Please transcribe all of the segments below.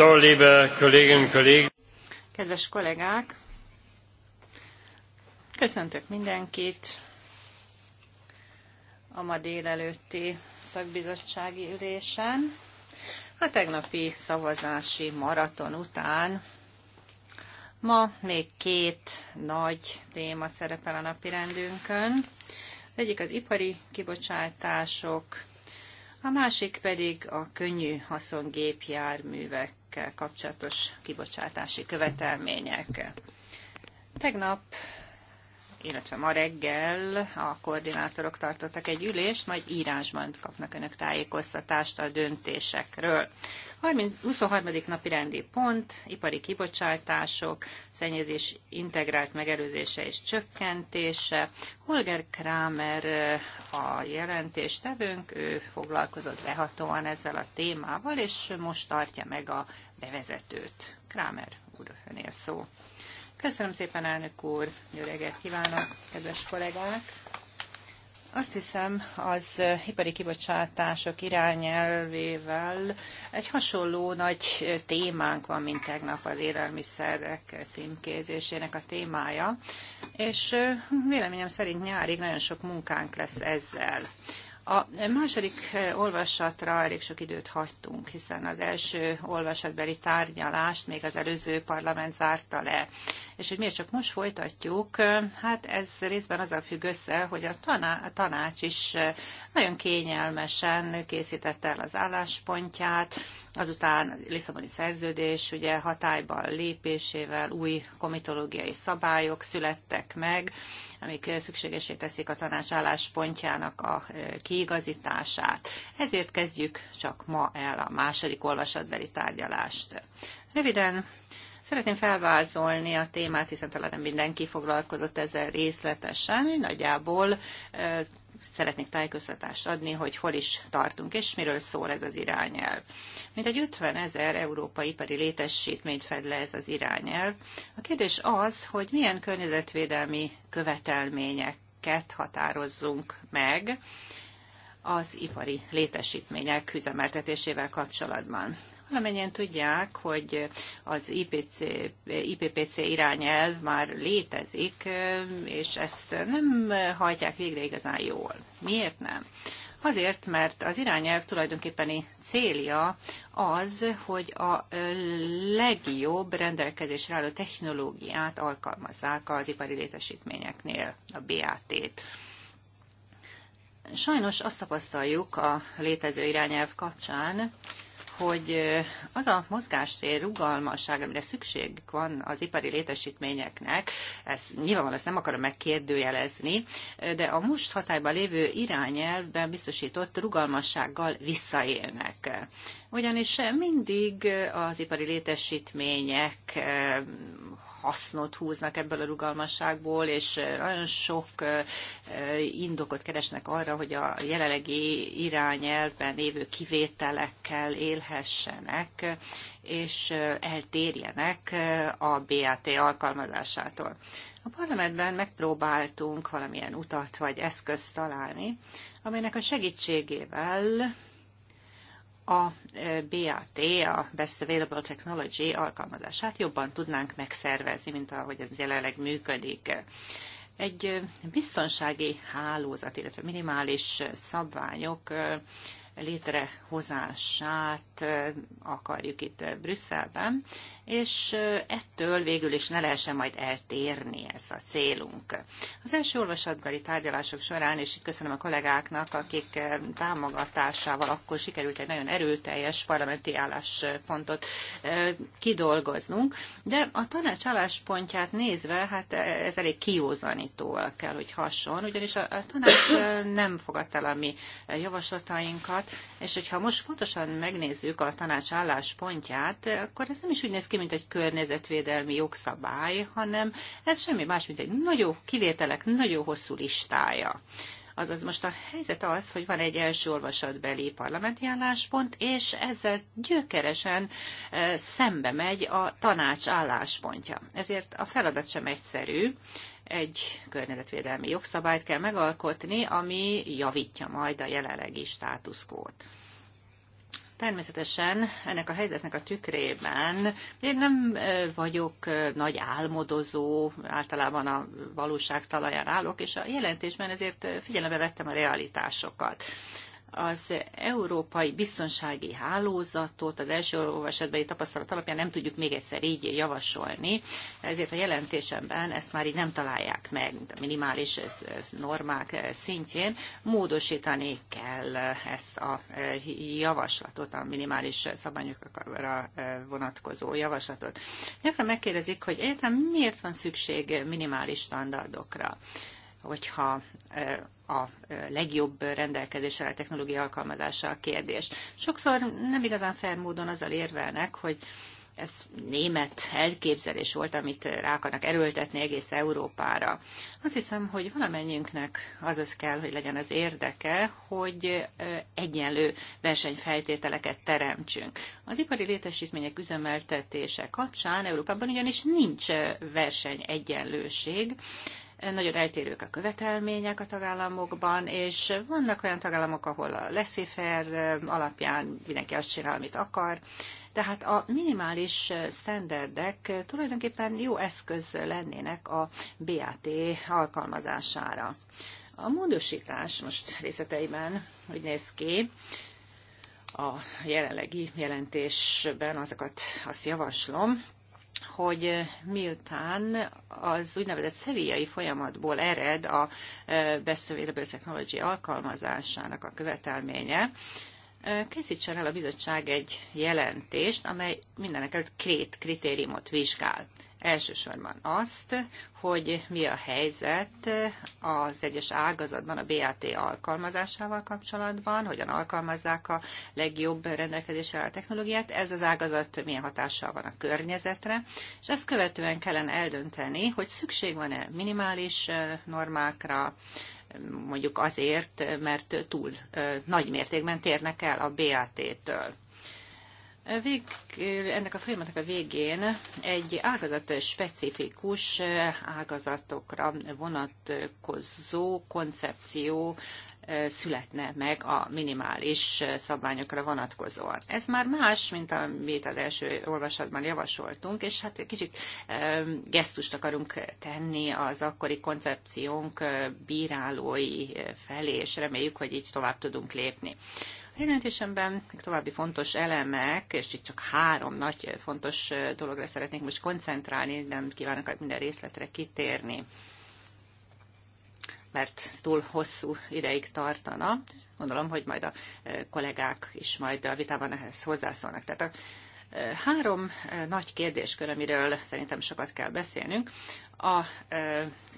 So, liebe Kolleginnen und Kollegen. Kedves kollégák, köszöntök mindenkit a ma délelőtti szakbizottsági ülésen. A tegnapi szavazási maraton után ma még két nagy téma szerepel a napi rendünkön. Az egyik az ipari kibocsátások, a másik pedig a könnyű haszongépjárművek gépjárművekkel kapcsolatos kibocsátási követelmények. Tegnap illetve ma reggel a koordinátorok tartottak egy ülést, majd írásban kapnak önök tájékoztatást a döntésekről. 23. napi rendi pont, ipari kibocsátások, szennyezés integrált megelőzése és csökkentése. Holger Kramer eh, a jelentéstevőnk, ő foglalkozott behatóan ezzel a témával, és most tartja meg a bevezetőt. Kramer úr, önél szó. Köszönöm szépen, elnök úr, jó reggelt kívánok, kedves kollégák! Azt hiszem, az ipari kibocsátások irányelvével egy hasonló nagy témánk van, mint tegnap az élelmiszerek címkézésének a témája, és véleményem szerint nyárig nagyon sok munkánk lesz ezzel. A második eh, olvasatra elég sok időt hagytunk, hiszen az első olvasatbeli tárgyalást még az előző parlament zárta le. És hogy miért csak most folytatjuk, eh, hát ez részben azzal függ össze, hogy a, tanács is eh, nagyon kényelmesen készítette el az álláspontját, azután a Lisszaboni szerződés ugye hatályban lépésével új komitológiai szabályok születtek meg, amik szükségesé teszik a tanács álláspontjának a kiigazítását. Ezért kezdjük csak ma el a második olvasatbeli tárgyalást. Röviden Szeretném felvázolni a témát, hiszen talán nem mindenki foglalkozott ezzel részletesen. Nagyjából szeretnék tájékoztatást adni, hogy hol is tartunk, és miről szól ez az irányelv. Mint egy 50 ezer európai ipari létesítményt fed le ez az irányelv. A kérdés az, hogy milyen környezetvédelmi követelményeket határozzunk meg, az ipari létesítmények üzemeltetésével kapcsolatban. Valamennyien tudják, hogy az IPC, IPPC irányelv már létezik, és ezt nem hajtják végre igazán jól. Miért nem? Azért, mert az irányelv tulajdonképpeni célja az, hogy a legjobb rendelkezésre álló technológiát alkalmazzák az ipari létesítményeknél, a BAT-t. Sajnos azt tapasztaljuk a létező irányelv kapcsán, hogy az a mozgástér rugalmasság, amire szükség van az ipari létesítményeknek, ez nyilvánvalóan ezt nem akarom megkérdőjelezni, de a most hatályban lévő irányelvben biztosított rugalmassággal visszaélnek. Ugyanis mindig az ipari létesítmények hasznot húznak ebből a rugalmasságból, és nagyon sok indokot keresnek arra, hogy a jelenlegi irányelvben lévő kivételekkel élhessenek, és eltérjenek a BAT alkalmazásától. A parlamentben megpróbáltunk valamilyen utat vagy eszközt találni, amelynek a segítségével a e, BAT, a Best Available Technology alkalmazását jobban tudnánk megszervezni, mint ahogy ez jelenleg működik. Egy e, biztonsági hálózat, illetve minimális szabványok e, létrehozását akarjuk itt Brüsszelben, és ettől végül is ne lehessen majd eltérni ez a célunk. Az első olvasatbeli tárgyalások során, és itt köszönöm a kollégáknak, akik támogatásával akkor sikerült egy nagyon erőteljes parlamenti álláspontot kidolgoznunk, de a tanács álláspontját nézve, hát e, ez elég kiózanítóval kell, hogy hason, ugyanis a tanács nem fogadta el a mi javaslatainkat, és hogyha most pontosan megnézzük a tanács álláspontját, akkor ez nem is úgy néz ki, mint egy környezetvédelmi jogszabály, hanem ez semmi más, mint egy nagyon kivételek, nagyon hosszú listája. Azaz most a helyzet az, hogy van egy első olvasatbeli parlamenti álláspont, és ezzel gyökeresen e, szembe megy a tanács álláspontja. Ezért a feladat sem egyszerű, egy környezetvédelmi jogszabályt kell megalkotni, ami javítja majd a jelenlegi státuszkót. Természetesen ennek a helyzetnek a tükrében én nem vagyok nagy álmodozó, általában a valóság talaján állok, és a jelentésben ezért figyelembe vettem a realitásokat az európai biztonsági hálózatot az első olvasatbeli tapasztalat alapján nem tudjuk még egyszer így javasolni, ezért a jelentésemben ezt már így nem találják meg, mint a minimális normák szintjén. Módosítani kell ezt a e, javaslatot, a minimális szabályokra e, vonatkozó javaslatot. Gyakran megkérdezik, hogy egyáltalán miért van szükség minimális standardokra hogyha a legjobb rendelkezésre a technológia alkalmazása a kérdés. Sokszor nem igazán fair módon azzal érvelnek, hogy ez német elképzelés volt, amit rá akarnak erőltetni egész Európára. Azt hiszem, hogy valamennyünknek az az kell, hogy legyen az érdeke, hogy egyenlő versenyfeltételeket teremtsünk. Az ipari létesítmények üzemeltetése kapcsán Európában ugyanis nincs versenyegyenlőség, nagyon eltérők a követelmények a tagállamokban, és vannak olyan tagállamok, ahol a leszéfer alapján mindenki azt csinál, amit akar. Tehát a minimális standardek tulajdonképpen jó eszköz lennének a BAT alkalmazására. A módosítás most részleteiben úgy néz ki, a jelenlegi jelentésben azokat azt javaslom, hogy miután az úgynevezett szeviai folyamatból ered a e, Best Available Technology alkalmazásának a követelménye, készítsen el a bizottság egy jelentést, amely mindenek előtt két kritériumot vizsgál. Elsősorban azt, hogy mi a helyzet az egyes ágazatban a BAT alkalmazásával kapcsolatban, hogyan alkalmazzák a legjobb rendelkezésre a technológiát, ez az ágazat milyen hatással van a környezetre, és ezt követően kellene eldönteni, hogy szükség van-e minimális eh, normákra, mondjuk azért, mert túl nagy mértékben térnek el a BAT-től. Vég, ennek a folyamatnak a végén egy ágazat specifikus ágazatokra vonatkozó koncepció születne meg a minimális szabványokra vonatkozóan. Ez már más, mint amit az első olvasatban javasoltunk, és hát kicsit gesztust akarunk tenni az akkori koncepciónk bírálói felé, és reméljük, hogy így tovább tudunk lépni. A jelentésemben további fontos elemek, és itt csak három nagy fontos dologra szeretnék most koncentrálni, nem kívánok minden részletre kitérni mert túl hosszú ideig tartana. Gondolom, hogy majd a e, kollégák is majd a vitában ehhez hozzászólnak. Tehát a e, három e, nagy kérdéskör, amiről szerintem sokat kell beszélnünk. A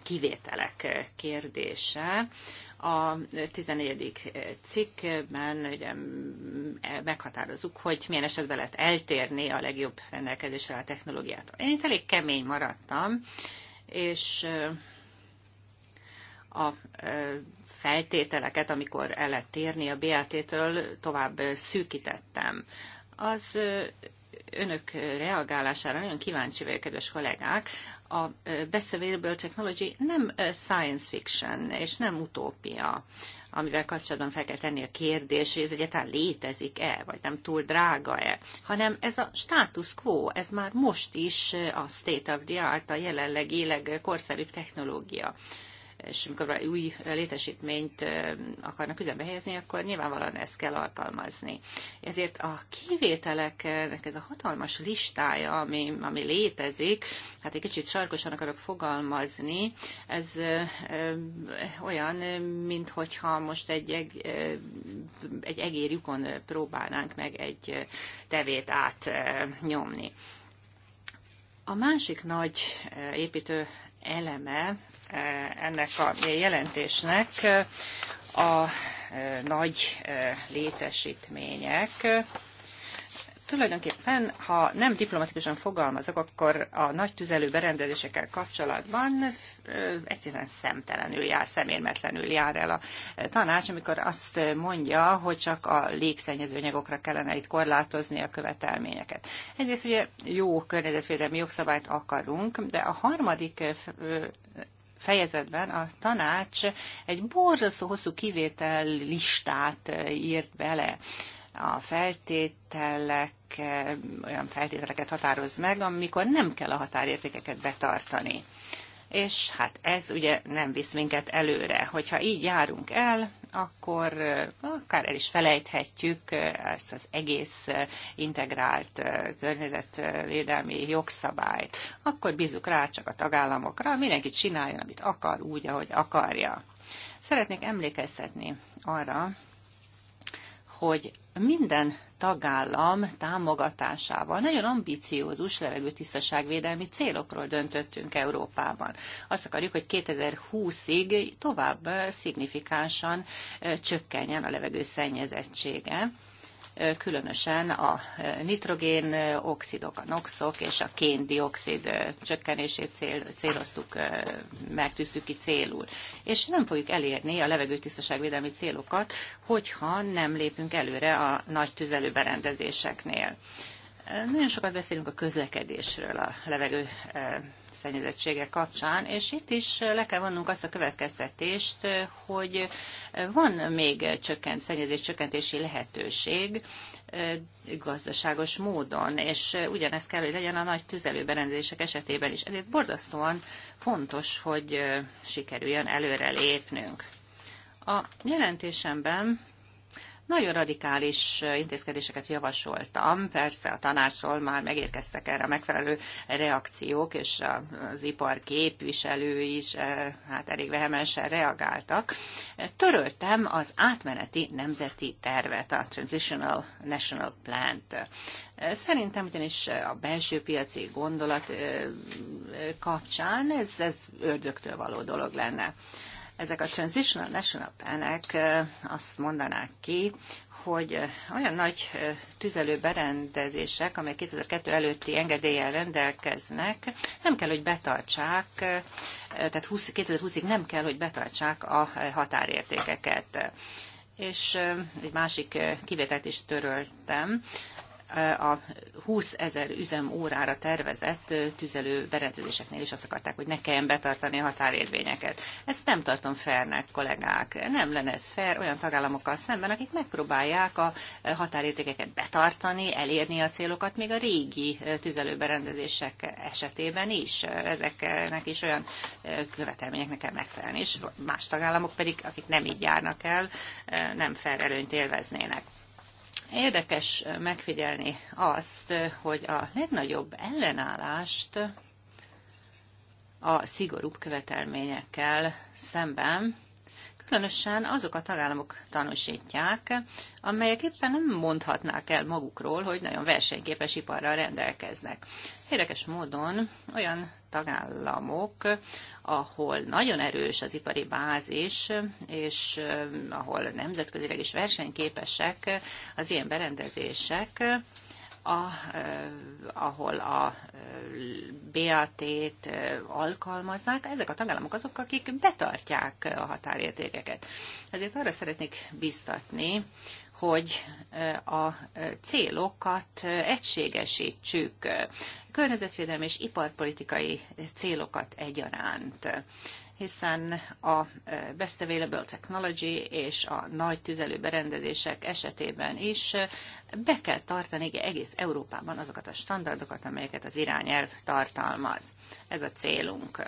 kivételek kérdése. A 14. cikkben ugye meghatározunk, hogy milyen esetben lehet eltérni a legjobb rendelkezésre a technológiát. Én itt elég kemény maradtam, és a feltételeket, amikor el lehet térni a BAT-től, tovább szűkítettem. Az önök reagálására nagyon kíváncsi vagyok, kedves kollégák. A Best Available Technology nem science fiction, és nem utópia amivel kapcsolatban fel kell tenni a kérdés, hogy ez egyáltalán létezik-e, vagy nem túl drága-e, hanem ez a status quo, ez már most is a state of the art, a jelenlegi legkorszerűbb technológia és amikor új létesítményt akarnak üzembe helyezni, akkor nyilvánvalóan ezt kell alkalmazni. Ezért a kivételeknek ez a hatalmas listája, ami, ami létezik, hát egy kicsit sarkosan akarok fogalmazni, ez olyan, mint most egy, egy, egy egérjukon próbálnánk meg egy tevét átnyomni. A másik nagy építő eleme e, ennek a jelentésnek a e, nagy e, létesítmények, tulajdonképpen, ha nem diplomatikusan fogalmazok, akkor a nagy tüzelő berendezésekkel kapcsolatban egyszerűen szemtelenül jár, szemérmetlenül jár el a tanács, amikor azt mondja, hogy csak a légszennyező anyagokra kellene itt korlátozni a követelményeket. Egyrészt ugye jó környezetvédelmi jogszabályt akarunk, de a harmadik fejezetben a tanács egy borzasztó hosszú kivétel listát írt bele a feltételek, eh, olyan feltételeket határoz meg, amikor nem kell a határértékeket betartani. És hát ez ugye nem visz minket előre. Hogyha így járunk el, akkor eh, akár el is felejthetjük eh, ezt az egész integrált környezetvédelmi jogszabályt. Akkor bízunk rá csak a tagállamokra, mindenki csináljon, amit akar, úgy, ahogy akarja. Szeretnék emlékeztetni arra, hogy minden tagállam támogatásával nagyon ambiciózus levegőtisztaságvédelmi célokról döntöttünk Európában. Azt akarjuk, hogy 2020-ig tovább szignifikánsan csökkenjen a levegő szennyezettsége különösen a nitrogén oxidok, a noxok és a kén-dioxid csökkenését cél, céloztuk, megtűztük ki célul. És nem fogjuk elérni a levegőtisztaságvédelmi célokat, hogyha nem lépünk előre a nagy tüzelőberendezéseknél. Nagyon sokat beszélünk a közlekedésről, a levegő szennyezettsége kapcsán, és itt is le kell vonnunk azt a következtetést, hogy van még csökkent szennyezés csökkentési lehetőség, eh, gazdaságos módon, és ugyanezt kell, hogy legyen a nagy tüzelőberendezések esetében is. Ezért borzasztóan fontos, hogy eh, sikerüljön előre lépnünk. A jelentésemben nagyon radikális intézkedéseket javasoltam, persze a tanácsról már megérkeztek erre a megfelelő reakciók, és az ipar képviselői is hát elég vehemensen reagáltak. Töröltem az átmeneti nemzeti tervet, a Transitional National Plant. Szerintem ugyanis a belső piaci gondolat kapcsán ez, ez ördögtől való dolog lenne ezek a Transitional National Plan-ek azt mondanák ki, hogy olyan nagy tüzelő berendezések, amelyek 2002 előtti engedéllyel rendelkeznek, nem kell, hogy betartsák, tehát 2020-ig nem kell, hogy betartsák a határértékeket. És egy másik kivételt is töröltem, a 20 ezer üzemórára tervezett tüzelő berendezéseknél is azt akarták, hogy ne kelljen betartani a határérvényeket. Ezt nem tartom fairnek, kollégák. Nem lenne ez fair olyan tagállamokkal szemben, akik megpróbálják a határértékeket betartani, elérni a célokat, még a régi tüzelő berendezések esetében is. Ezeknek is olyan követelményeknek kell megfelelni, és más tagállamok pedig, akik nem így járnak el, nem fair előnyt élveznének. Érdekes megfigyelni azt, hogy a legnagyobb ellenállást a szigorúbb követelményekkel szemben különösen azok a tagállamok tanúsítják, amelyek éppen nem mondhatnák el magukról, hogy nagyon versenyképes iparral rendelkeznek. Érdekes módon olyan tagállamok, ahol nagyon erős az ipari bázis, és eh, ahol nemzetközileg is versenyképesek az ilyen berendezések, a, eh, ahol a eh, BAT-t alkalmazzák, ezek a tagállamok azok, akik betartják a határértékeket. Ezért arra szeretnék biztatni hogy a célokat egységesítsük, környezetvédelmi és iparpolitikai célokat egyaránt hiszen a Best Available Technology és a nagy tüzelő berendezések esetében is be kell tartani egész Európában azokat a standardokat, amelyeket az irányelv tartalmaz. Ez a célunk.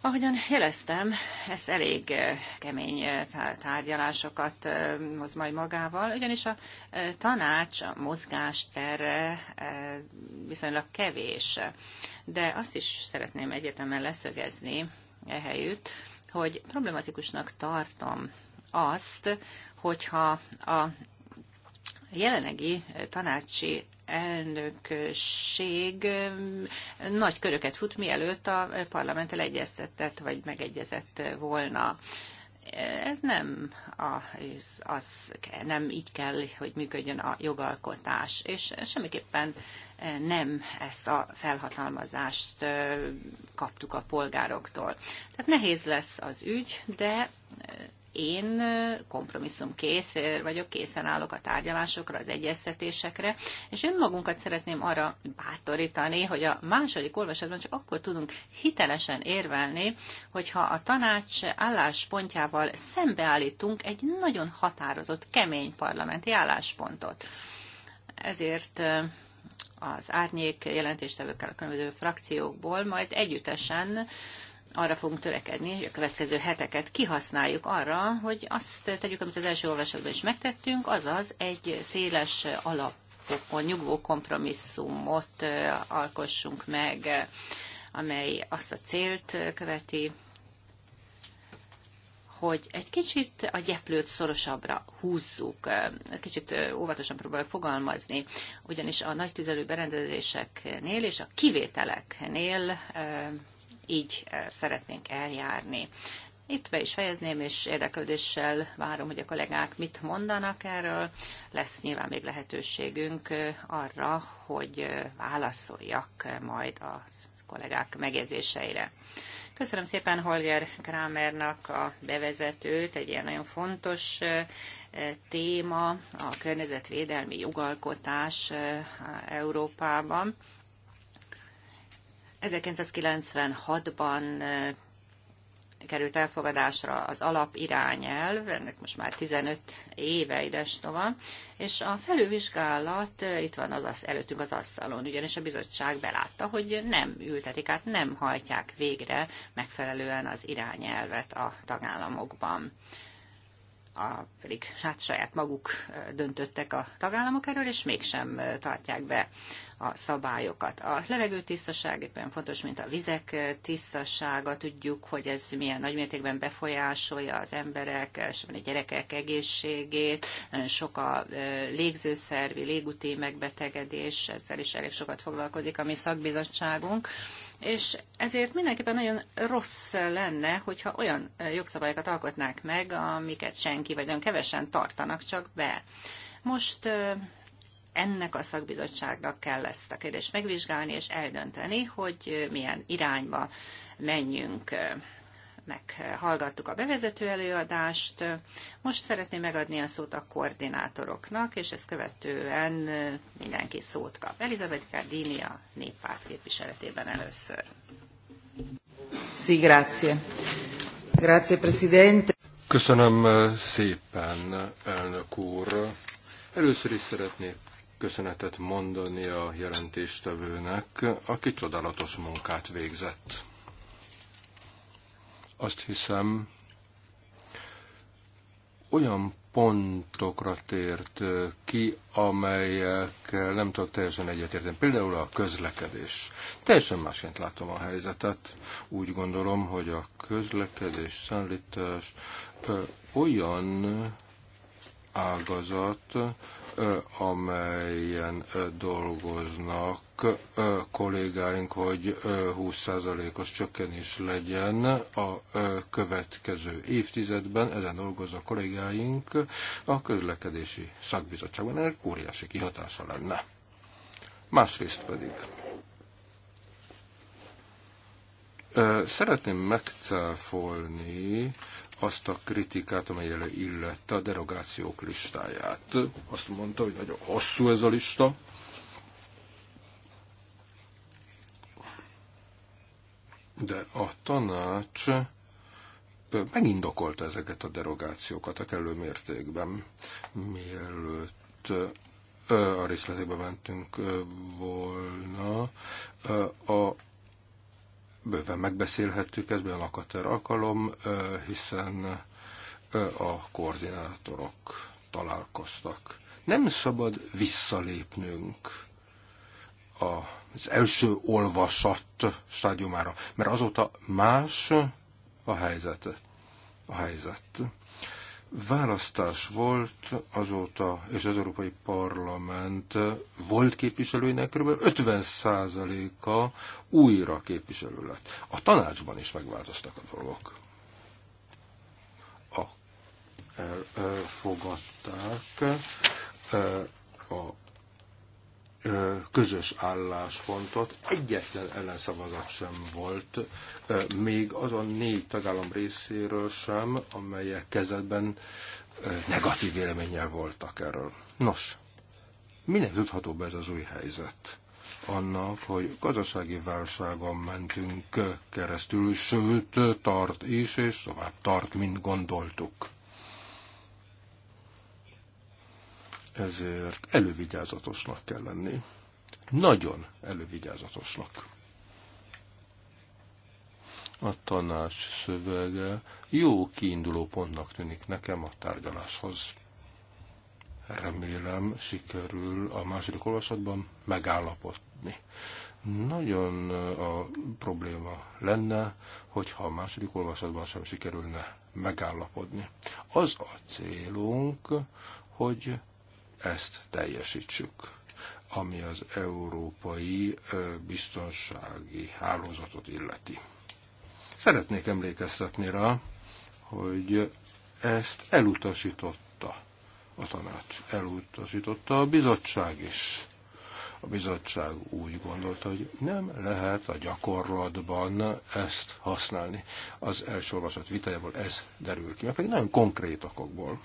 Ahogyan jeleztem, ez elég eh, kemény eh, tárgyalásokat eh, hoz majd magával, ugyanis a tanács, a mozgástere viszonylag kevés. De azt is szeretném egyetemen leszögezni ehelyütt, hogy problematikusnak tartom azt, hogyha a jelenlegi tanácsi elnökség mm, nagy köröket fut, mielőtt a parlamenttel egyeztetett vagy megegyezett volna. Ez nem, a, az, nem így kell, hogy működjön a jogalkotás, és semmiképpen nem ezt a felhatalmazást kaptuk a polgároktól. Tehát nehéz lesz az ügy, de én kompromisszumkész vagyok, készen állok a tárgyalásokra, az egyeztetésekre, és önmagunkat szeretném arra bátorítani, hogy a második olvasatban csak akkor tudunk hitelesen érvelni, hogyha a tanács álláspontjával szembeállítunk egy nagyon határozott, kemény parlamenti álláspontot. Ezért az árnyék jelentéstevőkkel a különböző frakciókból majd együttesen arra fogunk törekedni, hogy a következő heteket kihasználjuk arra, hogy azt tegyük, amit az első olvasatban is megtettünk, azaz egy széles alapokon nyugvó kompromisszumot alkossunk meg, amely azt a célt követi, hogy egy kicsit a gyeplőt szorosabbra húzzuk. Kicsit óvatosan próbálok fogalmazni, ugyanis a nagy tüzelő berendezéseknél és a kivételeknél így eh, szeretnénk eljárni. Itt be is fejezném, és érdeklődéssel várom, hogy a kollégák mit mondanak erről. Lesz nyilván még lehetőségünk eh, arra, hogy eh, válaszoljak majd a kollégák megjegyzéseire. Köszönöm szépen Holger Kramernak a bevezetőt, egy ilyen nagyon fontos téma, a környezetvédelmi jogalkotás Európában. 1996-ban került elfogadásra az alapirányelv, ennek most már 15 éve nova, és a felülvizsgálat itt van az, az előttünk az asztalon, ugyanis a bizottság belátta, hogy nem ültetik át, nem hajtják végre megfelelően az irányelvet a tagállamokban a, pedig hát saját maguk döntöttek a tagállamok erről, és mégsem tartják be a szabályokat. A levegő tisztaság éppen fontos, mint a vizek tisztasága. Tudjuk, hogy ez milyen nagymértékben befolyásolja az emberek, és a gyerekek egészségét. Sok a légzőszervi, légúti megbetegedés, ezzel is elég sokat foglalkozik a mi szakbizottságunk és ezért mindenképpen nagyon rossz lenne, hogyha olyan jogszabályokat alkotnák meg, amiket senki vagy olyan kevesen tartanak csak be. Most ennek a szakbizottságnak kell ezt a kérdést megvizsgálni és eldönteni, hogy milyen irányba menjünk meghallgattuk a bevezető előadást. Most szeretném megadni a szót a koordinátoroknak, és ezt követően mindenki szót kap. Elizabeth Cardini a néppárt képviseletében először. Sí, grazie. Grazie, Presidente. Köszönöm eh, szépen, elnök úr. Először is szeretnék köszönetet mondani a jelentéstevőnek, aki csodálatos munkát végzett. Azt hiszem, olyan pontokra tért ki, amelyek nem tudok teljesen egyetérteni. Például a közlekedés. Teljesen másként látom a helyzetet. Úgy gondolom, hogy a közlekedés, szállítás olyan ágazat, amelyen dolgoznak kollégáink, hogy 20%-os csökkenés legyen a következő évtizedben. Ezen dolgoznak kollégáink a közlekedési szakbizottságban. Ennek óriási kihatása lenne. Másrészt pedig szeretném megcáfolni azt a kritikát, amelyre illette a derogációk listáját. Azt mondta, hogy nagyon hosszú ez a lista. De a tanács megindokolta ezeket a derogációkat a kellő mértékben, mielőtt a részletekbe mentünk volna. A bőven megbeszélhettük, ez a kater alkalom, hiszen a koordinátorok találkoztak. Nem szabad visszalépnünk az első olvasat stádiumára, mert azóta más a helyzet. A helyzet választás volt azóta, és az Európai Parlament volt képviselőinek kb. 50%-a újra képviselő lett. A tanácsban is megváltoztak a dolgok. A, elfogadták eh, a közös álláspontot. Egyetlen ellenszavazat sem volt, még azon négy tagállam részéről sem, amelyek kezdetben negatív véleménnyel voltak erről. Nos, minek tudható be ez az új helyzet? annak, hogy gazdasági válságon mentünk keresztül, sőt, tart is, és tovább tart, mint gondoltuk. ezért elővigyázatosnak kell lenni. Nagyon elővigyázatosnak. A tanács szövege jó kiinduló pontnak tűnik nekem a tárgyaláshoz. Remélem sikerül a második olvasatban megállapodni. Nagyon a probléma lenne, hogyha a második olvasatban sem sikerülne megállapodni. Az a célunk, hogy ezt teljesítsük ami az európai biztonsági hálózatot illeti. Szeretnék emlékeztetni rá, hogy ezt elutasította a tanács, elutasította a bizottság is. A bizottság úgy gondolta, hogy nem lehet a gyakorlatban ezt használni. Az első olvasat vitájából ez derül ki, mert pedig nagyon konkrét okokból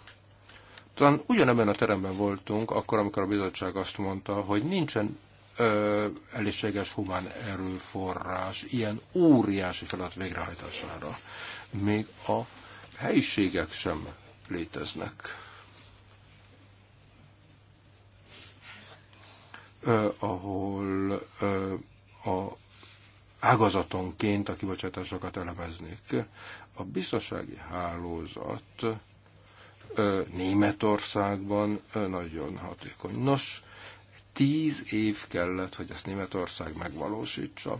talán ugyanebben a teremben voltunk, akkor, amikor a bizottság azt mondta, hogy nincsen ö, elégséges humán erőforrás ilyen óriási feladat végrehajtására. Még a helyiségek sem léteznek. Ö, ahol ö, a ágazatonként a kibocsátásokat elemeznék. A biztonsági hálózat Németországban nagyon hatékony. Nos, tíz év kellett, hogy ezt Németország megvalósítsa.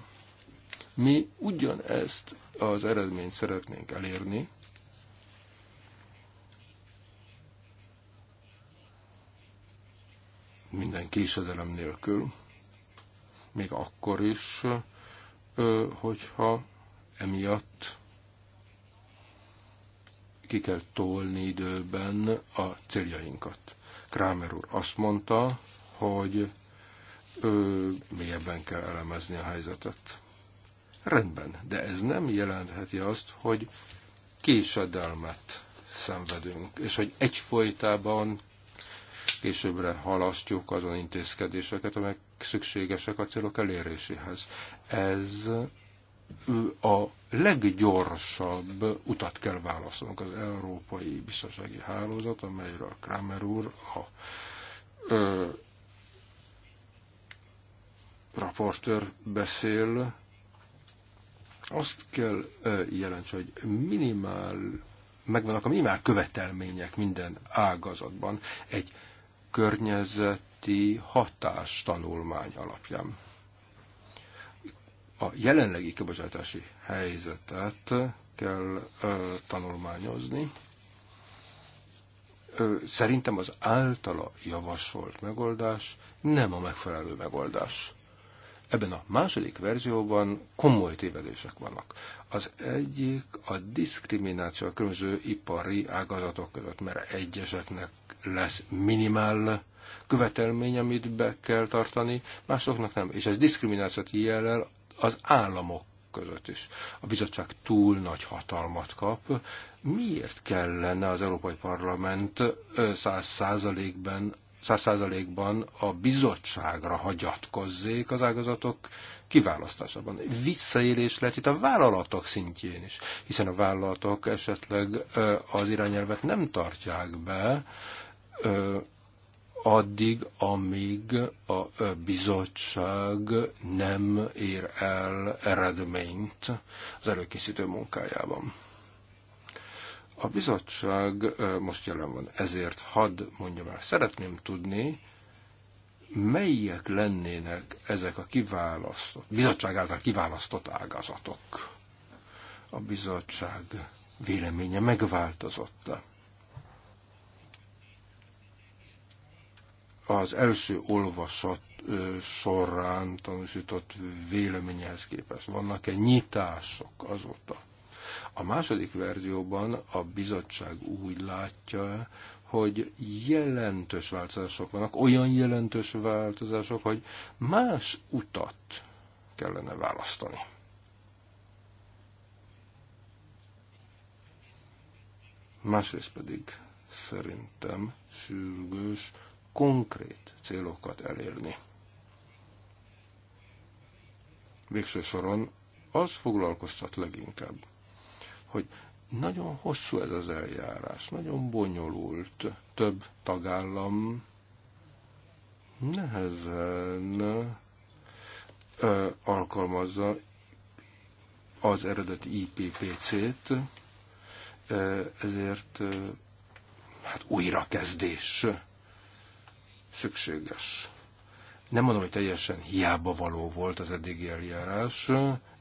Mi ugyanezt az eredményt szeretnénk elérni, minden késedelem nélkül, még akkor is, hogyha emiatt ki kell tolni időben a céljainkat. Kramer úr azt mondta, hogy mi mélyebben kell elemezni a helyzetet. Rendben, de ez nem jelentheti azt, hogy késedelmet szenvedünk, és hogy egyfolytában későbbre halasztjuk azon intézkedéseket, amelyek szükségesek a célok eléréséhez. Ez a leggyorsabb utat kell válaszolnunk az Európai Biztonsági Hálózat, amelyről Kramer úr a ö, raportőr beszél. Azt kell jelentse, hogy minimál, megvannak a minimál követelmények minden ágazatban egy környezeti hatástanulmány alapján a jelenlegi kibocsátási helyzetet kell ö, tanulmányozni. Ö, szerintem az általa javasolt megoldás nem a megfelelő megoldás. Ebben a második verzióban komoly tévedések vannak. Az egyik a diszkrimináció a különböző ipari ágazatok között, mert egyeseknek lesz minimál követelmény, amit be kell tartani, másoknak nem. És ez diszkriminációt jelel az államok között is. A bizottság túl nagy hatalmat kap. Miért kellene az Európai Parlament száz százalékben száz százalékban a bizottságra hagyatkozzék az ágazatok kiválasztásában. Visszaélés lehet itt a vállalatok szintjén is, hiszen a vállalatok esetleg az irányelvet nem tartják be, addig, amíg a bizottság nem ér el eredményt az előkészítő munkájában. A bizottság most jelen van, ezért hadd mondjam el, szeretném tudni, melyek lennének ezek a kiválasztott, bizottság által kiválasztott ágazatok. A bizottság véleménye megváltozott. -e az első olvasat során tanúsított véleményhez képest? Vannak-e nyitások azóta? A második verzióban a bizottság úgy látja, hogy jelentős változások vannak, olyan jelentős változások, hogy más utat kellene választani. Másrészt pedig szerintem sürgős konkrét célokat elérni. Végső soron az foglalkoztat leginkább, hogy nagyon hosszú ez az eljárás, nagyon bonyolult, több tagállam nehezen ö, alkalmazza az eredeti IPPC-t, ezért hát újrakezdés szükséges. Nem mondom, hogy teljesen hiába való volt az eddigi eljárás,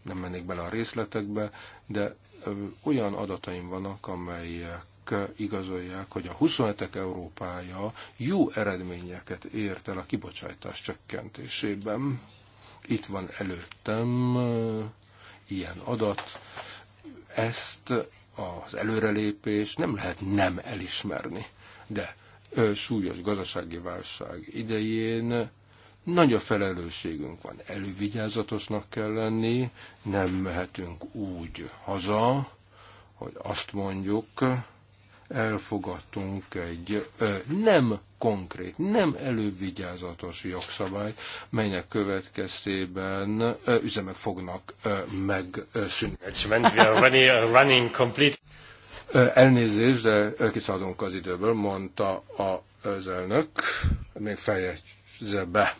nem mennék bele a részletekbe, de olyan adataim vannak, amelyek igazolják, hogy a 27-ek Európája jó eredményeket ért el a kibocsátás csökkentésében. Itt van előttem ilyen adat. Ezt az előrelépés nem lehet nem elismerni. De súlyos gazdasági válság idején nagy a felelősségünk van. Elővigyázatosnak kell lenni, nem mehetünk úgy haza, hogy azt mondjuk, elfogadtunk egy ö, nem konkrét, nem elővigyázatos jogszabály, melynek következtében ö, üzemek fognak megszűnni. Elnézést, de kiszadunk az időből, mondta az elnök, még fejezze be.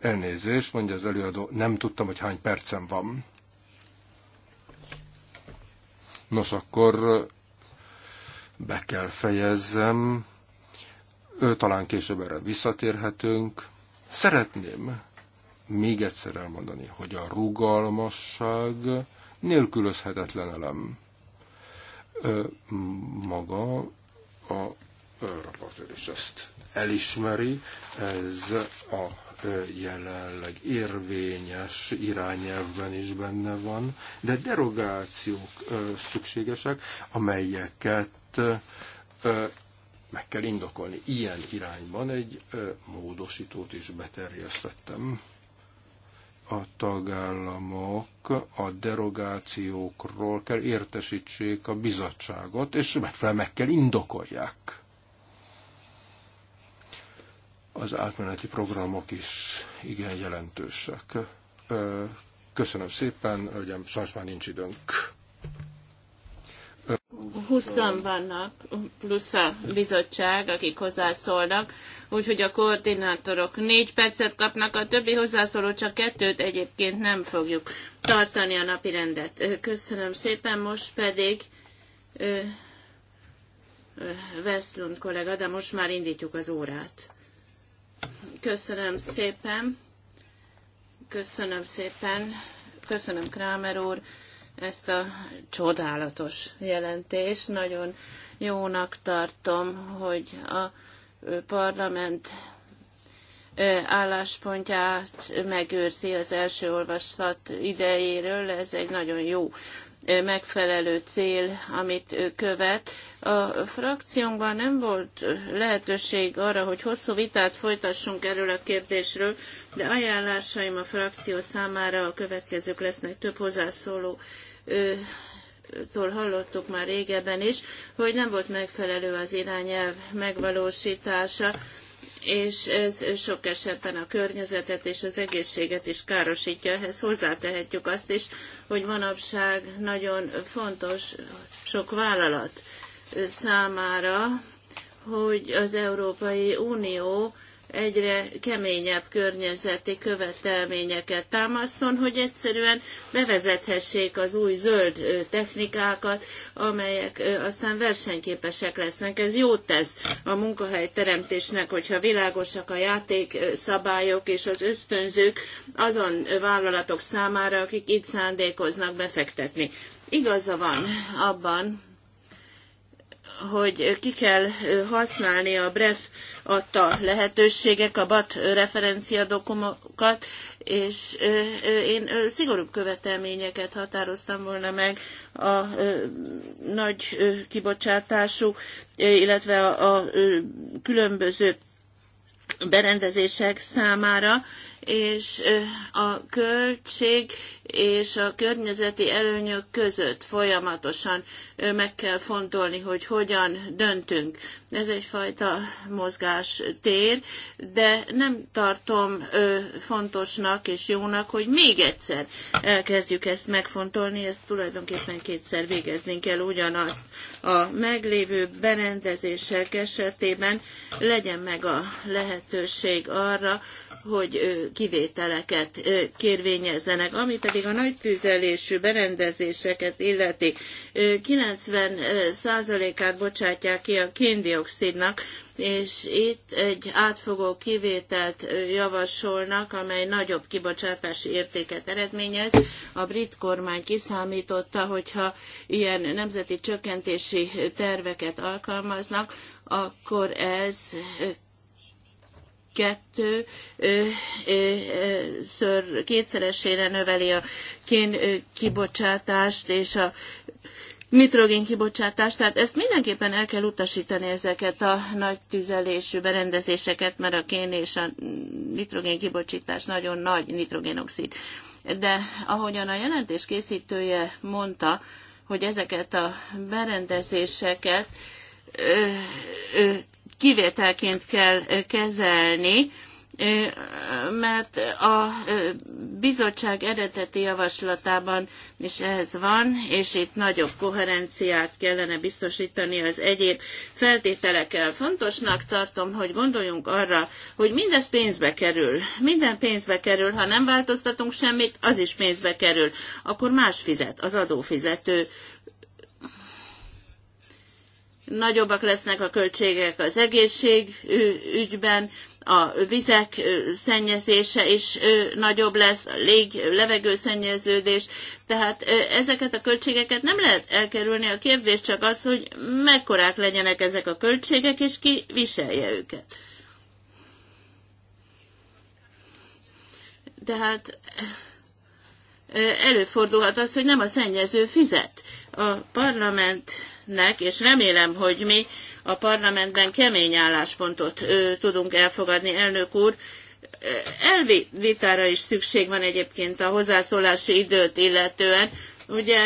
Elnézést, mondja az előadó, nem tudtam, hogy hány percem van. Nos, akkor be kell fejezzem. Ő talán később erre visszatérhetünk. Szeretném még egyszer elmondani, hogy a rugalmasság nélkülözhetetlen elem maga a raportőr is ezt elismeri, ez a jelenleg érvényes irányelvben is benne van, de derogációk szükségesek, amelyeket meg kell indokolni. Ilyen irányban egy módosítót is beterjesztettem a tagállamok a derogációkról kell értesítsék a bizottságot, és megfelel meg kell indokolják. Az átmeneti programok is igen jelentősek. Köszönöm szépen, hölgyem, sajnos már nincs időnk. Huszan vannak, plusz a bizottság, akik hozzászólnak, úgyhogy a koordinátorok négy percet kapnak, a többi hozzászóló csak kettőt, egyébként nem fogjuk tartani a napi rendet. Köszönöm szépen, most pedig Veszlund kollega, de most már indítjuk az órát. Köszönöm szépen, köszönöm szépen, köszönöm Krámer úr, ezt a csodálatos jelentést. Nagyon jónak tartom, hogy a parlament álláspontját megőrzi az első olvasat idejéről. Ez egy nagyon jó megfelelő cél, amit követ. A frakciónkban nem volt lehetőség arra, hogy hosszú vitát folytassunk erről a kérdésről, de ajánlásaim a frakció számára a következők lesznek több hozzászóló tól hallottuk már régebben is, hogy nem volt megfelelő az irányelv megvalósítása, és ez sok esetben a környezetet és az egészséget is károsítja. Ehhez hozzátehetjük azt is, hogy manapság nagyon fontos sok vállalat számára, hogy az Európai Unió egyre keményebb környezeti követelményeket támaszon, hogy egyszerűen bevezethessék az új zöld technikákat, amelyek aztán versenyképesek lesznek. Ez jót tesz a munkahelyteremtésnek, hogyha világosak a játékszabályok és az ösztönzők azon vállalatok számára, akik itt szándékoznak befektetni. Igaza van abban, hogy ki kell használni a BREF adta lehetőségek, a BAT referencia dokumokat, és én szigorúbb követelményeket határoztam volna meg a nagy kibocsátású, illetve a különböző berendezések számára, és a költség és a környezeti előnyök között folyamatosan meg kell fontolni, hogy hogyan döntünk. Ez egyfajta mozgás tér, de nem tartom fontosnak és jónak, hogy még egyszer elkezdjük ezt megfontolni, ezt tulajdonképpen kétszer végeznénk el ugyanazt. A meglévő berendezések esetében legyen meg a lehetőség arra, hogy kivételeket kérvényezzenek. Ami pedig a nagy tűzelésű berendezéseket illeti, 90%-át bocsátják ki a kéndioxidnak, és itt egy átfogó kivételt javasolnak, amely nagyobb kibocsátási értéket eredményez. A brit kormány kiszámította, hogyha ilyen nemzeti csökkentési terveket alkalmaznak, akkor ez kettő ször kétszeresére növeli a kén kibocsátást és a nitrogén kibocsátást, tehát ezt mindenképpen el kell utasítani ezeket a nagy tüzelésű berendezéseket, mert a kén és a nitrogén kibocsítás nagyon nagy nitrogénoxid. De ahogyan a jelentés készítője mondta, hogy ezeket a berendezéseket ö, ö, kivételként kell kezelni, mert a bizottság eredeti javaslatában is ez van, és itt nagyobb koherenciát kellene biztosítani az egyéb feltételekkel. Fontosnak tartom, hogy gondoljunk arra, hogy mindez pénzbe kerül. Minden pénzbe kerül, ha nem változtatunk semmit, az is pénzbe kerül. Akkor más fizet, az adófizető nagyobbak lesznek a költségek az egészségügyben, a vizek szennyezése is nagyobb lesz, a lég, levegő szennyeződés, tehát ezeket a költségeket nem lehet elkerülni, a kérdés csak az, hogy mekkorák legyenek ezek a költségek, és ki viselje őket. Tehát előfordulhat az, hogy nem a szennyező fizet, a parlamentnek, és remélem, hogy mi a parlamentben kemény álláspontot ö, tudunk elfogadni, elnök úr, elvi vitára is szükség van egyébként a hozzászólási időt illetően. Ugye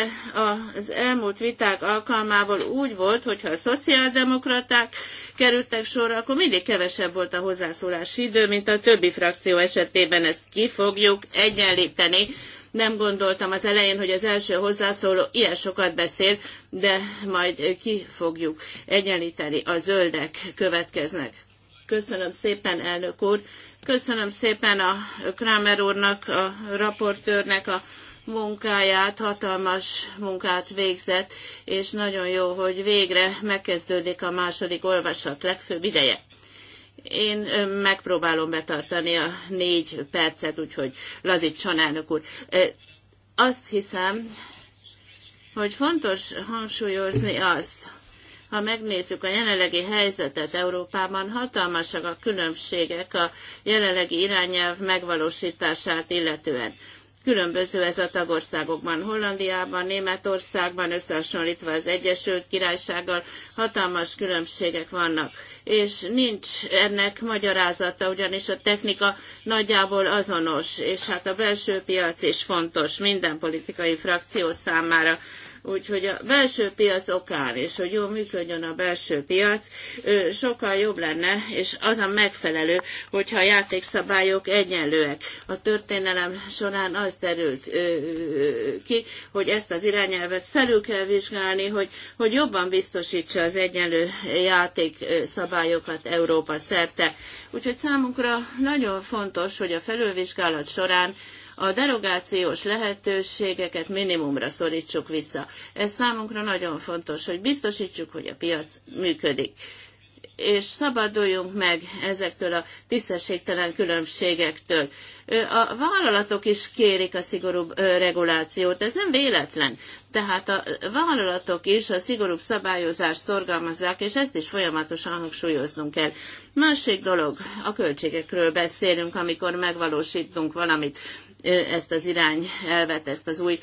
az elmúlt viták alkalmával úgy volt, hogyha a szociáldemokraták kerültek sorra, akkor mindig kevesebb volt a hozzászólási idő, mint a többi frakció esetében. Ezt ki fogjuk egyenlíteni nem gondoltam az elején, hogy az első hozzászóló ilyen sokat beszél, de majd ki fogjuk egyenlíteni. A zöldek következnek. Köszönöm szépen, elnök úr. Köszönöm szépen a Kramer úrnak, a raportőrnek a munkáját, hatalmas munkát végzett, és nagyon jó, hogy végre megkezdődik a második olvasat legfőbb ideje. Én megpróbálom betartani a négy percet, úgyhogy lazítson elnök úr. Azt hiszem, hogy fontos hangsúlyozni azt, ha megnézzük a jelenlegi helyzetet Európában, hatalmasak a különbségek a jelenlegi irányelv megvalósítását illetően. Különböző ez a tagországokban, Hollandiában, Németországban, összehasonlítva az Egyesült Királysággal hatalmas különbségek vannak. És nincs ennek magyarázata, ugyanis a technika nagyjából azonos, és hát a belső piac is fontos minden politikai frakció számára. Úgyhogy a belső piac okán, és hogy jól működjön a belső piac, sokkal jobb lenne, és az a megfelelő, hogyha a játékszabályok egyenlőek. A történelem során az derült ki, hogy ezt az irányelvet felül kell vizsgálni, hogy, hogy jobban biztosítsa az egyenlő játékszabályokat Európa szerte. Úgyhogy számunkra nagyon fontos, hogy a felülvizsgálat során a derogációs lehetőségeket minimumra szorítsuk vissza. Ez számunkra nagyon fontos, hogy biztosítsuk, hogy a piac működik és szabaduljunk meg ezektől a tisztességtelen különbségektől. A vállalatok is kérik a szigorúbb regulációt, ez nem véletlen. Tehát a vállalatok is a szigorúbb szabályozást szorgalmazzák, és ezt is folyamatosan hangsúlyoznunk kell. Másik dolog, a költségekről beszélünk, amikor megvalósítunk valamit ezt az irányelvet, ezt az új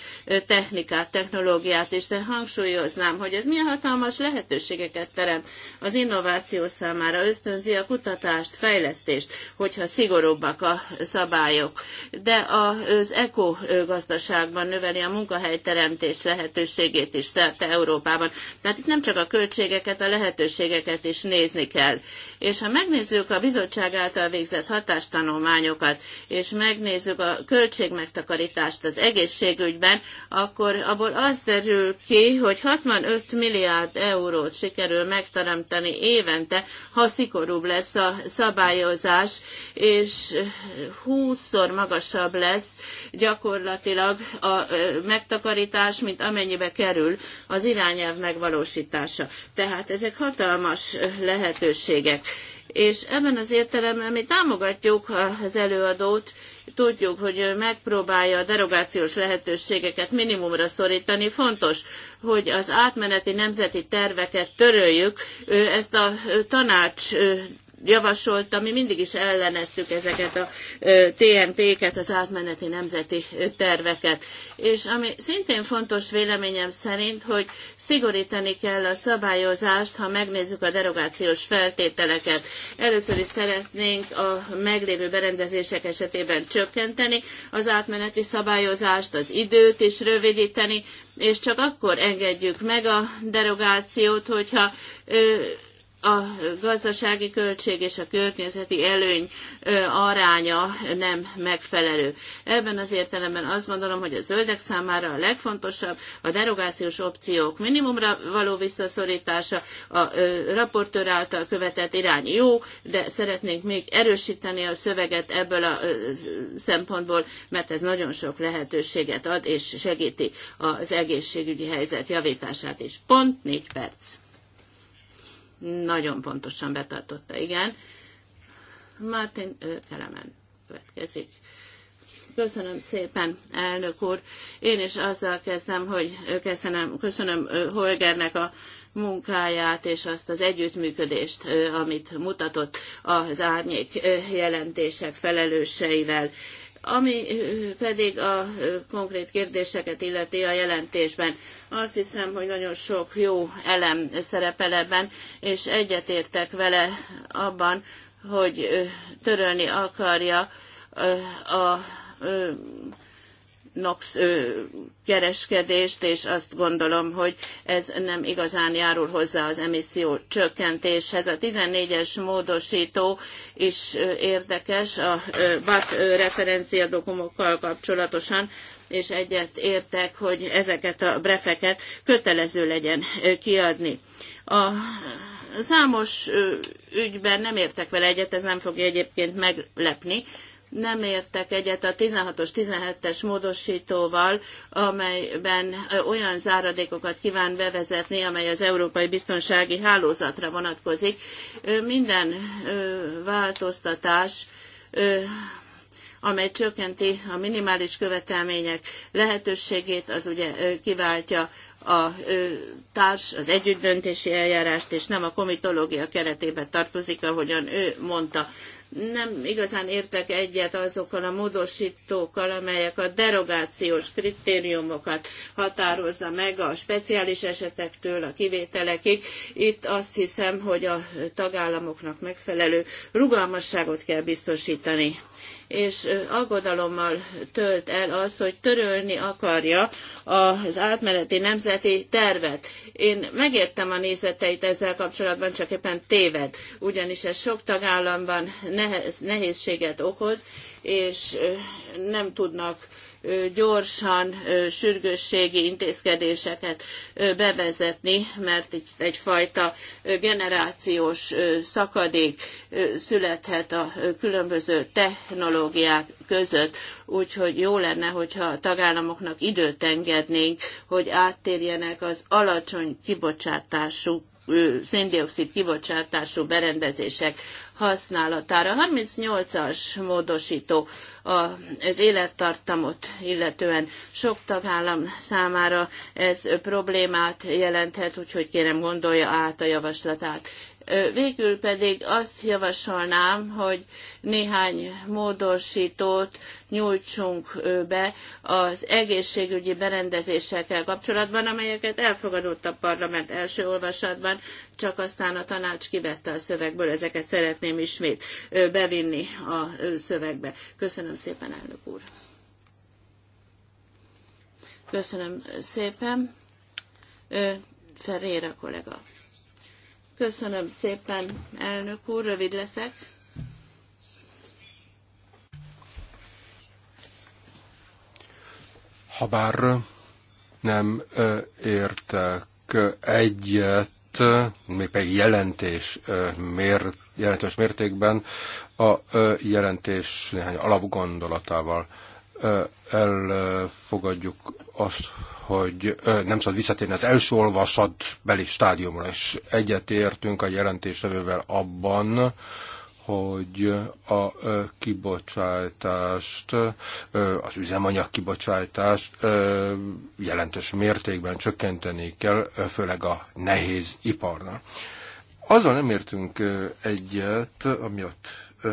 technikát, technológiát, és de hangsúlyoznám, hogy ez milyen hatalmas lehetőségeket terem az innováció számára, ösztönzi a kutatást, fejlesztést, hogyha szigorúbbak a szabályok. De az ekogazdaságban növeli a munkahelyteremtés lehetőségét is szerte Európában. Tehát itt nem csak a költségeket, a lehetőségeket is nézni kell. És ha megnézzük a bizottság által végzett hatástanulmányokat, és megnézzük a költségeket, költségmegtakarítást az egészségügyben, akkor abból az derül ki, hogy 65 milliárd eurót sikerül megteremteni évente, ha szigorúbb lesz a szabályozás, és 20-szor magasabb lesz gyakorlatilag a megtakarítás, mint amennyibe kerül az irányelv megvalósítása. Tehát ezek hatalmas lehetőségek és ebben az értelemben mi támogatjuk az előadót, tudjuk, hogy megpróbálja a derogációs lehetőségeket minimumra szorítani. Fontos, hogy az átmeneti nemzeti terveket töröljük. Ezt a tanács javasolt, mi mindig is elleneztük ezeket a TNP-ket, az átmeneti nemzeti terveket. És ami szintén fontos véleményem szerint, hogy szigorítani kell a szabályozást, ha megnézzük a derogációs feltételeket. Először is szeretnénk a meglévő berendezések esetében csökkenteni az átmeneti szabályozást, az időt is rövidíteni, és csak akkor engedjük meg a derogációt, hogyha a gazdasági költség és a környezeti előny aránya nem megfelelő. Ebben az értelemben azt gondolom, hogy a zöldek számára a legfontosabb a derogációs opciók minimumra való visszaszorítása, a raportőr által követett irány jó, de szeretnénk még erősíteni a szöveget ebből a szempontból, mert ez nagyon sok lehetőséget ad és segíti az egészségügyi helyzet javítását is. Pont négy perc. Nagyon pontosan betartotta, igen. Martin Kelemen következik. Köszönöm szépen, elnök úr. Én is azzal kezdem, hogy köszönöm, köszönöm Holgernek a munkáját és azt az együttműködést, amit mutatott az árnyék jelentések felelőseivel ami pedig a konkrét kérdéseket illeti a jelentésben, azt hiszem, hogy nagyon sok jó elem szerepel ebben, és egyetértek vele abban, hogy törölni akarja a, a NOx kereskedést, és azt gondolom, hogy ez nem igazán járul hozzá az emisszió csökkentéshez. A 14-es módosító is érdekes a BAT referenciadokumokkal kapcsolatosan, és egyet értek, hogy ezeket a brefeket kötelező legyen kiadni. A számos ügyben nem értek vele egyet, ez nem fogja egyébként meglepni, nem értek egyet a 16-os, 17-es módosítóval, amelyben olyan záradékokat kíván bevezetni, amely az európai biztonsági hálózatra vonatkozik. Minden változtatás amely csökkenti a minimális követelmények lehetőségét, az ugye kiváltja a társ, az együttdöntési eljárást, és nem a komitológia keretébe tartozik, ahogyan ő mondta nem igazán értek egyet azokkal a módosítókkal, amelyek a derogációs kritériumokat határozza meg a speciális esetektől a kivételekig. Itt azt hiszem, hogy a tagállamoknak megfelelő rugalmasságot kell biztosítani és aggodalommal tölt el az, hogy törölni akarja az átmeneti nemzeti tervet. Én megértem a nézeteit ezzel kapcsolatban, csak éppen téved, ugyanis ez sok tagállamban nehéz, nehézséget okoz, és nem tudnak gyorsan sürgősségi intézkedéseket bevezetni, mert egyfajta generációs szakadék születhet a különböző technológiák között, úgyhogy jó lenne, hogyha a tagállamoknak időt engednénk, hogy áttérjenek az alacsony kibocsátású széndiokszid kibocsátású berendezések használatára. 38-as módosító az élettartamot illetően sok tagállam számára ez problémát jelenthet, úgyhogy kérem gondolja át a javaslatát. Végül pedig azt javasolnám, hogy néhány módosítót nyújtsunk be az egészségügyi berendezésekkel kapcsolatban, amelyeket elfogadott a parlament első olvasatban, csak aztán a tanács kivette a szövegből, ezeket szeretném ismét bevinni a szövegbe. Köszönöm szépen, elnök úr! Köszönöm szépen. Ferreira kollega. Köszönöm szépen, elnök úr, rövid leszek. Habár nem értek egyet, még pedig jelentés mér, jelentős mértékben a jelentés néhány alapgondolatával elfogadjuk azt, hogy nem szabad visszatérni az első beli stádiumra, és egyetértünk a jelentéstevővel abban, hogy a kibocsátást, az üzemanyag kibocsátást jelentős mértékben csökkenteni kell, főleg a nehéz iparnál. Azzal nem értünk egyet, ami ott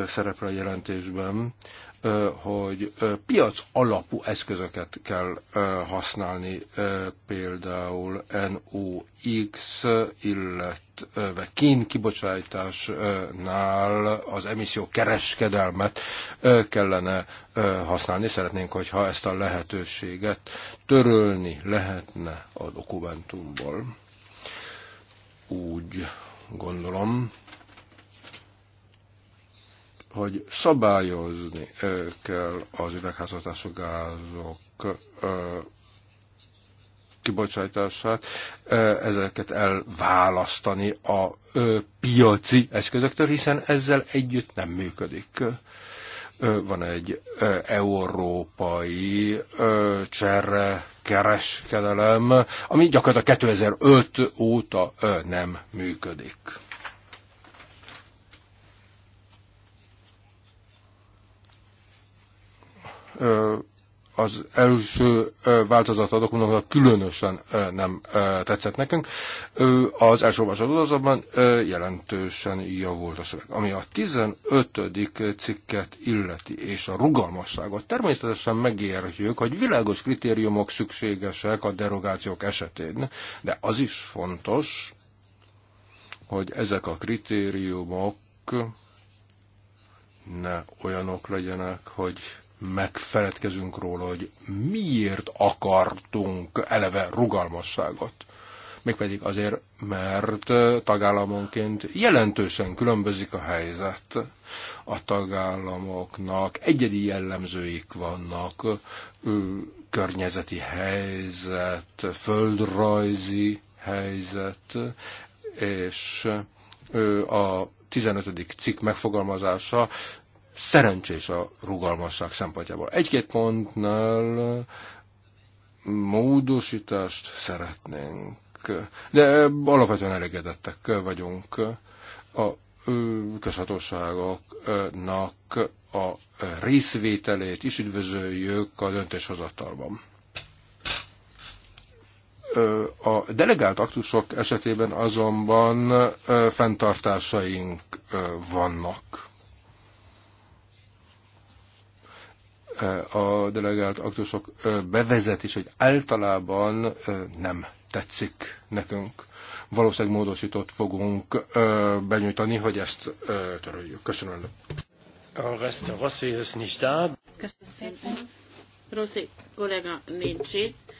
szerepel a jelentésben, hogy piac alapú eszközöket kell használni, például NOx, illetve kín kibocsátásnál az emisszió kereskedelmet kellene használni. Szeretnénk, hogyha ezt a lehetőséget törölni lehetne a dokumentumból. Úgy gondolom, hogy szabályozni kell az üvegházhatású gázok kibocsátását, ezeket elválasztani a piaci eszközöktől, hiszen ezzel együtt nem működik. Van egy európai cserre kereskedelem, ami gyakorlatilag 2005 óta nem működik az első változat a dokumentumnak különösen nem tetszett nekünk. Az első olvasatod azonban jelentősen javult a szöveg. Ami a 15. cikket illeti, és a rugalmasságot, természetesen megértjük, hogy világos kritériumok szükségesek a derogációk esetén, de az is fontos, hogy ezek a kritériumok ne olyanok legyenek, hogy megfeledkezünk róla, hogy miért akartunk eleve rugalmasságot. Mégpedig azért, mert tagállamonként jelentősen különbözik a helyzet. A tagállamoknak egyedi jellemzőik vannak, környezeti helyzet, földrajzi helyzet, és a 15. cikk megfogalmazása szerencsés a rugalmasság szempontjából. Egy-két pontnál módosítást szeretnénk, de alapvetően elégedettek vagyunk a közhatóságoknak a részvételét is üdvözöljük a döntéshozatalban. A delegált aktusok esetében azonban fenntartásaink vannak a delegált aktusok bevezetés, hogy általában nem tetszik nekünk. Valószínűleg módosított fogunk benyújtani, hogy ezt töröljük. Köszönöm elnök. A Rossi ist nincs itt. Köszönöm szépen. Rossi kollega nincs itt,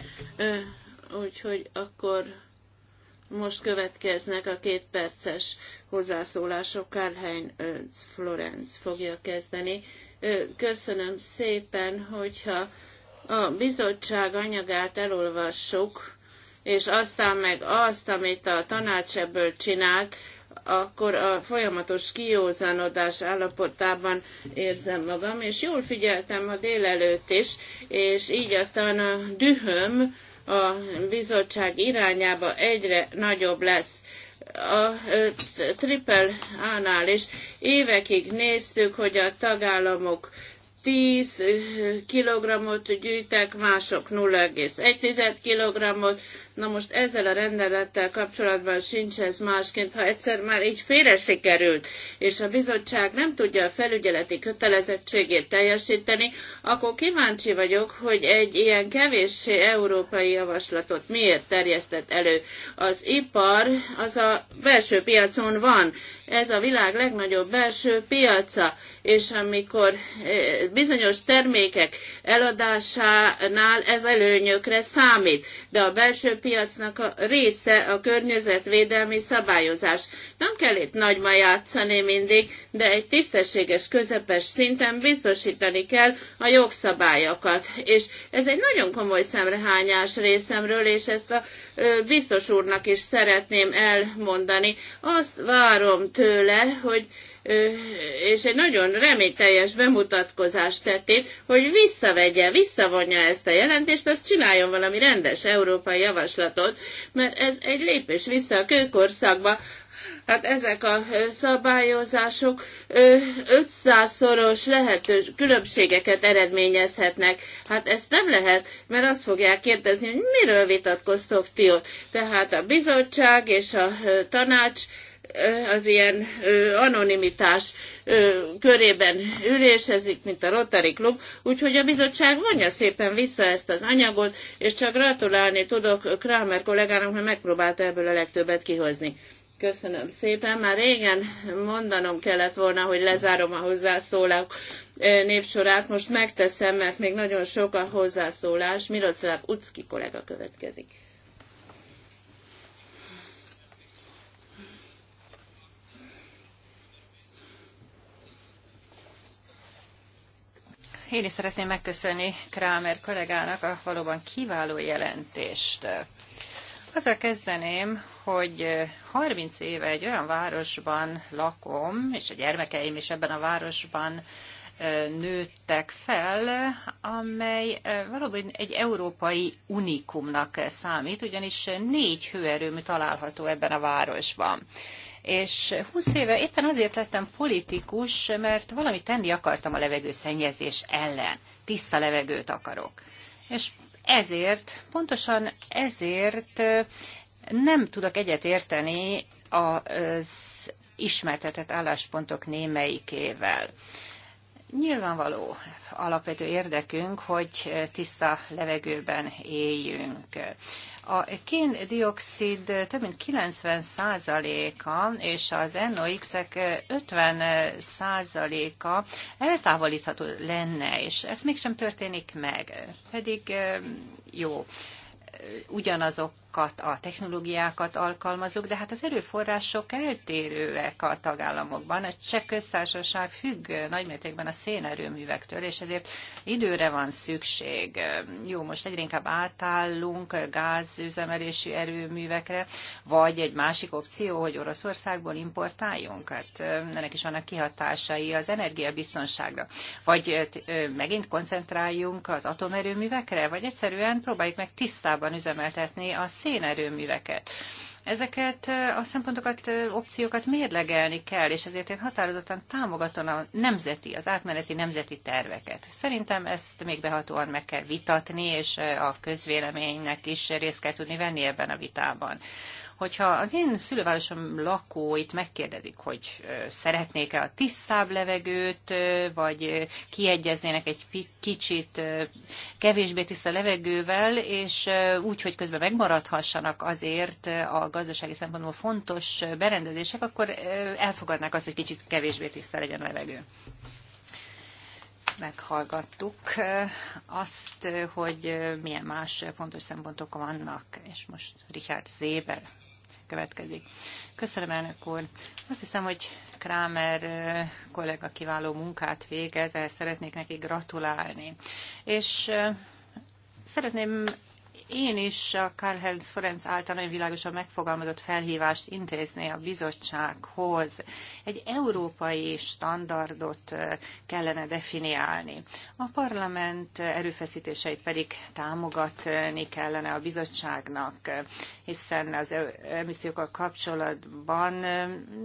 úgyhogy akkor most következnek a két perces hozzászólások. Karl Florence Florenz fogja kezdeni köszönöm szépen, hogyha a bizottság anyagát elolvassuk, és aztán meg azt, amit a tanács ebből csinált, akkor a folyamatos kiózanodás állapotában érzem magam, és jól figyeltem a délelőtt is, és így aztán a dühöm a bizottság irányába egyre nagyobb lesz a triple A-nál is évekig néztük, hogy a tagállamok 10 kilogramot gyűjtek, mások 0,1 kilogramot Na most ezzel a rendelettel kapcsolatban sincs ez másként, ha egyszer már így félre sikerült, és a bizottság nem tudja a felügyeleti kötelezettségét teljesíteni, akkor kíváncsi vagyok, hogy egy ilyen kevéssé európai javaslatot miért terjesztett elő. Az ipar az a belső piacon van, ez a világ legnagyobb belső piaca, és amikor eh, bizonyos termékek eladásánál ez előnyökre számít, de a belső piacnak a része a környezetvédelmi szabályozás. Nem kell itt nagyma játszani mindig, de egy tisztességes, közepes szinten biztosítani kell a jogszabályokat. És ez egy nagyon komoly szemrehányás részemről, és ezt a biztos úrnak is szeretném elmondani. Azt várom tőle, hogy és egy nagyon reményteljes bemutatkozást tettét, hogy visszavegye, visszavonja ezt a jelentést, azt csináljon valami rendes európai javaslatot, mert ez egy lépés vissza a kőkorszakba, Hát ezek a szabályozások 500-szoros lehetős különbségeket eredményezhetnek. Hát ezt nem lehet, mert azt fogják kérdezni, hogy miről vitatkoztok ti ott. Tehát a bizottság és a tanács az ilyen anonimitás körében ülésezik, mint a Rotary Klub, úgyhogy a bizottság vonja szépen vissza ezt az anyagot, és csak gratulálni tudok Kramer kollégának, mert megpróbálta ebből a legtöbbet kihozni. Köszönöm szépen. Már régen mondanom kellett volna, hogy lezárom a hozzászólók népsorát. Most megteszem, mert még nagyon sok a hozzászólás. Miroslav Ucki kollega következik. Én is szeretném megköszönni Krámer kollégának a valóban kiváló jelentést. Azzal kezdeném, hogy 30 éve egy olyan városban lakom, és a gyermekeim is ebben a városban nőttek fel, amely valóban egy európai unikumnak számít, ugyanis négy hőerőmű található ebben a városban és 20 éve éppen azért lettem politikus, mert valamit tenni akartam a levegőszennyezés ellen. Tiszta levegőt akarok. És ezért, pontosan ezért nem tudok egyet érteni az ismertetett álláspontok némelyikével. Nyilvánvaló alapvető érdekünk, hogy tiszta levegőben éljünk. A kén-dioxid több mint 90%-a és az NOx-ek 50%-a eltávolítható lenne, és ez mégsem történik meg. Pedig jó, ugyanazok ugyanazokat a technológiákat alkalmazunk, de hát az erőforrások eltérőek a tagállamokban. A cseh köztársaság függ nagymértékben a szénerőművektől, és ezért időre van szükség. Jó, most egyre inkább átállunk gázüzemelésű erőművekre, vagy egy másik opció, hogy Oroszországból importáljunk. Hát ennek is vannak kihatásai az energiabiztonságra. Vagy megint koncentráljunk az atomerőművekre, vagy egyszerűen próbáljuk meg tisztában üzemeltetni a szénerőműveket. Ezeket a szempontokat, opciókat mérlegelni kell, és ezért én határozottan támogatom a nemzeti, az átmeneti nemzeti terveket. Szerintem ezt még behatóan meg kell vitatni, és a közvéleménynek is részt kell tudni venni ebben a vitában. Hogyha az én szülővárosom lakóit megkérdezik, hogy szeretnék-e a tisztább levegőt, vagy kiegyeznének egy kicsit kevésbé tiszta levegővel, és úgy, hogy közben megmaradhassanak azért a gazdasági szempontból fontos berendezések, akkor elfogadnák azt, hogy kicsit kevésbé tiszta legyen a levegő meghallgattuk azt, hogy milyen más fontos szempontok vannak, és most Richard Zéber következik. Köszönöm, elnök úr. Azt hiszem, hogy Kramer kollega kiváló munkát végez, el szeretnék neki gratulálni. És szeretném én is a Karl-Heinz Ferenc által nagyon világosan megfogalmazott felhívást intézni a bizottsághoz. Egy európai standardot kellene definiálni. A parlament erőfeszítéseit pedig támogatni kellene a bizottságnak, hiszen az e-, emissziókkal kapcsolatban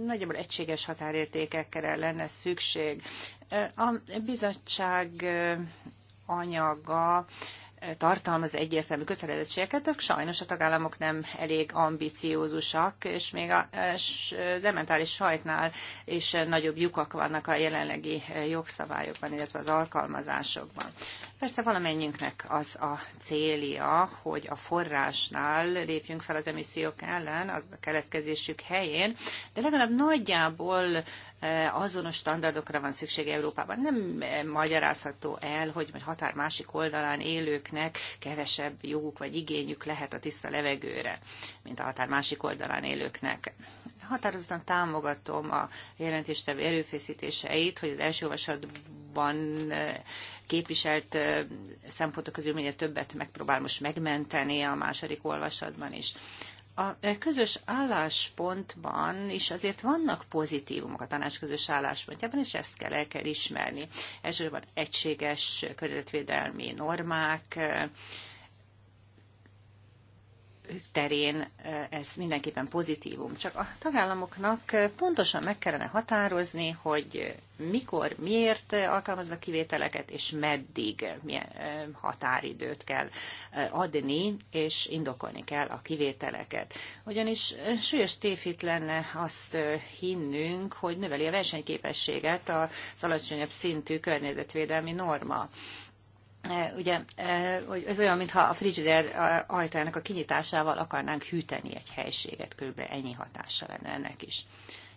nagyjából egységes határértékekre lenne szükség. A bizottság anyaga tartalmaz egyértelmű kötelezettségeket, de sajnos a tagállamok nem elég ambiciózusak, és még a dementális sajtnál is nagyobb lyukak vannak a jelenlegi jogszabályokban, illetve az alkalmazásokban. Persze valamennyünknek az a célja, hogy a forrásnál lépjünk fel az emissziók ellen, a keletkezésük helyén, de legalább nagyjából E, azonos standardokra van szükség Európában. Nem e, magyarázható el, hogy a határ másik oldalán élőknek kevesebb joguk vagy igényük lehet a tiszta levegőre, mint a határ másik oldalán élőknek. Határozottan támogatom a jelentéstev erőfeszítéseit, hogy az első olvasatban e, képviselt szempontok közül minél többet megpróbál most megmenteni a második olvasatban is a közös álláspontban is azért vannak pozitívumok a tanács közös álláspontjában, és ezt kell el kell ismerni. Elsősorban egységes környezetvédelmi normák, terén ez mindenképpen pozitívum. Csak a tagállamoknak pontosan meg kellene határozni, hogy mikor, miért alkalmaznak kivételeket, és meddig milyen határidőt kell adni, és indokolni kell a kivételeket. Ugyanis súlyos tévhit lenne azt hinnünk, hogy növeli a versenyképességet az alacsonyabb szintű környezetvédelmi norma ugye hogy ez olyan, mintha a frigider ajtajának a kinyitásával akarnánk hűteni egy helységet, körülbelül ennyi hatása lenne ennek is.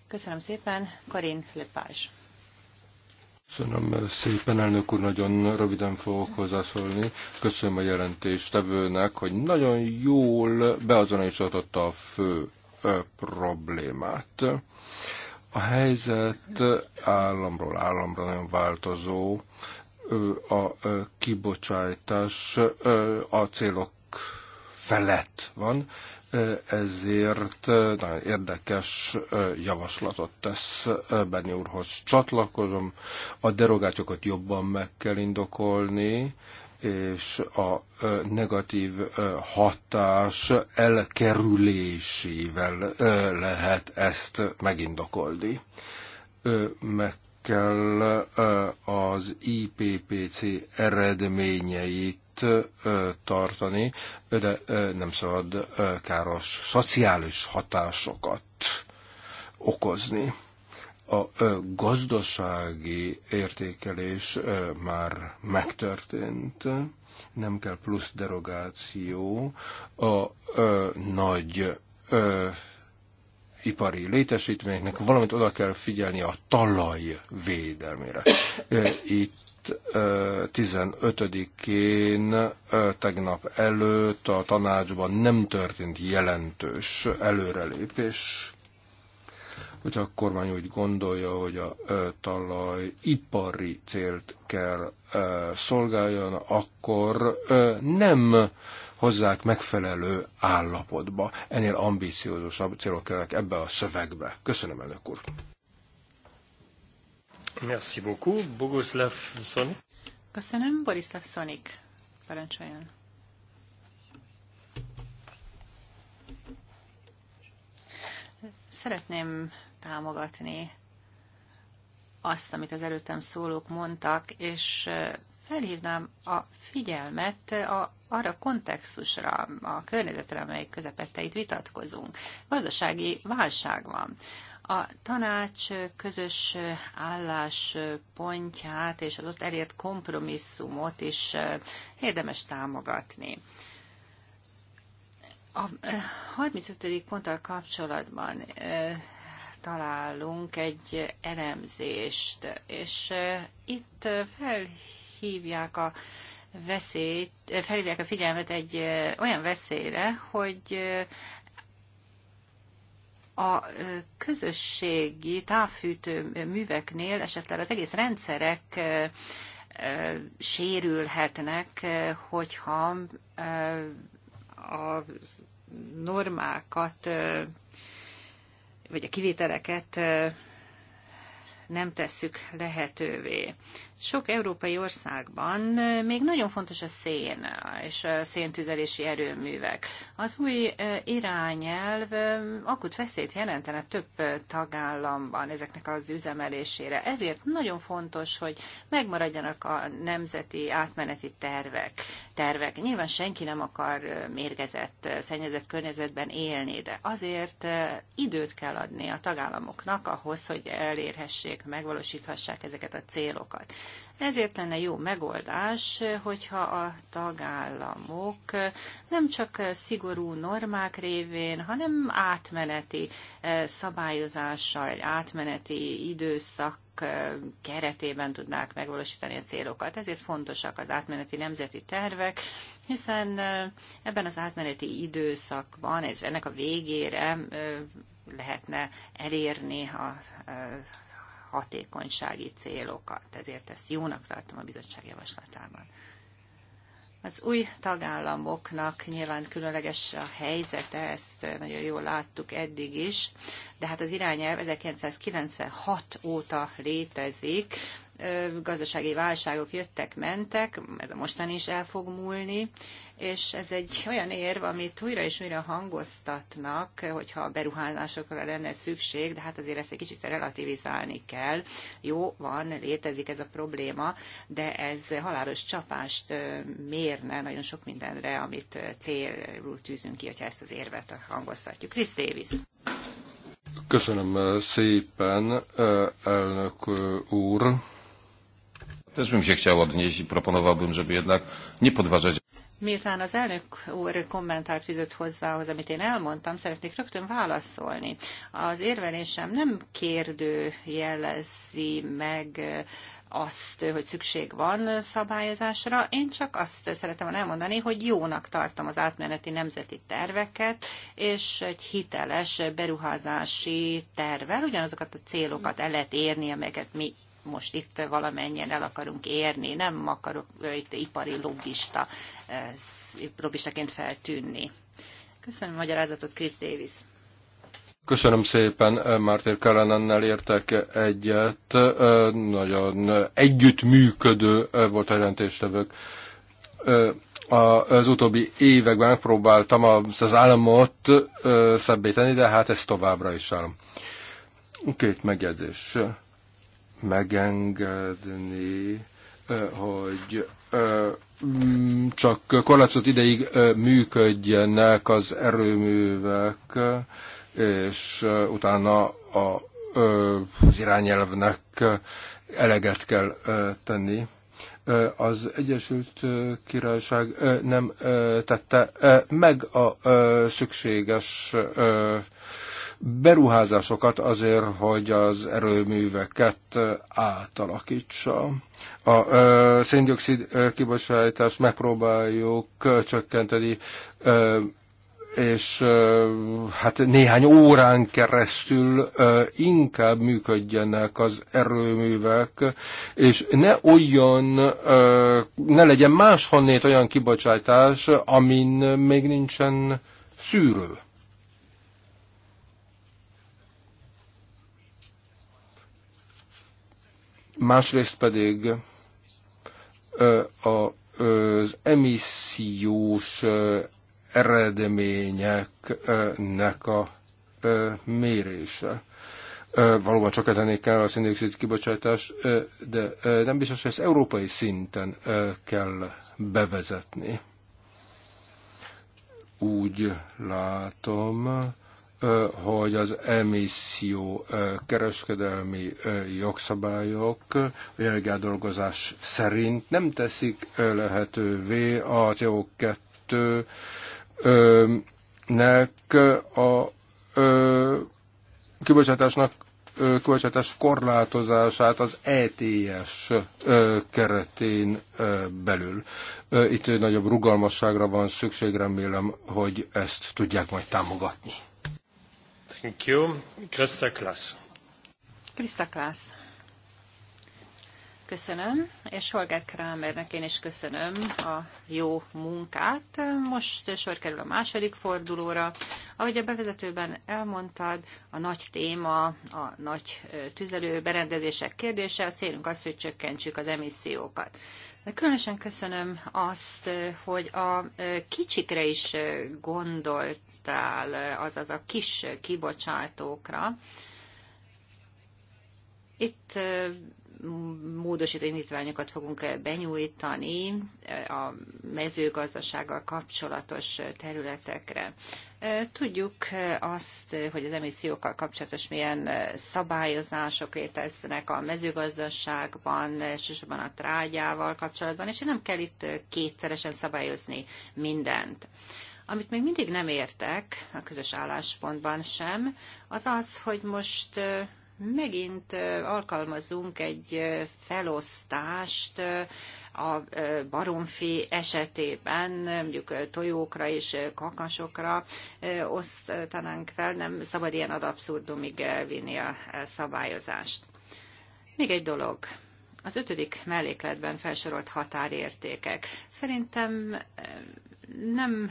Köszönöm szépen, Karin Lepázs. Köszönöm szépen, elnök úr, nagyon röviden fogok hozzászólni. Köszönöm a jelentéstevőnek, hogy nagyon jól beazonosította a fő problémát. A helyzet államról államra nagyon változó, a kibocsátás a célok felett van, ezért nagyon érdekes javaslatot tesz Benni úrhoz. Csatlakozom, a derogációkat jobban meg kell indokolni, és a negatív hatás elkerülésével lehet ezt megindokolni. Meg kell az IPPC eredményeit tartani, de nem szabad káros szociális hatásokat okozni. A gazdasági értékelés már megtörtént, nem kell plusz derogáció a nagy ipari létesítményeknek, valamint oda kell figyelni a talaj védelmére. Itt 15-én tegnap előtt a tanácsban nem történt jelentős előrelépés, hogyha a kormány úgy gondolja, hogy a talaj ipari célt kell szolgáljon, akkor nem hozzák megfelelő állapotba. Ennél ambíciózusabb célok kellek ebbe a szövegbe. Köszönöm, elnök úr. Merci beaucoup. Bogoslav Sonik. Köszönöm, Borislav Sonik. Parancsoljon. Szeretném támogatni azt, amit az előttem szólók mondtak, és felhívnám a figyelmet a, arra a kontextusra, a környezetre, amelyik közepette itt vitatkozunk. Gazdasági válság van. A tanács közös álláspontját és az ott elért kompromisszumot is érdemes támogatni. A 35. ponttal kapcsolatban találunk egy elemzést, és itt felhívjuk, hívják a veszélyt, felhívják a figyelmet egy olyan veszélyre, hogy a közösségi távfűtő műveknél esetleg az egész rendszerek sérülhetnek, hogyha a normákat vagy a kivételeket nem tesszük lehetővé. Sok európai országban még nagyon fontos a szén és a széntüzelési erőművek. Az új irányelv akut veszélyt jelentene több tagállamban ezeknek az üzemelésére. Ezért nagyon fontos, hogy megmaradjanak a nemzeti átmeneti tervek. tervek. Nyilván senki nem akar mérgezett, szennyezett környezetben élni, de azért időt kell adni a tagállamoknak ahhoz, hogy elérhessék, megvalósíthassák ezeket a célokat. Ezért lenne jó megoldás, hogyha a tagállamok nem csak szigorú normák révén, hanem átmeneti eh, szabályozással, egy átmeneti időszak eh, keretében tudnák megvalósítani a célokat. Ezért fontosak az átmeneti nemzeti tervek, hiszen eh, ebben az átmeneti időszakban, és ennek a végére lehetne elérni a hatékonysági célokat. Ezért ezt jónak tartom a bizottság javaslatában. Az új tagállamoknak nyilván különleges a helyzete, ezt nagyon jól láttuk eddig is, de hát az irányelv 1996 óta létezik, gazdasági válságok jöttek, mentek, ez a mostan is el fog múlni, és ez egy olyan érv, amit újra és újra hangoztatnak, hogyha a beruházásokra lenne szükség, de hát azért ezt egy kicsit relativizálni kell. Jó, van, létezik ez a probléma, de ez halálos csapást mérne nagyon sok mindenre, amit célról tűzünk ki, hogyha ezt az érvet hangoztatjuk. Chris Davis. Köszönöm szépen, elnök úr. Też bym się chciał odnieść i proponowałbym, żeby jednak nie podważać. Miután az elnök úr kommentált fűzött hozzá, az, amit én elmondtam, szeretnék rögtön válaszolni. Az érvelésem nem kérdő jelezi meg azt, hogy szükség van szabályozásra. Én csak azt szeretem elmondani, hogy jónak tartom az átmeneti nemzeti terveket, és egy hiteles beruházási tervel ugyanazokat a célokat el lehet érni, amelyeket mi most itt valamennyien el akarunk érni, nem akarok itt ipari lobbista, lobbistaként feltűnni. Köszönöm a magyarázatot, Chris Davis. Köszönöm szépen, Mártér Kellenennel értek egyet. Nagyon együttműködő volt a jelentéstevők. Az utóbbi években megpróbáltam az államot szebbé tenni, de hát ez továbbra is állom. Két megjegyzés megengedni, hogy mm, csak korlátozott ideig működjenek az erőművek, és utána a, az irányelvnek eleget kell tenni. Az Egyesült Királyság nem tette meg a szükséges beruházásokat azért, hogy az erőműveket átalakítsa. A széndiokszid kibocsátást megpróbáljuk csökkenteni és hát néhány órán keresztül inkább működjenek az erőművek, és ne olyan, ne legyen máshonnét olyan kibocsátás, amin még nincsen szűrő. Másrészt pedig az emissziós eredményeknek a mérése. Valóban csak csökkenteni kell a szindioxid kibocsátás, de nem biztos, hogy ezt európai szinten kell bevezetni. Úgy látom, hogy az emisszió kereskedelmi jogszabályok a jelenlegi dolgozás szerint nem teszik lehetővé a CO2-nek a kibocsátásnak kibocsátás korlátozását az ETS keretén belül. Itt nagyobb rugalmasságra van szükség, remélem, hogy ezt tudják majd támogatni. Thank you. Krista Klasz. Krista Klasz. Köszönöm, és Holger Kramernek én is köszönöm a jó munkát. Most sor kerül a második fordulóra. Ahogy a bevezetőben elmondtad, a nagy téma, a nagy tüzelő berendezések kérdése, a célunk az, hogy csökkentsük az emissziókat. De különösen köszönöm azt, hogy a kicsikre is gondolt szektortál, azaz a kis kibocsátókra. Itt módosító indítványokat fogunk benyújtani a mezőgazdasággal kapcsolatos területekre. Tudjuk azt, hogy az emissziókkal kapcsolatos milyen szabályozások léteznek a mezőgazdaságban, elsősorban a trágyával kapcsolatban, és nem kell itt kétszeresen szabályozni mindent. Amit még mindig nem értek, a közös álláspontban sem, az az, hogy most megint alkalmazunk egy felosztást a baromfi esetében, mondjuk tojókra és kakasokra osztanánk fel, nem szabad ilyen ad abszurdumig vinni a szabályozást. Még egy dolog. Az ötödik mellékletben felsorolt határértékek. Szerintem nem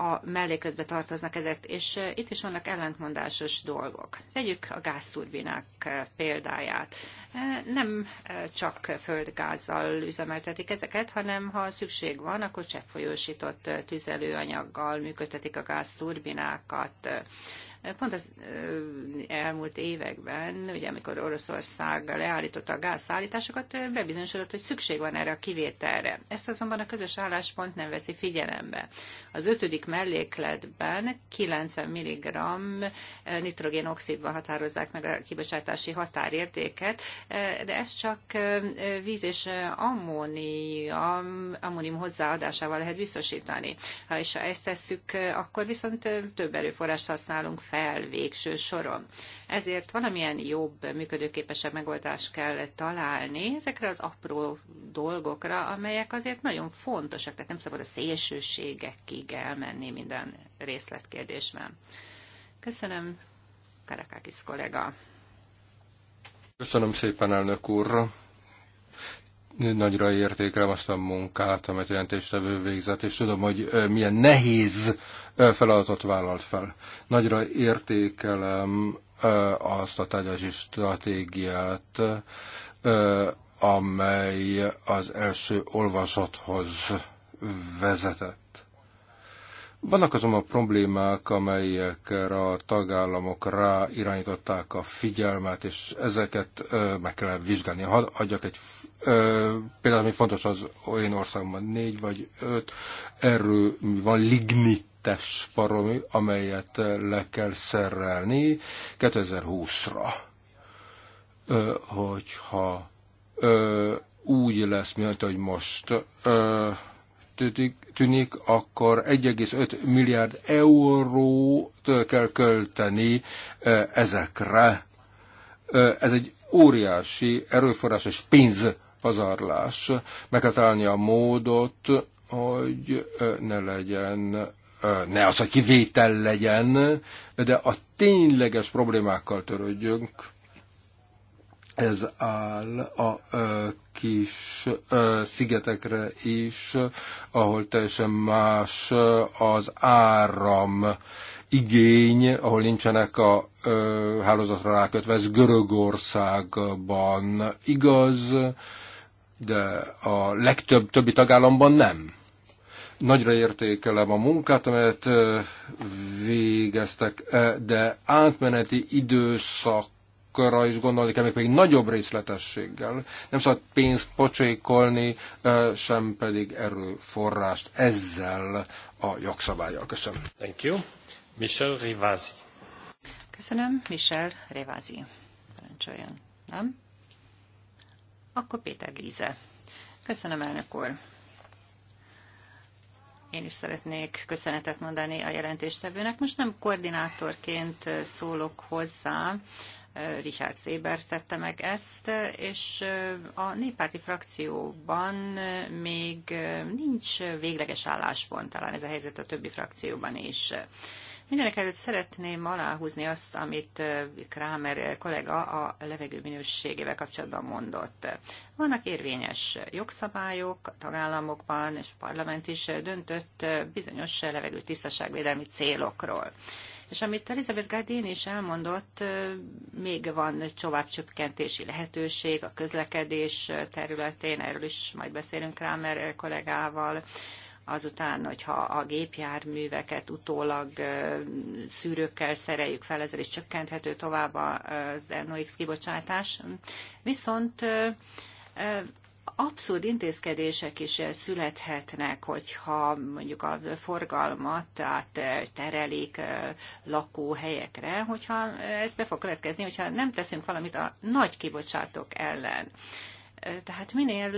a mellékletbe tartoznak ezek, és e, itt is vannak ellentmondásos dolgok. Vegyük a gázturbinák e, példáját. E, nem csak földgázzal üzemeltetik ezeket, hanem ha szükség van, akkor cseppfolyósított tüzelőanyaggal működtetik a gázturbinákat. Pont az elmúlt években, ugye amikor Oroszország leállította a gázszállításokat, bebizonyosodott, hogy szükség van erre a kivételre. Ezt azonban a közös álláspont nem veszi figyelembe. Az ötödik mellékletben 90 mg nitrogénoxidban határozzák meg a kibocsátási határértéket, de ez csak víz és ammónium, ammónium hozzáadásával lehet biztosítani. Ha is ha ezt tesszük, akkor viszont több erőforrást használunk fel végső soron. Ezért valamilyen jobb, működőképesebb megoldást kell találni ezekre az apró dolgokra, amelyek azért nagyon fontosak, tehát nem szabad a szélsőségekig elmenni minden részletkérdésben. Köszönöm, Karakakis kollega. Köszönöm szépen, elnök úr. Nagyra értékelem azt a munkát, amit a jelentéstevő végzett, és tudom, hogy milyen nehéz feladatot vállalt fel. Nagyra értékelem azt a tárgyalási stratégiát, amely az első olvasathoz vezetett. Vannak azonban problémák, amelyekre a tagállamok ráirányították a figyelmet, és ezeket ö, meg kell vizsgálni. Ha adjak egy ö, például, ami fontos az olyan országban négy vagy öt erőmű van, lignites paromi, amelyet le kell szerelni 2020-ra. Ö, hogyha ö, úgy lesz, mint hogy most ö, tűnik, akkor 1,5 milliárd eurót kell költeni ezekre. Ez egy óriási erőforrásos pénzpazarlás. Meg kell találni a módot, hogy ne legyen ne az, aki vétel legyen, de a tényleges problémákkal törődjünk. Ez áll a kis szigetekre is, ahol teljesen más az áram igény, ahol nincsenek a ö, hálózatra rákötve, ez Görögországban igaz, de a legtöbb többi tagállamban nem. Nagyra értékelem a munkát, amelyet végeztek, de átmeneti időszak azokra is gondolni kell, még pedig nagyobb részletességgel. Nem szabad pénzt pocsékolni, sem pedig erőforrást ezzel a jogszabályjal. Köszönöm. Thank you. Michel Rivasi. Köszönöm. Michel Rivázi. Parancsoljon. Nem? Akkor Péter Líze. Köszönöm, elnök úr. Én is szeretnék köszönetet mondani a jelentéstevőnek. Most nem koordinátorként szólok hozzá, Richard Zéber tette meg ezt, és a néppárti frakcióban még nincs végleges álláspont, talán ez a helyzet a többi frakcióban is. Mindenek előtt szeretném aláhúzni azt, amit Kramer kollega a levegő minőségével kapcsolatban mondott. Vannak érvényes jogszabályok a tagállamokban, és a parlament is döntött bizonyos levegő tisztaságvédelmi célokról. És amit Elizabeth Gardin is elmondott, még van tovább csökkentési lehetőség a közlekedés területén, erről is majd beszélünk mert kollégával, azután, hogyha a gépjárműveket utólag szűrőkkel szereljük fel, ezzel is csökkenthető tovább az NOx kibocsátás. Viszont abszurd intézkedések is születhetnek, hogyha mondjuk a forgalmat át terelik lakóhelyekre, hogyha ez be fog következni, hogyha nem teszünk valamit a nagy kibocsátók ellen. Tehát minél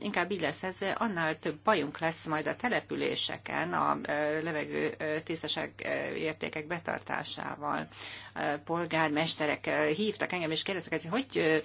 inkább így lesz ez, annál több bajunk lesz majd a településeken a levegő tisztaság értékek betartásával. A polgármesterek hívtak engem és kérdeztek, hogy hogy,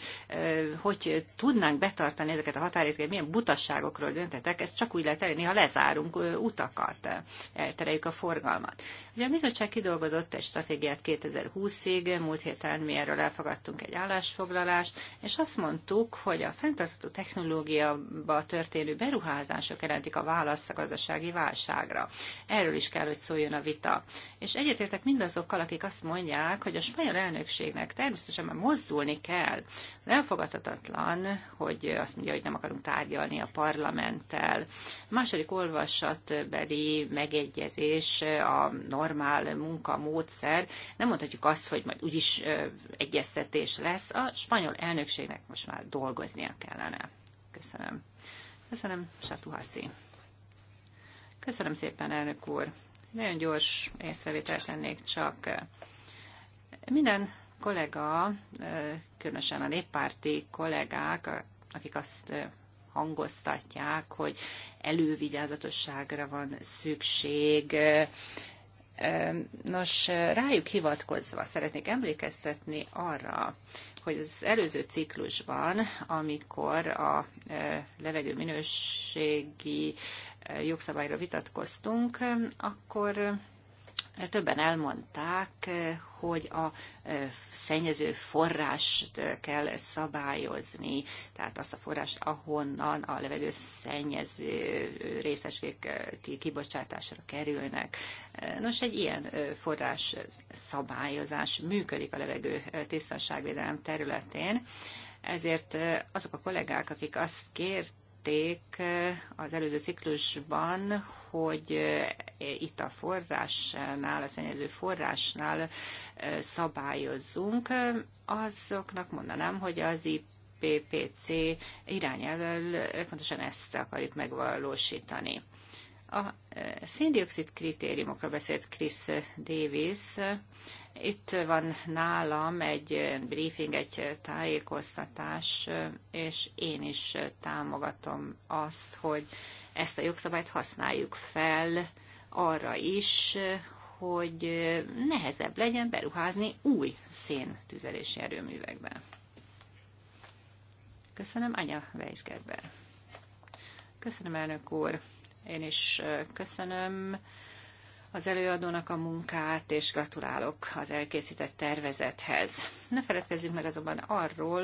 hogy tudnánk betartani ezeket a határértékeket, milyen butasságokról döntetek, ezt csak úgy lehet elérni, ha lezárunk utakat, eltereljük a forgalmat. Ugye a bizottság kidolgozott egy stratégiát 2020-ig, múlt héten mi erről elfogadtunk egy állásfoglalást, és azt mondtuk, hogy a fenn fenntartható technológiába történő beruházások jelentik a választ a gazdasági válságra. Erről is kell, hogy szóljon a vita. És egyetértek mindazokkal, akik azt mondják, hogy a spanyol elnökségnek természetesen már mozdulni kell. elfogadhatatlan, hogy azt mondja, hogy nem akarunk tárgyalni a parlamenttel. A második olvasatbeli megegyezés a normál munkamódszer. Nem mondhatjuk azt, hogy majd úgyis egyeztetés lesz. A spanyol elnökségnek most már dolgoznia kellene. Köszönöm. Köszönöm, Satuhaszi. Köszönöm szépen, elnök úr. Nagyon gyors észrevételt tennék csak. Minden kollega, különösen a néppárti kollégák, akik azt hangoztatják, hogy elővigyázatosságra van szükség, Nos, rájuk hivatkozva szeretnék emlékeztetni arra, hogy az előző ciklusban, amikor a e, levegő minőségi e, jogszabályra vitatkoztunk, akkor többen elmondták, eh, hogy a eh, szennyező forrást eh, kell szabályozni, tehát azt a forrást, ahonnan a levegő szennyező részecskék kibocsátásra kerülnek. Nos, egy ilyen forrás szabályozás működik a levegő tisztaságvédelem területén, ezért azok a kollégák, akik azt kért, említették eh, az előző ciklusban, hogy eh, itt a forrásnál, a szennyező forrásnál eh, szabályozzunk, azoknak mondanám, hogy az IPPC irányelvel pontosan ezt akarjuk megvalósítani. A széndiokszid kritériumokra beszélt Chris Davis, itt van nálam egy briefing, egy tájékoztatás, és én is támogatom azt, hogy ezt a jogszabályt használjuk fel arra is, hogy nehezebb legyen beruházni új széntüzelési erőművekbe. Köszönöm, Anya Weisgerber. Köszönöm, elnök úr. Én is köszönöm az előadónak a munkát, és gratulálok az elkészített tervezethez. Ne feledkezzünk meg azonban arról,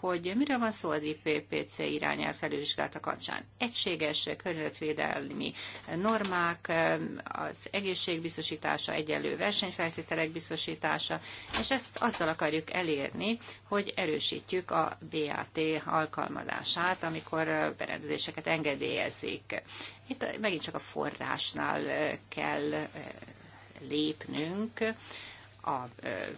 hogy mire van szó az IPPC irányel felülvizsgálata kapcsán. Egységes környezetvédelmi normák, az egészségbiztosítása, egyenlő versenyfeltételek biztosítása, és ezt azzal akarjuk elérni, hogy erősítjük a BAT alkalmazását, amikor berendezéseket engedélyezik. Itt megint csak a forrásnál kell eh, lépnünk, a eh,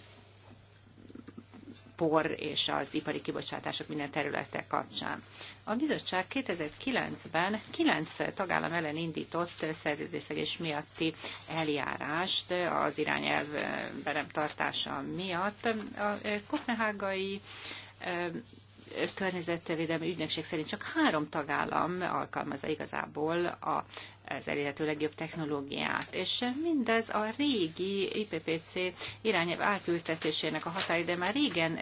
por és az ipari kibocsátások minden területe kapcsán. A bizottság 2009-ben 9 tagállam ellen indított szerződésszegés miatti eljárást az irányelv eh, beremtartása tartása miatt. A eh, kopenhágai eh, környezetvédelmi ügynökség szerint csak három tagállam alkalmazza igazából a az elérhető legjobb technológiát. És mindez a régi IPPC irányelv átültetésének a de már régen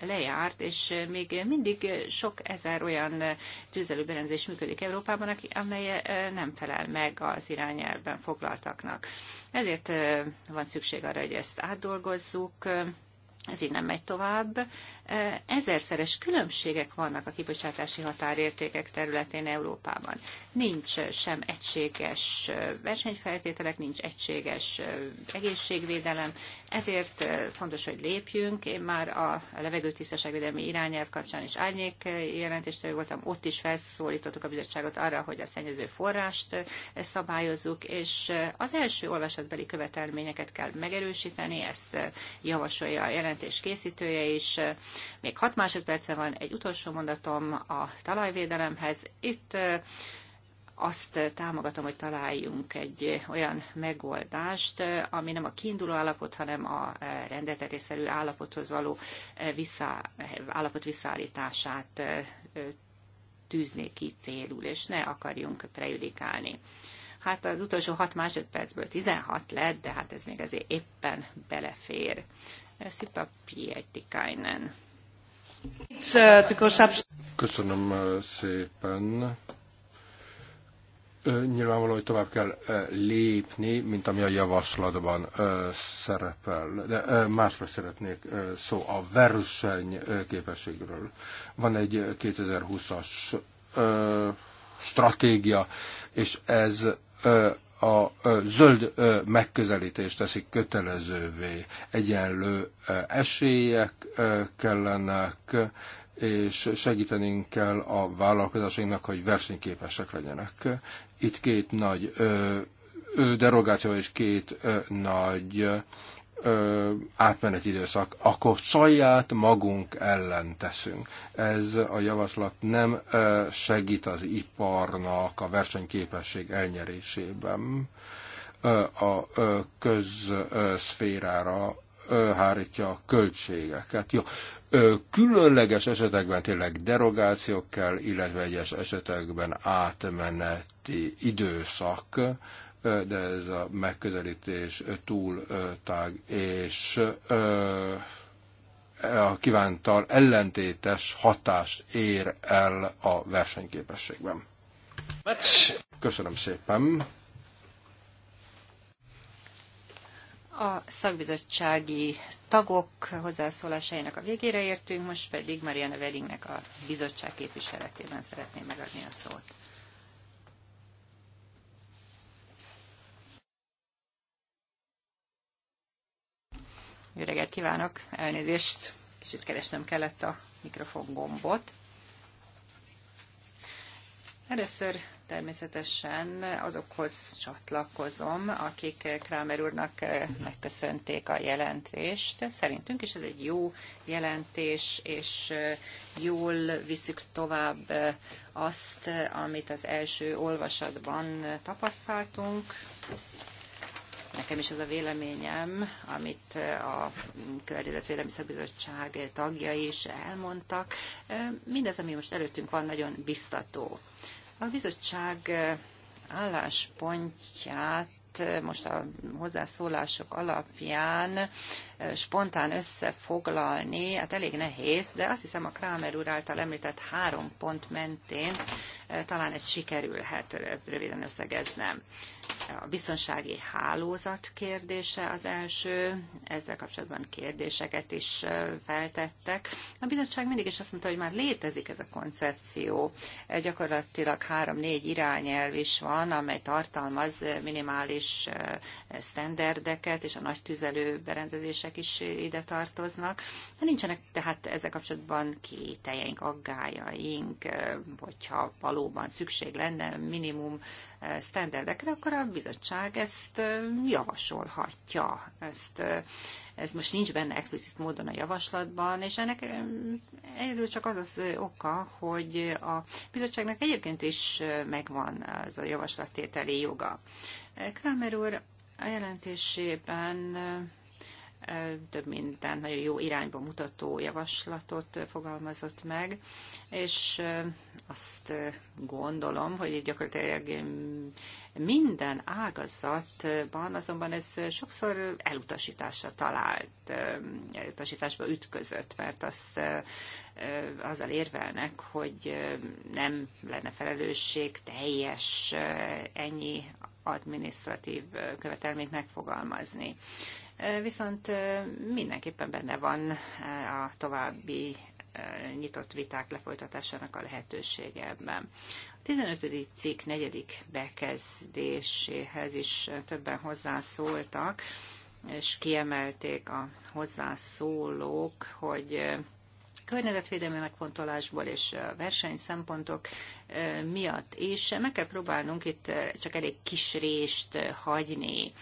lejárt, és még mindig sok ezer olyan tüzelőberendezés működik Európában, amely eh, nem felel meg az irányelvben foglaltaknak. Ezért eh, van szükség arra, hogy ezt átdolgozzuk, ez így nem megy tovább, ezerszeres különbségek vannak a kibocsátási határértékek területén Európában. Nincs sem egységes versenyfeltételek, nincs egységes egészségvédelem, ezért fontos, hogy lépjünk. Én már a levegőtisztaságvédelmi irányelv kapcsán is árnyék jelentést voltam, ott is felszólítottuk a bizottságot arra, hogy a szennyező forrást szabályozzuk, és az első olvasatbeli követelményeket kell megerősíteni, ezt javasolja a jelentés készítője is, még 6 másodperce van, egy utolsó mondatom a talajvédelemhez. Itt azt támogatom, hogy találjunk egy olyan megoldást, ami nem a kiinduló állapot, hanem a rendeltetésszerű állapothoz való vissza, állapot visszaállítását tűzné ki célul, és ne akarjunk prejudikálni. Hát az utolsó 6 másodpercből 16 lett, de hát ez még azért éppen belefér. Szipa Pietikainen. Köszönöm uh, szépen. Uh, nyilvánvaló, hogy tovább kell uh, lépni, mint ami a javaslatban szerepel. De másra szeretnék szó a verseny képességről. Van egy 2020-as stratégia, és ez a zöld megközelítést teszik kötelezővé. Egyenlő esélyek kellenek, és segítenünk kell a vállalkozásainknak, hogy versenyképesek legyenek. Itt két nagy derogáció és két nagy ö, átmeneti időszak, akkor saját magunk ellen teszünk. Ez a javaslat nem ö, segít az iparnak a versenyképesség elnyerésében. Ö, a ö, közszférára hárítja a költségeket. Jó. különleges esetekben tényleg derogációk kell, illetve egyes esetekben átmeneti időszak, de ez a megközelítés túl tág, és a kívántal ellentétes hatást ér el a versenyképességben. Köszönöm szépen! A szakbizottsági tagok hozzászólásainak a végére értünk, most pedig Mariana Wellingnek a bizottság képviseletében szeretném megadni a szót. Jó reggelt kívánok, elnézést, kicsit keresnem kellett a mikrofon gombot. Először természetesen azokhoz csatlakozom, akik Krámer úrnak eh, megköszönték a jelentést. Szerintünk is ez egy jó jelentés, és eh, jól viszük tovább eh, azt, amit az első olvasatban tapasztaltunk. Nekem is az a véleményem, amit a Környezetvédelmi Szakbizottság tagjai is elmondtak. Mindez, ami most előttünk van, nagyon biztató. A bizottság álláspontját most a hozzászólások alapján spontán összefoglalni, hát elég nehéz, de azt hiszem a Krámer úr által említett három pont mentén talán ez sikerülhet röviden összegeznem. A biztonsági hálózat kérdése az első, ezzel kapcsolatban kérdéseket is feltettek. A bizottság mindig is azt mondta, hogy már létezik ez a koncepció. Gyakorlatilag három-négy irányelv is van, amely tartalmaz minimális sztenderdeket, és a nagy tüzelő berendezések is ide tartoznak. Nincsenek tehát ezzel kapcsolatban kételjeink, aggájaink, hogyha valóban szükség lenne minimum standardekre, akkor a bizottság ezt javasolhatja. Ezt, ez most nincs benne explicit módon a javaslatban, és ennek egyről csak az az oka, hogy a bizottságnak egyébként is megvan az a javaslattételi joga. Kramer úr a jelentésében több minden nagyon jó irányba mutató javaslatot fogalmazott meg, és azt gondolom, hogy gyakorlatilag minden ágazatban azonban ez sokszor elutasításra talált, elutasításba ütközött, mert azt azzal érvelnek, hogy nem lenne felelősség teljes ennyi adminisztratív követelményt megfogalmazni viszont mindenképpen benne van a további nyitott viták lefolytatásának a lehetősége ebben. A 15. cikk negyedik bekezdéséhez is többen hozzászóltak, és kiemelték a hozzászólók, hogy környezetvédelmi megfontolásból és versenyszempontok miatt és meg kell próbálnunk itt csak elég kis részt hagyni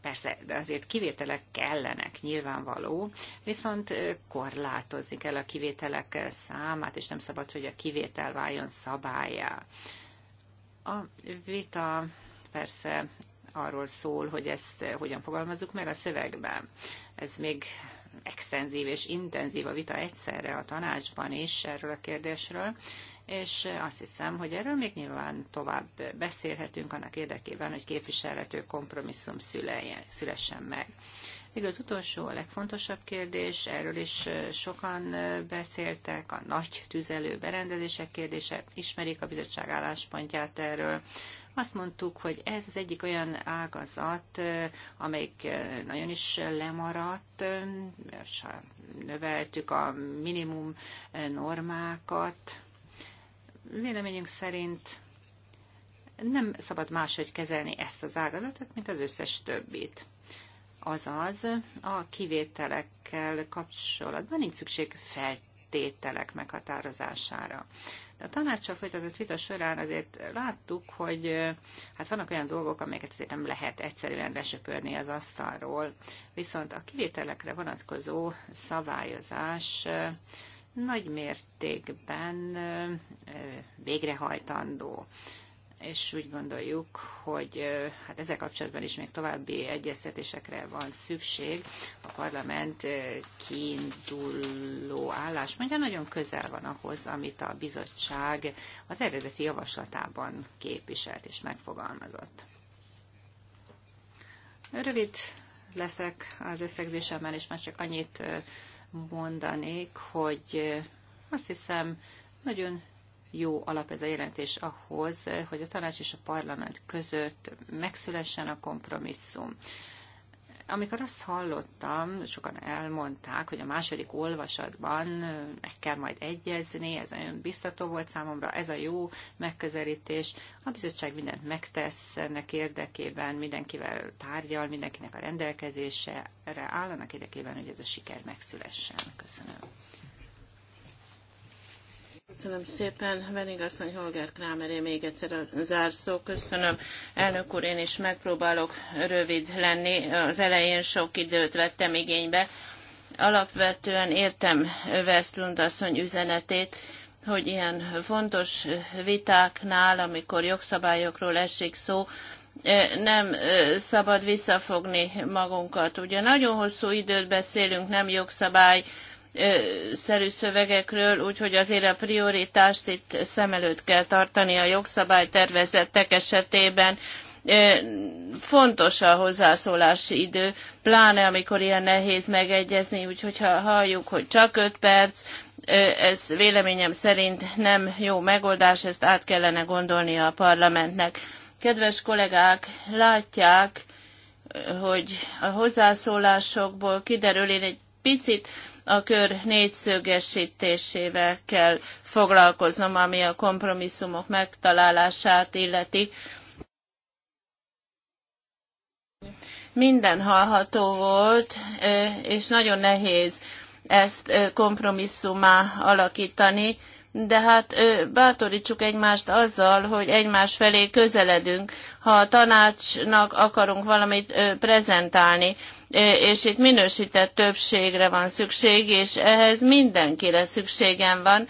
persze, de azért kivételek kellenek, nyilvánvaló, viszont korlátozni kell a kivételek számát, és nem szabad, hogy a kivétel váljon szabályá. A vita persze arról szól, hogy ezt hogyan fogalmazzuk meg a szövegben. Ez még extenzív és intenzív a vita egyszerre a tanácsban is erről a kérdésről, és azt hiszem, hogy erről még nyilván tovább beszélhetünk annak érdekében, hogy képviselhető kompromisszum szüleljen, szülessen meg. Még az utolsó, a legfontosabb kérdés, erről is sokan beszéltek, a nagy tüzelő berendezések kérdése, ismerik a bizottság álláspontját erről. Azt mondtuk, hogy ez az egyik olyan ágazat, amelyik nagyon is lemaradt, növeltük a minimum normákat, Véleményünk szerint nem szabad máshogy kezelni ezt az ágazatot, mint az összes többit. Azaz, a kivételekkel kapcsolatban nincs szükség feltételek meghatározására. De a tanácssal folytatott vita során azért láttuk, hogy hát vannak olyan dolgok, amelyeket azért nem lehet egyszerűen lesöpörni az asztalról, viszont a kivételekre vonatkozó szabályozás nagy mértékben végrehajtandó és úgy gondoljuk, hogy hát ezzel kapcsolatban is még további egyeztetésekre van szükség. A parlament kiinduló álláspontja nagyon közel van ahhoz, amit a bizottság az eredeti javaslatában képviselt és megfogalmazott. Rövid leszek az összegzésemmel, és már csak annyit mondanék, hogy eh, azt hiszem, nagyon jó alap ez a jelentés ahhoz, eh, hogy a tanács és a parlament között megszülessen a kompromisszum. Amikor azt hallottam, sokan elmondták, hogy a második olvasatban meg kell majd egyezni, ez nagyon biztató volt számomra, ez a jó megközelítés. A bizottság mindent megtesz ennek érdekében, mindenkivel tárgyal, mindenkinek a rendelkezésre áll, annak érdekében, hogy ez a siker megszülessen. Köszönöm. Köszönöm szépen, Venig Holger Krámeré még egyszer a zárszó. Köszönöm. Elnök úr, én is megpróbálok rövid lenni. Az elején sok időt vettem igénybe. Alapvetően értem Westlund asszony üzenetét, hogy ilyen fontos vitáknál, amikor jogszabályokról esik szó, nem szabad visszafogni magunkat. Ugye nagyon hosszú időt beszélünk, nem jogszabály, szerű szövegekről, úgyhogy azért a prioritást itt szem előtt kell tartani a jogszabálytervezettek esetében. Fontos a hozzászólási idő, pláne amikor ilyen nehéz megegyezni, úgyhogy ha halljuk, hogy csak 5 perc, ez véleményem szerint nem jó megoldás, ezt át kellene gondolnia a parlamentnek. Kedves kollégák, látják, hogy a hozzászólásokból kiderül, én egy picit a kör négyszögesítésével kell foglalkoznom, ami a kompromisszumok megtalálását illeti. Minden hallható volt, és nagyon nehéz ezt kompromisszumá alakítani de hát bátorítsuk egymást azzal, hogy egymás felé közeledünk, ha a tanácsnak akarunk valamit prezentálni, és itt minősített többségre van szükség, és ehhez mindenkire szükségem van,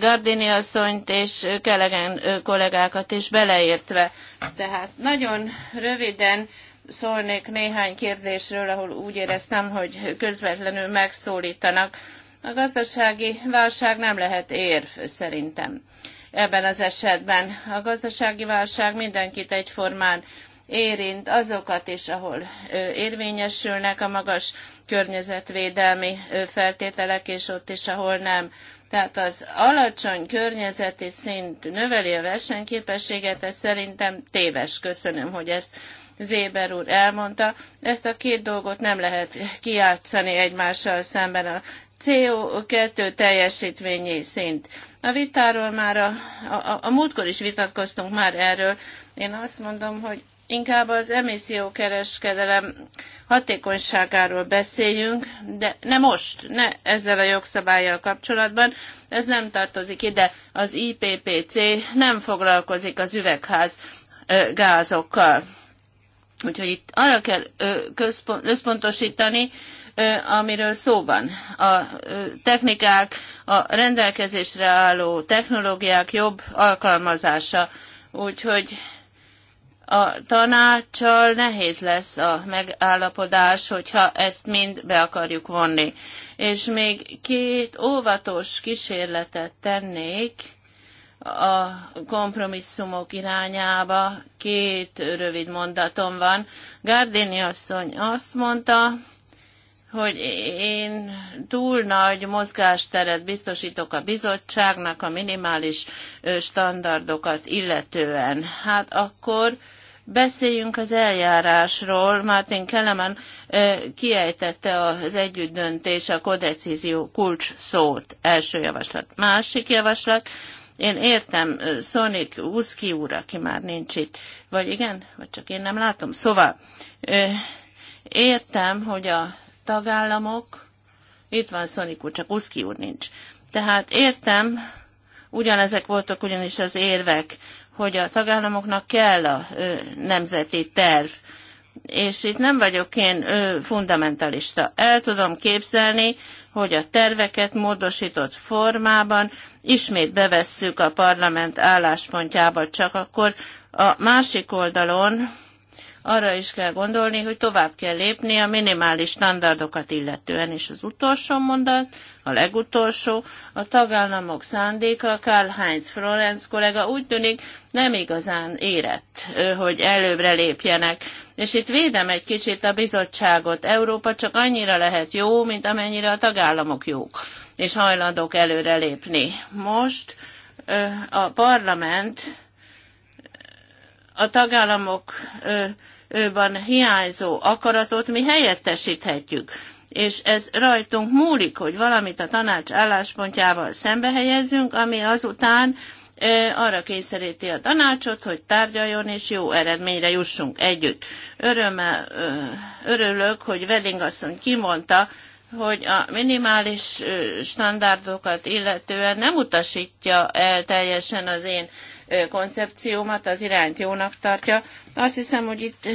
Gardini asszonyt és Kelegen kollégákat is beleértve. Tehát nagyon röviden szólnék néhány kérdésről, ahol úgy éreztem, hogy közvetlenül megszólítanak a gazdasági válság nem lehet érv szerintem ebben az esetben. A gazdasági válság mindenkit egyformán érint azokat is, ahol érvényesülnek a magas környezetvédelmi feltételek, és ott is, ahol nem. Tehát az alacsony környezeti szint növeli a versenyképességet, ez szerintem téves. Köszönöm, hogy ezt Zéber úr elmondta. Ezt a két dolgot nem lehet kijátszani egymással szemben a CO2 teljesítményi szint. A vitáról már a, a, a múltkor is vitatkoztunk már erről. Én azt mondom, hogy inkább az emissziókereskedelem hatékonyságáról beszéljünk, de ne most, ne ezzel a jogszabályjal kapcsolatban, ez nem tartozik ide. Az IPPC nem foglalkozik az üvegház gázokkal. Úgyhogy itt arra kell központ, összpontosítani, amiről szó van. A technikák, a rendelkezésre álló technológiák jobb alkalmazása, úgyhogy a tanácssal nehéz lesz a megállapodás, hogyha ezt mind be akarjuk vonni. És még két óvatos kísérletet tennék a kompromisszumok irányába. Két rövid mondatom van. Gardini asszony azt mondta, hogy én túl nagy mozgásteret biztosítok a bizottságnak a minimális standardokat illetően. Hát akkor Beszéljünk az eljárásról. Martin Kelemen kiejtette az együttdöntés, a kodecízió kulcs szót. Első javaslat. Másik javaslat. Én értem Szonik Uszki úr, aki már nincs itt. Vagy igen? Vagy csak én nem látom. Szóval értem, hogy a tagállamok, itt van Szoniku, csak Uszki úr nincs. Tehát értem, ugyanezek voltak ugyanis az érvek, hogy a tagállamoknak kell a ö, nemzeti terv, és itt nem vagyok én ö, fundamentalista. El tudom képzelni, hogy a terveket módosított formában ismét bevesszük a parlament álláspontjába, csak akkor a másik oldalon arra is kell gondolni, hogy tovább kell lépni a minimális standardokat illetően. És az utolsó mondat, a legutolsó, a tagállamok szándéka, Karl-Heinz Florenz kollega úgy tűnik nem igazán érett, hogy előbbre lépjenek. És itt védem egy kicsit a bizottságot. Európa csak annyira lehet jó, mint amennyire a tagállamok jók, és hajlandók előre lépni. Most a parlament a tagállamokban hiányzó akaratot mi helyettesíthetjük. És ez rajtunk múlik, hogy valamit a tanács álláspontjával szembe helyezzünk, ami azután arra kényszeríti a tanácsot, hogy tárgyaljon és jó eredményre jussunk együtt. Örömmel, örülök, hogy Wedding asszony kimondta, hogy a minimális standardokat illetően nem utasítja el teljesen az én koncepciómat, az irányt jónak tartja. Azt hiszem, hogy itt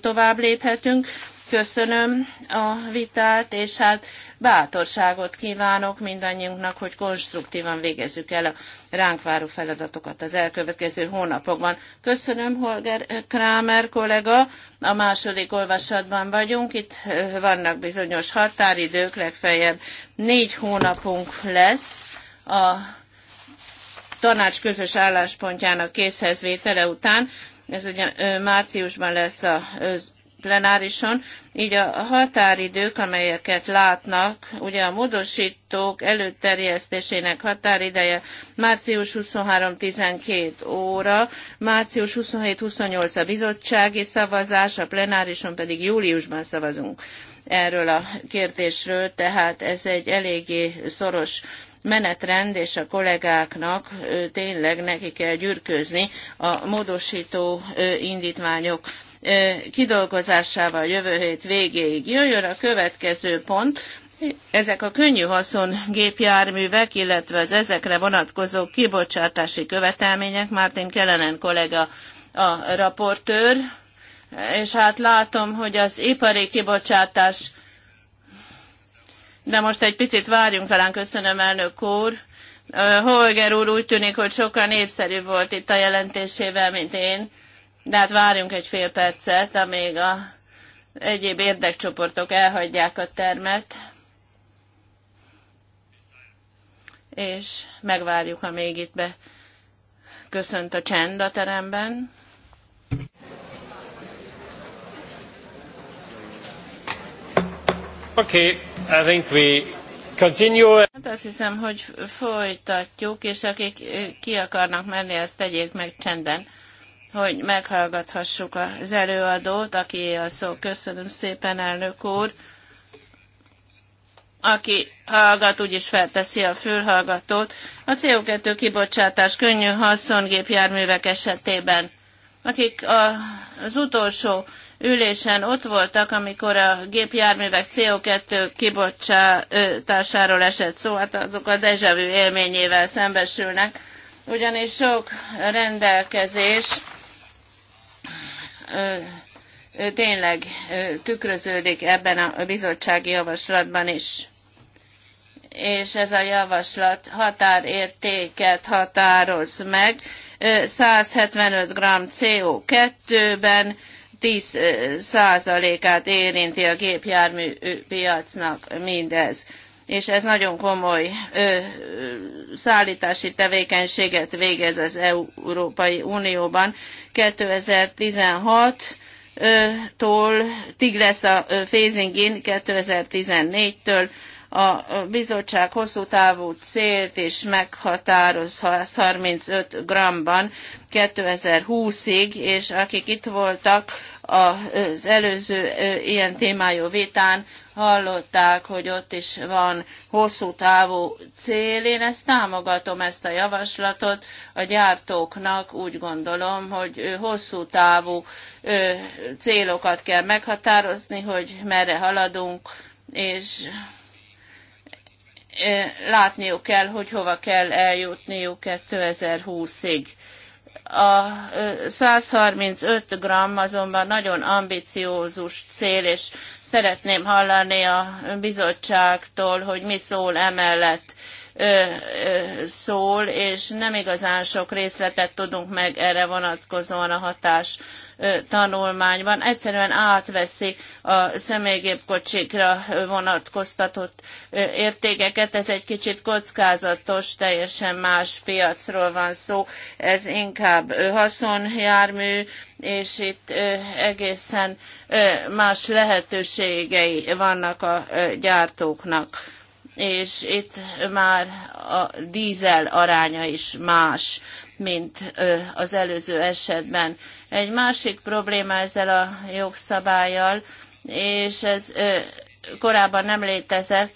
tovább léphetünk, Köszönöm a vitát, és hát bátorságot kívánok mindannyiunknak, hogy konstruktívan végezzük el a ránk váró feladatokat az elkövetkező hónapokban. Köszönöm, Holger Kramer kollega. A második olvasatban vagyunk. Itt vannak bizonyos határidők, legfeljebb négy hónapunk lesz a tanács közös álláspontjának készhezvétele után. Ez ugye márciusban lesz az plenárison, így a határidők, amelyeket látnak, ugye a módosítók előterjesztésének határideje március 23-12 óra, március 27-28 a bizottsági szavazás, a plenárison pedig júliusban szavazunk erről a kérdésről, tehát ez egy eléggé szoros menetrend, és a kollégáknak tényleg neki kell gyürkőzni a módosító indítványok kidolgozásával jövő hét végéig. Jöjjön a következő pont, ezek a könnyű haszon gépjárművek, illetve az ezekre vonatkozó kibocsátási követelmények, Martin Kelenen, kollega a raportőr, és hát látom, hogy az ipari kibocsátás, de most egy picit várjunk talán, köszönöm elnök úr, Holger úr úgy tűnik, hogy sokkal népszerűbb volt itt a jelentésével, mint én de hát várjunk egy fél percet, amíg a egyéb érdekcsoportok elhagyják a termet, és megvárjuk, amíg itt be köszönt a csend a teremben. Okay, I think we continue. Hát azt hiszem, hogy folytatjuk, és akik ki akarnak menni, ezt tegyék meg csendben hogy meghallgathassuk az előadót, aki a szó. Köszönöm szépen, elnök úr. Aki hallgat, úgyis felteszi a fülhallgatót. A CO2 kibocsátás könnyű haszongépjárművek esetében. Akik a, az utolsó ülésen ott voltak, amikor a gépjárművek CO2 kibocsátásáról esett szó, hát azok a dejavű élményével szembesülnek, ugyanis sok rendelkezés tényleg tükröződik ebben a bizottsági javaslatban is. És ez a javaslat határértéket határoz meg 175 g CO2-ben, 10 át érinti a gépjármű piacnak mindez és ez nagyon komoly ö, szállítási tevékenységet végez az Európai Unióban. 2016 tól TIG lesz a phasing 2014-től a bizottság hosszú távú célt is meghatároz 35 g-ban 2020-ig, és akik itt voltak, az előző ilyen témájú vitán hallották, hogy ott is van hosszú távú cél. Én ezt támogatom, ezt a javaslatot a gyártóknak. Úgy gondolom, hogy hosszú távú célokat kell meghatározni, hogy merre haladunk, és látniuk kell, hogy hova kell eljutniuk 2020-ig. A 135 g azonban nagyon ambiciózus cél, és szeretném hallani a bizottságtól, hogy mi szól emellett szól, és nem igazán sok részletet tudunk meg erre vonatkozóan a hatás tanulmányban. Egyszerűen átveszi a személygépkocsikra vonatkoztatott értékeket. Ez egy kicsit kockázatos, teljesen más piacról van szó. Ez inkább haszonjármű, és itt egészen más lehetőségei vannak a gyártóknak és itt már a dízel aránya is más, mint az előző esetben. Egy másik probléma ezzel a jogszabályjal, és ez korábban nem létezett,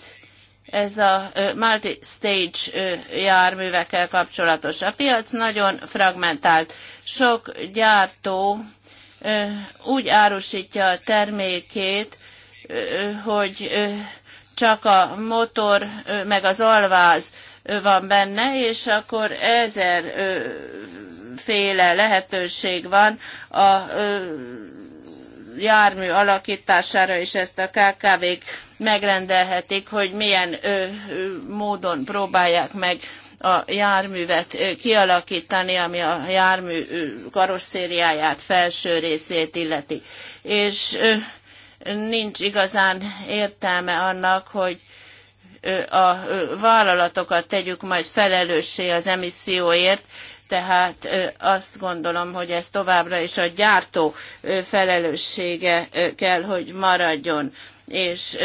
ez a multi-stage járművekkel kapcsolatos. A piac nagyon fragmentált. Sok gyártó úgy árusítja a termékét, hogy csak a motor meg az alváz van benne, és akkor ezer féle lehetőség van a jármű alakítására, és ezt a KKV-k megrendelhetik, hogy milyen módon próbálják meg a járművet kialakítani, ami a jármű karosszériáját, felső részét illeti. És nincs igazán értelme annak, hogy a vállalatokat tegyük majd felelőssé az emisszióért, tehát azt gondolom, hogy ez továbbra is a gyártó felelőssége kell, hogy maradjon, és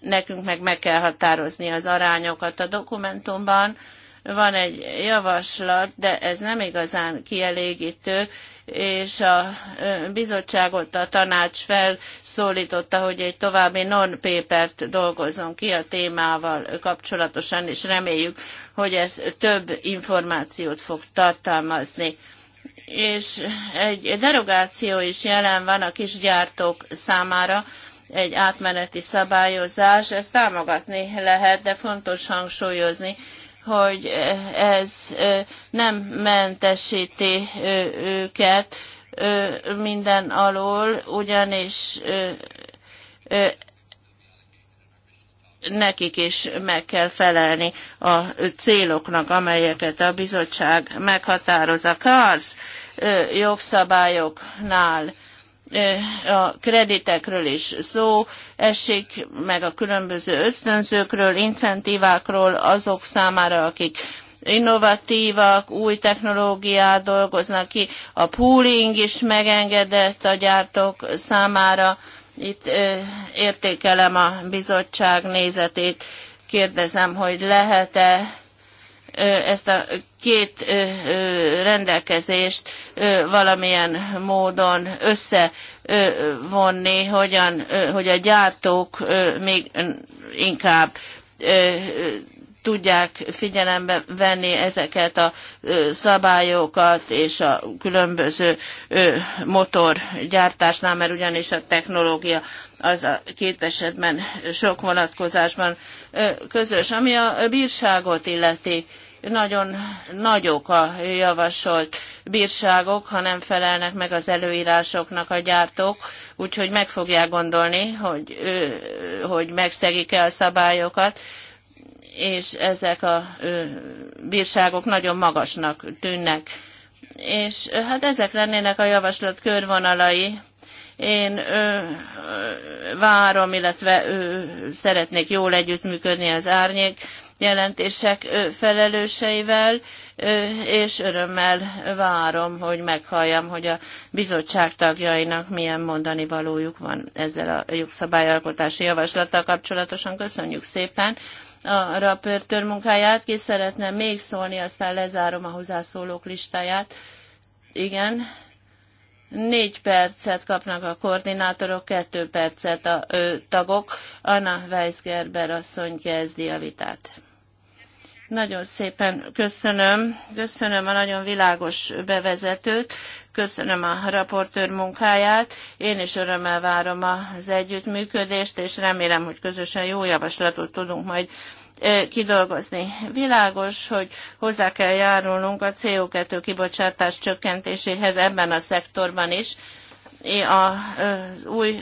nekünk meg meg kell határozni az arányokat a dokumentumban. Van egy javaslat, de ez nem igazán kielégítő, és a bizottságot a tanács felszólította, hogy egy további non-papert dolgozzon ki a témával kapcsolatosan, és reméljük, hogy ez több információt fog tartalmazni és egy derogáció is jelen van a kisgyártók számára, egy átmeneti szabályozás, ezt támogatni lehet, de fontos hangsúlyozni, hogy ez nem mentesíti őket minden alól, ugyanis nekik is meg kell felelni a céloknak, amelyeket a bizottság meghatározza. a KARSZ jogszabályoknál a kreditekről is szó, esik meg a különböző ösztönzőkről, incentívákról azok számára, akik innovatívak, új technológiát dolgoznak ki, a pooling is megengedett a gyártók számára. Itt értékelem a bizottság nézetét, kérdezem, hogy lehet-e ezt a két rendelkezést valamilyen módon összevonni, hogyan, hogy a gyártók még inkább tudják figyelembe venni ezeket a szabályokat és a különböző motorgyártásnál, mert ugyanis a technológia az a két esetben sok vonatkozásban közös. Ami a bírságot illeti, nagyon nagyok a javasolt bírságok, ha nem felelnek meg az előírásoknak a gyártók, úgyhogy meg fogják gondolni, hogy, hogy megszegik-e a szabályokat és ezek a bírságok nagyon magasnak tűnnek. És hát ezek lennének a javaslat körvonalai. Én ö, várom, illetve ö, szeretnék jól együttműködni az árnyék jelentések felelőseivel, és örömmel várom, hogy meghalljam, hogy a bizottság tagjainak milyen mondani valójuk van ezzel a jogszabályalkotási javaslattal kapcsolatosan. Köszönjük szépen a raportőr munkáját. Ki szeretne még szólni, aztán lezárom a hozzászólók listáját. Igen. Négy percet kapnak a koordinátorok, kettő percet a ö, tagok. Anna Weisgerber asszony kezdi a vitát. Nagyon szépen köszönöm, köszönöm a nagyon világos bevezetőt, köszönöm a raportőr munkáját, én is örömmel várom az együttműködést, és remélem, hogy közösen jó javaslatot tudunk majd e, kidolgozni. Világos, hogy hozzá kell járulnunk a CO2 kibocsátás csökkentéséhez ebben a szektorban is. E, e, az új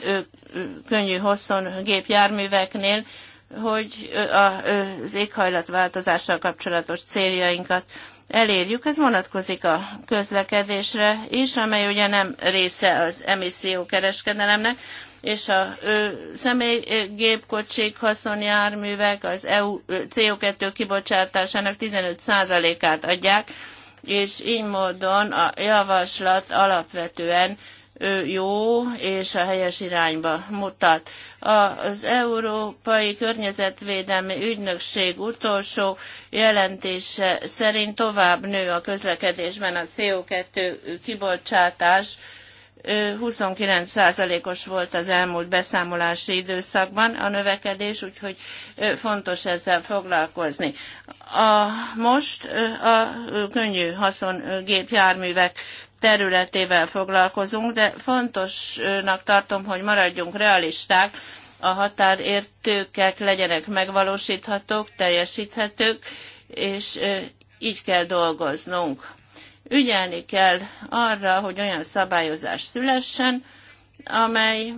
könnyű hosszon gépjárműveknél hogy az éghajlatváltozással kapcsolatos céljainkat elérjük. Ez vonatkozik a közlekedésre is, amely ugye nem része az kereskedelemnek, és a személygépkocsik haszonjárművek az EU CO2 kibocsátásának 15%-át adják, és így módon a javaslat alapvetően jó és a helyes irányba mutat. Az Európai Környezetvédelmi Ügynökség utolsó jelentése szerint tovább nő a közlekedésben a CO2 kibocsátás, 29%-os volt az elmúlt beszámolási időszakban a növekedés, úgyhogy fontos ezzel foglalkozni. A, most a könnyű haszongépjárművek területével foglalkozunk, de fontosnak tartom, hogy maradjunk realisták, a határértőkek legyenek megvalósíthatók, teljesíthetők, és így kell dolgoznunk. Ügyelni kell arra, hogy olyan szabályozás szülessen, amely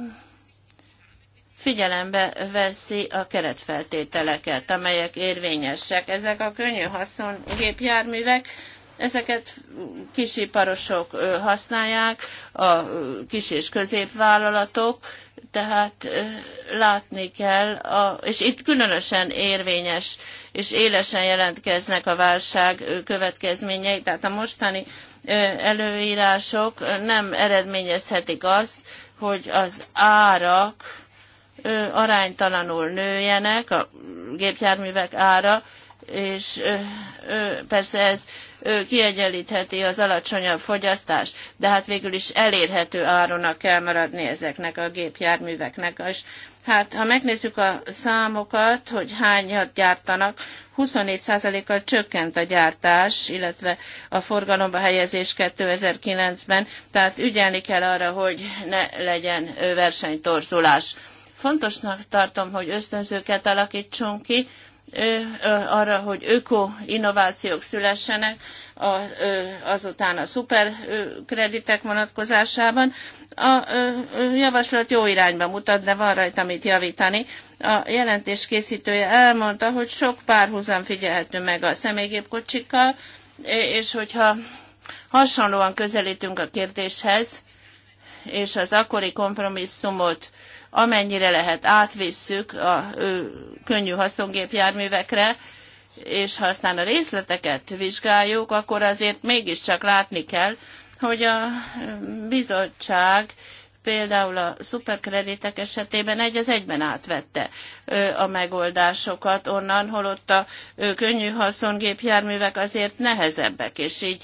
figyelembe veszi a keretfeltételeket, amelyek érvényesek. Ezek a könnyű haszongépjárművek Ezeket kisiparosok használják, a kis és középvállalatok, tehát látni kell, a, és itt különösen érvényes és élesen jelentkeznek a válság következményei, tehát a mostani előírások nem eredményezhetik azt, hogy az árak aránytalanul nőjenek, a gépjárművek ára, és persze ez kiegyenlítheti az alacsonyabb fogyasztást, de hát végül is elérhető áronak kell maradni ezeknek a gépjárműveknek. És hát ha megnézzük a számokat, hogy hányat gyártanak, 24%-kal csökkent a gyártás, illetve a forgalomba helyezés 2009-ben, tehát ügyelni kell arra, hogy ne legyen versenytorzulás. Fontosnak tartom, hogy ösztönzőket alakítsunk ki, arra, hogy öko-innovációk szülessenek, azután a szuperkreditek vonatkozásában. A javaslat jó irányba mutat, de van rajta mit javítani. A jelentés készítője elmondta, hogy sok párhuzam figyelhető meg a személygépkocsikkal, és hogyha hasonlóan közelítünk a kérdéshez, és az akkori kompromisszumot amennyire lehet átvisszük a ö, könnyű haszongépjárművekre, és ha aztán a részleteket vizsgáljuk, akkor azért mégiscsak látni kell, hogy a bizottság például a szuperkreditek esetében egy az egyben átvette a megoldásokat onnan, holott a könnyű haszongépjárművek azért nehezebbek, és így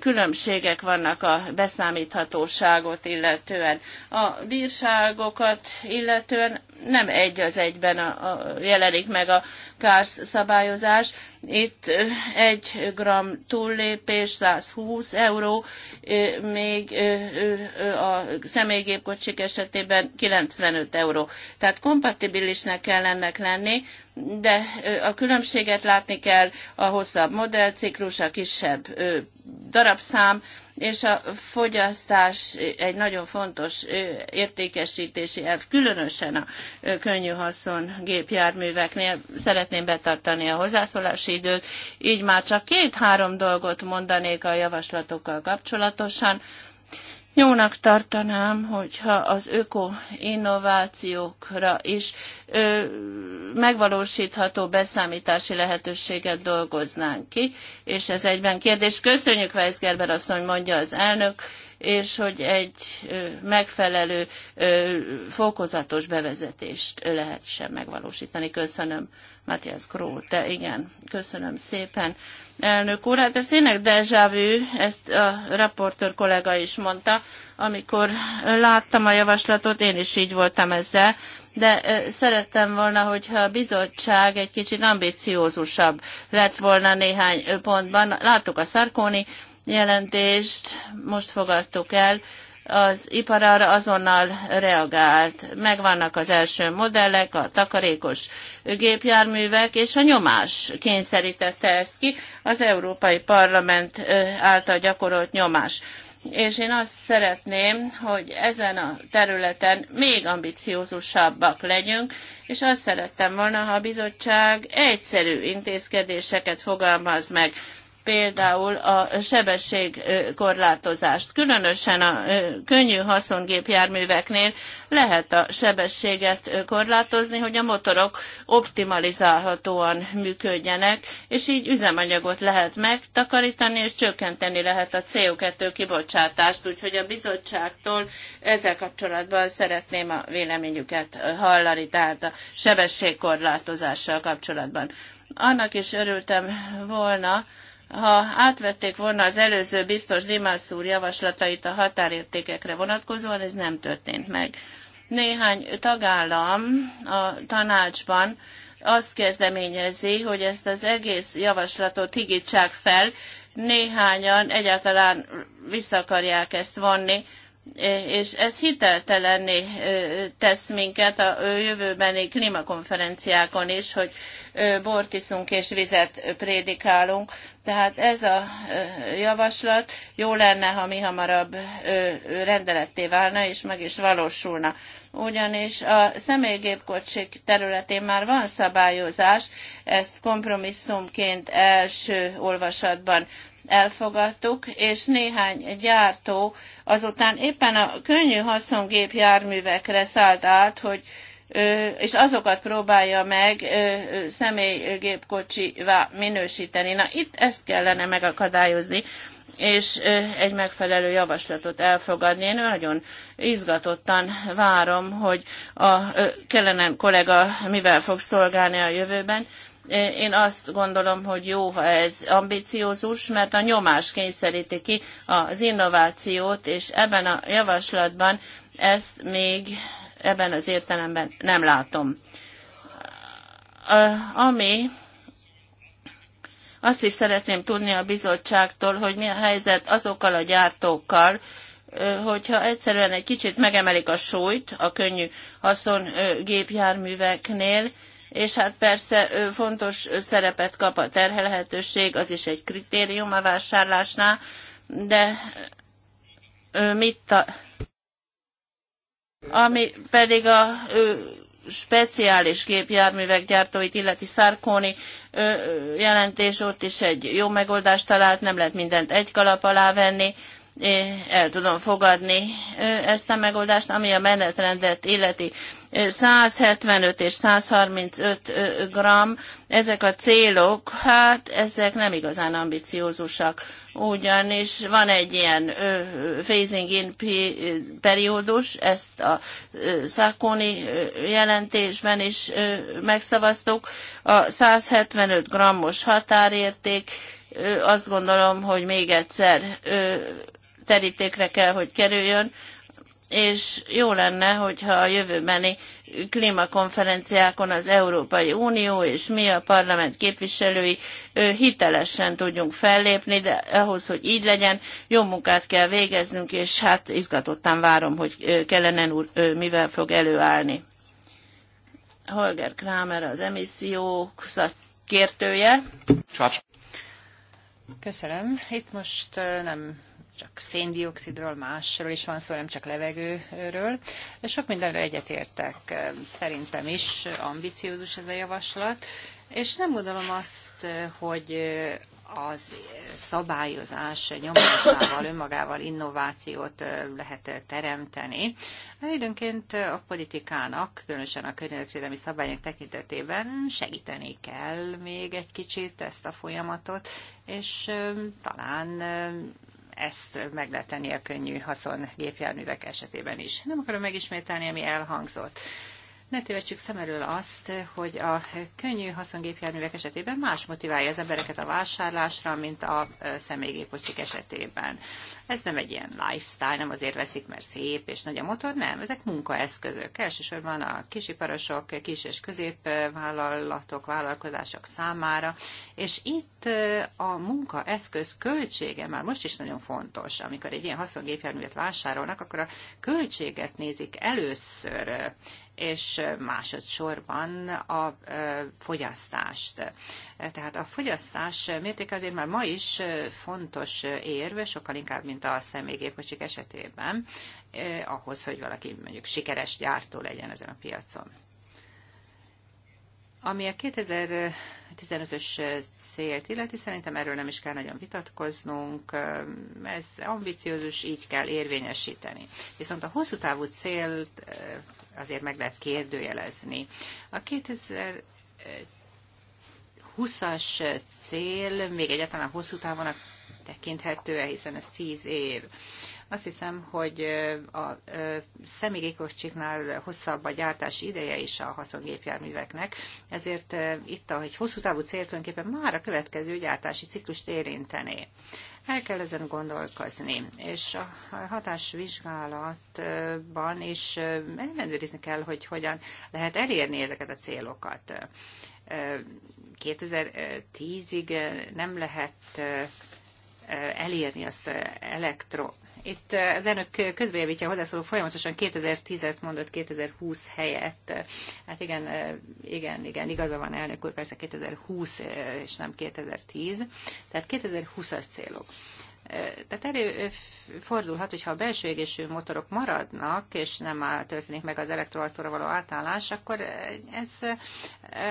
különbségek vannak a beszámíthatóságot illetően. A bírságokat illetően nem egy az egyben a, a, jelenik meg a kársz szabályozás. Itt egy gram túllépés 120 euró, még a személygépkocsik esetében 95 euró. Tehát kompatibilisnek kell ennek lenni, de a különbséget látni kell a hosszabb modellciklus, a kisebb darabszám, és a fogyasztás egy nagyon fontos értékesítési elv, különösen a könnyű haszon gépjárműveknél. Szeretném betartani a hozzászólási időt, így már csak két-három dolgot mondanék a javaslatokkal kapcsolatosan. Jónak tartanám, hogyha az öko-innovációkra is ö, megvalósítható beszámítási lehetőséget dolgoznánk ki, és ez egyben kérdés. Köszönjük, Gerber asszony, mondja az elnök és hogy egy megfelelő fokozatos bevezetést lehet sem megvalósítani. Köszönöm, Matthias te igen, köszönöm szépen. Elnök úr, hát ez tényleg déjà vu, ezt a raportőr kollega is mondta, amikor láttam a javaslatot, én is így voltam ezzel, de szerettem volna, hogyha a bizottság egy kicsit ambiciózusabb lett volna néhány pontban. Láttuk a Szarkóni jelentést most fogadtuk el, az ipar arra azonnal reagált. Megvannak az első modellek, a takarékos gépjárművek, és a nyomás kényszerítette ezt ki, az Európai Parlament által gyakorolt nyomás. És én azt szeretném, hogy ezen a területen még ambiciózusabbak legyünk, és azt szerettem volna, ha a bizottság egyszerű intézkedéseket fogalmaz meg például a sebességkorlátozást. Különösen a könnyű haszongépjárműveknél lehet a sebességet korlátozni, hogy a motorok optimalizálhatóan működjenek, és így üzemanyagot lehet megtakarítani, és csökkenteni lehet a CO2 kibocsátást, úgyhogy a bizottságtól ezzel kapcsolatban szeretném a véleményüket hallani, tehát a sebességkorlátozással kapcsolatban. Annak is örültem volna, ha átvették volna az előző biztos Dimász úr javaslatait a határértékekre vonatkozóan, ez nem történt meg. Néhány tagállam a tanácsban azt kezdeményezi, hogy ezt az egész javaslatot higítsák fel, néhányan egyáltalán vissza akarják ezt vonni, és ez hiteltelenné tesz minket a jövőbeni klímakonferenciákon is, hogy bort iszunk és vizet prédikálunk. Tehát ez a javaslat jó lenne, ha mi hamarabb rendeletté válna, és meg is valósulna. Ugyanis a személygépkocsik területén már van szabályozás, ezt kompromisszumként első olvasatban elfogadtuk, és néhány gyártó azután éppen a könnyű járművekre szállt át, hogy és azokat próbálja meg személygépkocsivá minősíteni. Na itt ezt kellene megakadályozni, és egy megfelelő javaslatot elfogadni. Én nagyon izgatottan várom, hogy a kellenen kollega mivel fog szolgálni a jövőben, én azt gondolom, hogy jó, ha ez ambiciózus, mert a nyomás kényszeríti ki az innovációt, és ebben a javaslatban ezt még ebben az értelemben nem látom. Ami azt is szeretném tudni a bizottságtól, hogy mi a helyzet azokkal a gyártókkal, hogyha egyszerűen egy kicsit megemelik a súlyt a könnyű haszongépjárműveknél, gépjárműveknél, és hát persze fontos szerepet kap a terhelhetőség, az is egy kritérium a vásárlásnál, de mit a, ami pedig a speciális gépjárművek gyártóit illeti Szárkóni jelentés ott is egy jó megoldást talált, nem lehet mindent egy kalap alá venni, el tudom fogadni ezt a megoldást, ami a menetrendet illeti 175 és 135 g, ezek a célok, hát ezek nem igazán ambiciózusak, ugyanis van egy ilyen phasing in periódus, ezt a szakoni jelentésben is megszavaztuk, a 175 grammos határérték, azt gondolom, hogy még egyszer terítékre kell, hogy kerüljön, és jó lenne, hogyha a jövőbeni klímakonferenciákon az Európai Unió és mi a parlament képviselői hitelesen tudjunk fellépni, de ahhoz, hogy így legyen, jó munkát kell végeznünk, és hát izgatottan várom, hogy kellene úr mivel fog előállni. Holger Kramer az emissziók szakértője. Köszönöm. Itt most nem csak széndiokszidról, másról is van szó, nem csak levegőről. Sok mindenre egyetértek, szerintem is ambiciózus ez a javaslat, és nem gondolom azt, hogy az szabályozás nyomásával, önmagával innovációt lehet teremteni. Időnként a politikának, különösen a környezetvédelmi szabályok tekintetében segíteni kell még egy kicsit ezt a folyamatot, és talán ezt meg lehet tenni a könnyű haszon gépjárművek esetében is. Nem akarom megismételni, ami elhangzott. Ne tévedjük szem elől azt, hogy a könnyű haszongépjárművek esetében más motiválja az embereket a vásárlásra, mint a személygépkocsik esetében. Ez nem egy ilyen lifestyle, nem azért veszik, mert szép és nagy a motor, nem. Ezek munkaeszközök. Elsősorban a kisiparosok, kis és középvállalatok, vállalkozások számára. És itt a munkaeszköz költsége már most is nagyon fontos. Amikor egy ilyen haszongépjárművet vásárolnak, akkor a költséget nézik először és másodszorban a fogyasztást. Tehát a fogyasztás mértéke azért már ma is fontos érv, sokkal inkább, mint a személygépkocsik esetében, eh, ahhoz, hogy valaki mondjuk sikeres gyártó legyen ezen a piacon. Ami a 2015-ös célt illeti, szerintem erről nem is kell nagyon vitatkoznunk, ez ambiciózus, így kell érvényesíteni. Viszont a hosszú távú célt azért meg lehet kérdőjelezni. A 2000 20-as cél még egyáltalán hosszú távon tekinthető -e, hiszen ez 10 év. Azt hiszem, hogy a személygépkocsiknál hosszabb a gyártás ideje is a haszongépjárműveknek, ezért itt a egy hosszú távú cél tulajdonképpen már a következő gyártási ciklust érintené. El kell ezen gondolkozni, és a hatásvizsgálatban is ellenőrizni kell, hogy hogyan lehet elérni ezeket a célokat. 2010-ig eh, nem lehet eh, elérni azt eh, elektro. Itt az elnök közbejavítja a hozzászóló folyamatosan 2010-et mondott 2020 helyett. Hát igen, igen, igen, igaza van elnök úr, persze 2020 és nem 2010. Tehát 2020-as célok. Tehát előfordulhat, hogyha a belső égésű motorok maradnak, és nem történik meg az elektroautóra való átállás, akkor ez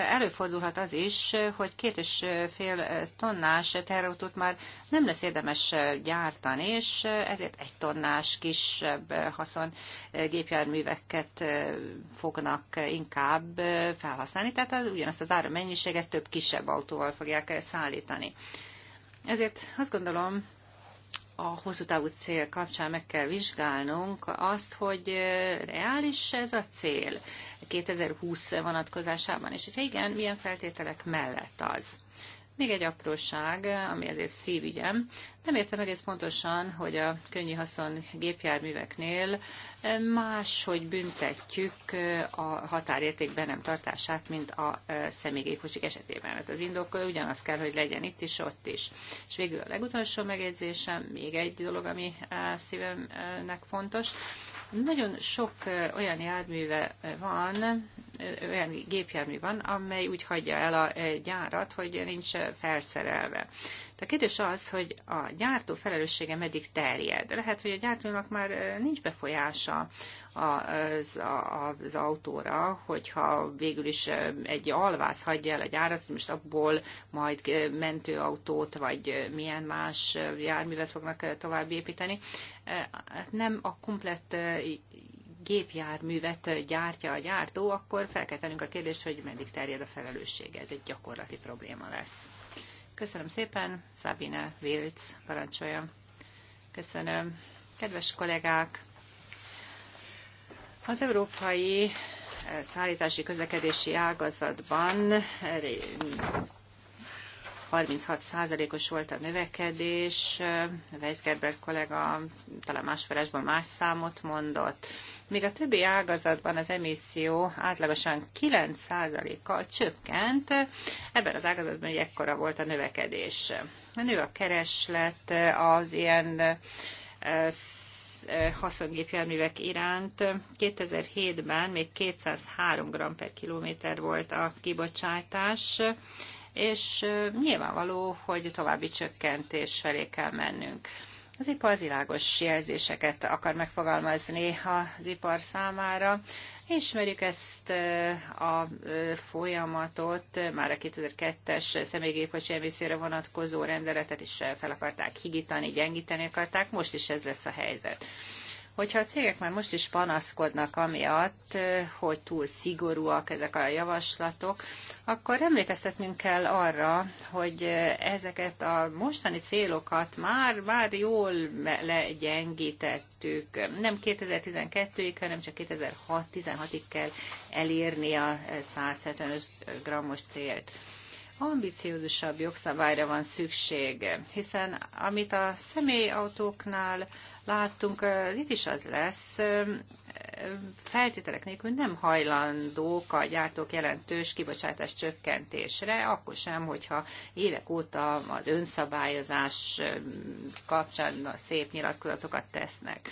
előfordulhat az is, hogy két és fél tonnás teherautót már nem lesz érdemes gyártani, és ezért egy tonnás kisebb haszon gépjárműveket fognak inkább felhasználni, tehát az, ugyanazt az áramennyiséget több kisebb autóval fogják szállítani. Ezért azt gondolom, a hosszú távú cél kapcsán meg kell vizsgálnunk azt, hogy reális ez a cél 2020 vonatkozásában, és hogyha igen, milyen feltételek mellett az. Még egy apróság, ami azért szívügyem. Nem értem egész pontosan, hogy a könnyű haszon gépjárműveknél máshogy büntetjük a határérték be nem tartását, mint a e, személygépkocsik esetében. Hát az indok ugyanaz kell, hogy legyen itt is, ott is. És végül a legutolsó megjegyzésem, még egy dolog, ami e, szívemnek fontos. Nagyon sok e, olyan járműve van, olyan gépjármű van, amely úgy hagyja el a eh, gyárat, hogy nincs eh, felszerelve. A kérdés az, hogy a gyártó felelőssége meddig terjed. Lehet, hogy a gyártónak már eh, nincs befolyása az, az autóra, hogyha végül is egy alvász hagyja el a gyárat, hogy most abból majd mentőautót, vagy milyen más járművet fognak tovább építeni. Hát nem a komplett gépjárművet gyártja a gyártó, akkor fel kell tennünk a kérdést, hogy meddig terjed a felelőssége. Ez egy gyakorlati probléma lesz. Köszönöm szépen, Szabine Vilc parancsolja. Köszönöm. Kedves kollégák, az európai eh, szállítási közlekedési ágazatban eh, 36%-os volt a növekedés. Weisgerber kollega talán másfelesból más számot mondott. Míg a többi ágazatban az emisszió átlagosan 9%-kal csökkent, ebben az ágazatban egy ekkora volt a növekedés. A nő a kereslet az ilyen eh, eh, haszongépjárművek iránt. 2007-ben még 203 g per kilométer volt a kibocsátás, és nyilvánvaló, hogy további csökkentés felé kell mennünk. Az ipar világos jelzéseket akar megfogalmazni az ipar számára. Ismerjük ezt a folyamatot, már a 2002-es személygépkocsi emisszióra vonatkozó rendeletet is fel akarták higítani, gyengíteni akarták, most is ez lesz a helyzet. Hogyha a cégek már most is panaszkodnak amiatt, hogy túl szigorúak ezek a javaslatok, akkor emlékeztetnünk kell arra, hogy ezeket a mostani célokat már, már jól legyengítettük. Nem 2012-ig, hanem csak 2016-ig kell elérni a 175 grammos célt ambiciózusabb jogszabályra van szükség, hiszen amit a személyautóknál láttunk, itt is az lesz, feltételek nélkül nem hajlandók a gyártók jelentős kibocsátás csökkentésre, akkor sem, hogyha évek óta az önszabályozás kapcsán szép nyilatkozatokat tesznek.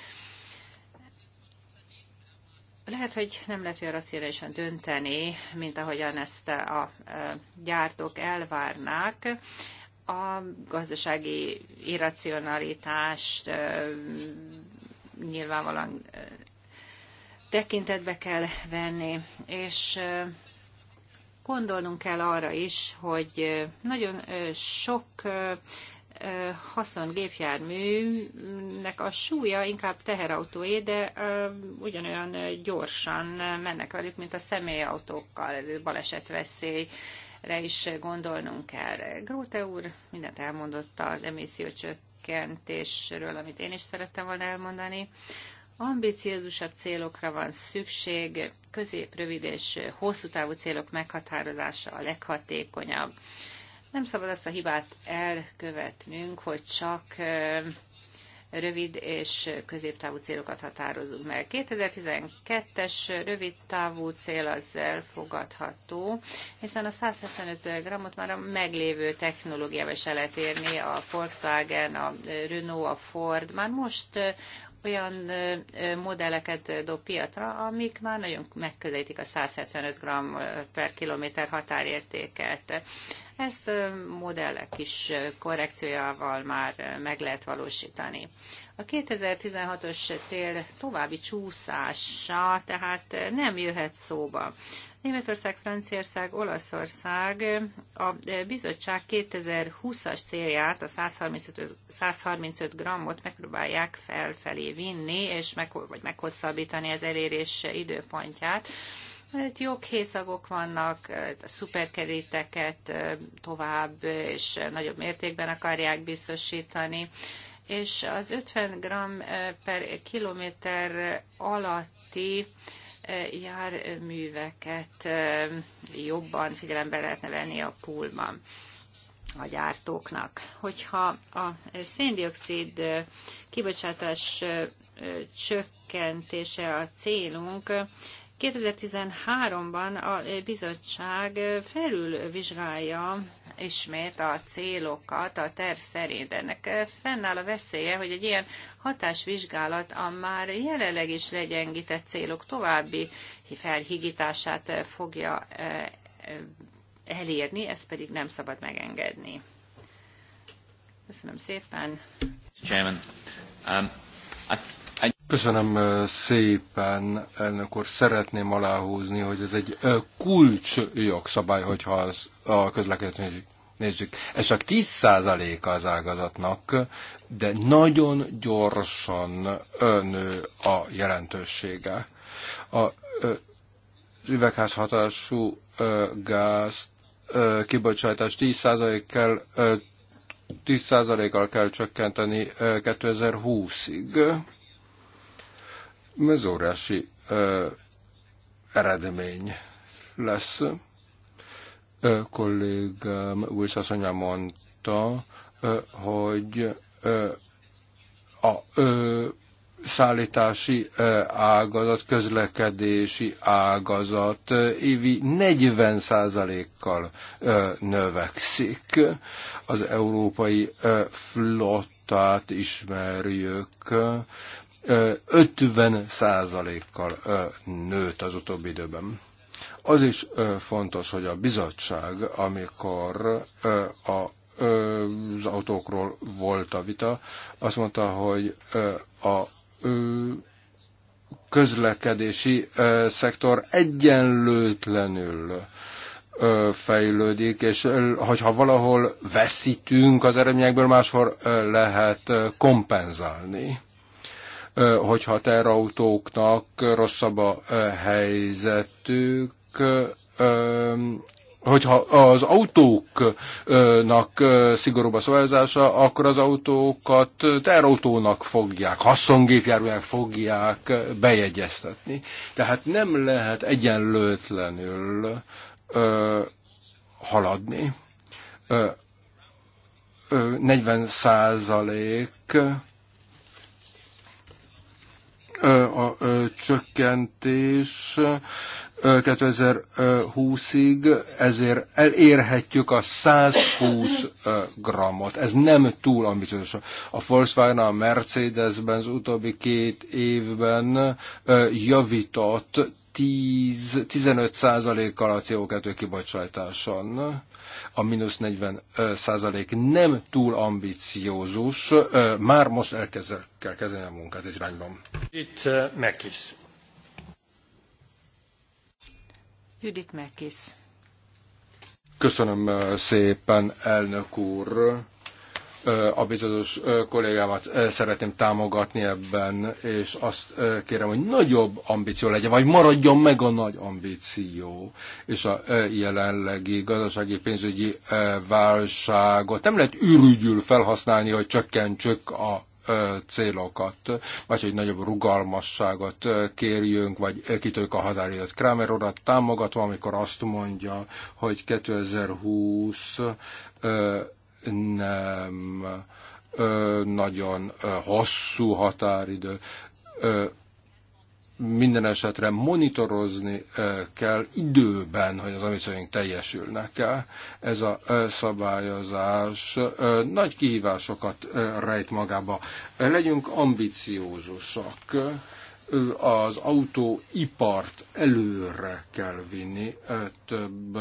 Lehet, hogy nem lehet olyan racionálisan dönteni, mint ahogyan ezt a gyártók elvárnák, a gazdasági irracionalitást nyilvánvalóan tekintetbe kell venni, és gondolnunk kell arra is, hogy nagyon sok haszon gépjárműnek a súlya inkább teherautóé, de ugyanolyan gyorsan mennek velük, mint a személyautókkal, balesetveszély re is gondolnunk kell. Gróte úr mindent elmondott az emissziócsökkentésről, amit én is szerettem volna elmondani. Ambiciózusabb célokra van szükség, közép, rövid és hosszú távú célok meghatározása a leghatékonyabb. Nem szabad azt a hibát elkövetnünk, hogy csak rövid és középtávú célokat határozunk meg. 2012-es rövid távú cél az elfogadható, hiszen a 175 grammot már a meglévő technológiával se lehet érni, a Volkswagen, a Renault, a Ford már most olyan modelleket dob piatra, amik már nagyon megközelítik a 175 g per kilométer határértéket. Ezt modellek is korrekciójával már meg lehet valósítani. A 2016-os cél további csúszása tehát nem jöhet szóba. Németország, Franciaország, Olaszország a bizottság 2020-as célját, a 135, 135 grammot megpróbálják felfelé vinni, és meg, vagy meghosszabbítani az elérés időpontját. Itt joghészagok vannak, a szuperkeríteket tovább és nagyobb mértékben akarják biztosítani, és az 50 g per kilométer alatti járműveket jobban figyelembe lehetne venni a pulman a gyártóknak. Hogyha a széndiokszid kibocsátás csökkentése a célunk, 2013-ban a bizottság felülvizsgálja ismét a célokat a terv szerint. Ennek eh, fennáll a veszélye, hogy egy ilyen hatásvizsgálat a már jelenleg is legyengített célok további felhigítását eh, fogja eh, elérni, ezt pedig nem szabad megengedni. Köszönöm szépen. Chairman, um, Köszönöm szépen, elnök úr. Szeretném aláhúzni, hogy ez egy kulcs jogszabály, hogyha az a közlekedési nézzük, ez csak 10%-a az ágazatnak, de nagyon gyorsan nő a jelentősége. A üvegházhatású gáz kibocsátás 10%-kal 10%-kal kell csökkenteni 2020-ig. Ez óriási eredmény lesz kollégám Wills asszonya mondta, hogy a szállítási ágazat, közlekedési ágazat évi 40%-kal növekszik. Az európai flottát ismerjük, 50%-kal nőtt az utóbbi időben. Az is fontos, hogy a bizottság, amikor a az autókról volt a vita, azt mondta, hogy a közlekedési szektor egyenlőtlenül fejlődik, és hogyha valahol veszítünk az eredményekből, máshol lehet kompenzálni. Hogyha terautóknak rosszabb a helyzetük, hogyha az autóknak szigorúbb a szabályozása, akkor az autókat terautónak fogják, haszongépjárműnek fogják bejegyeztetni. Tehát nem lehet egyenlőtlenül ö, haladni. Ö, 40 százalék a csökkentés 2020-ig, ezért elérhetjük a 120 grammot. Ez nem túl ambiciózus. A Volkswagen, a Mercedesben az utóbbi két évben javított 10-15%-kal a CO2 kibocsátáson. A mínusz 40 százalék nem túl ambiciózus, már most el kell kezdeni a munkát egy irányban. Itt uh, Judit Mekis. Köszönöm eh, szépen, elnök úr. Eh, a bizonyos eh, kollégámat szeretném támogatni ebben, és azt kérem, hogy nagyobb ambíció legyen, vagy maradjon meg a nagy ambíció, és a jelenlegi gazdasági pénzügyi válságot nem lehet ürügyül felhasználni, hogy csökkentsük a célokat, vagy hogy nagyobb rugalmasságot kérjünk, vagy kitőjük a határidőt. Kramer urat támogatva, amikor azt mondja, hogy 2020 nem nagyon hosszú határidő, minden esetre monitorozni kell időben, hogy az ambícióink teljesülnek-e. Ez a szabályozás nagy kihívásokat rejt magába. Legyünk ambiciózusak az autóipart előre kell vinni, több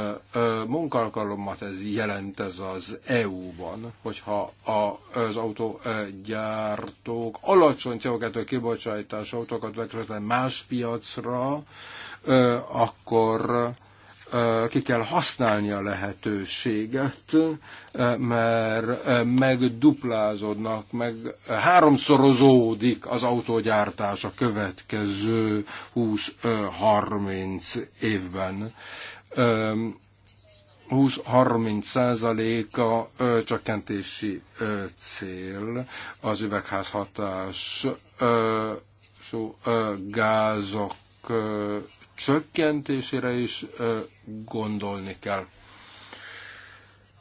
munkalkalommat ez jelent ez az EU-ban, hogyha az autógyártók alacsony CO2 kibocsátás autókat vetnek más piacra, akkor Eh, ki kell használni a lehetőséget, eh, mert eh, megduplázódnak, meg háromszorozódik az autógyártás a következő 20-30 évben. 20-30 százaléka csökkentési cél az üvegházhatás gázok csökkentésére is gondolni kell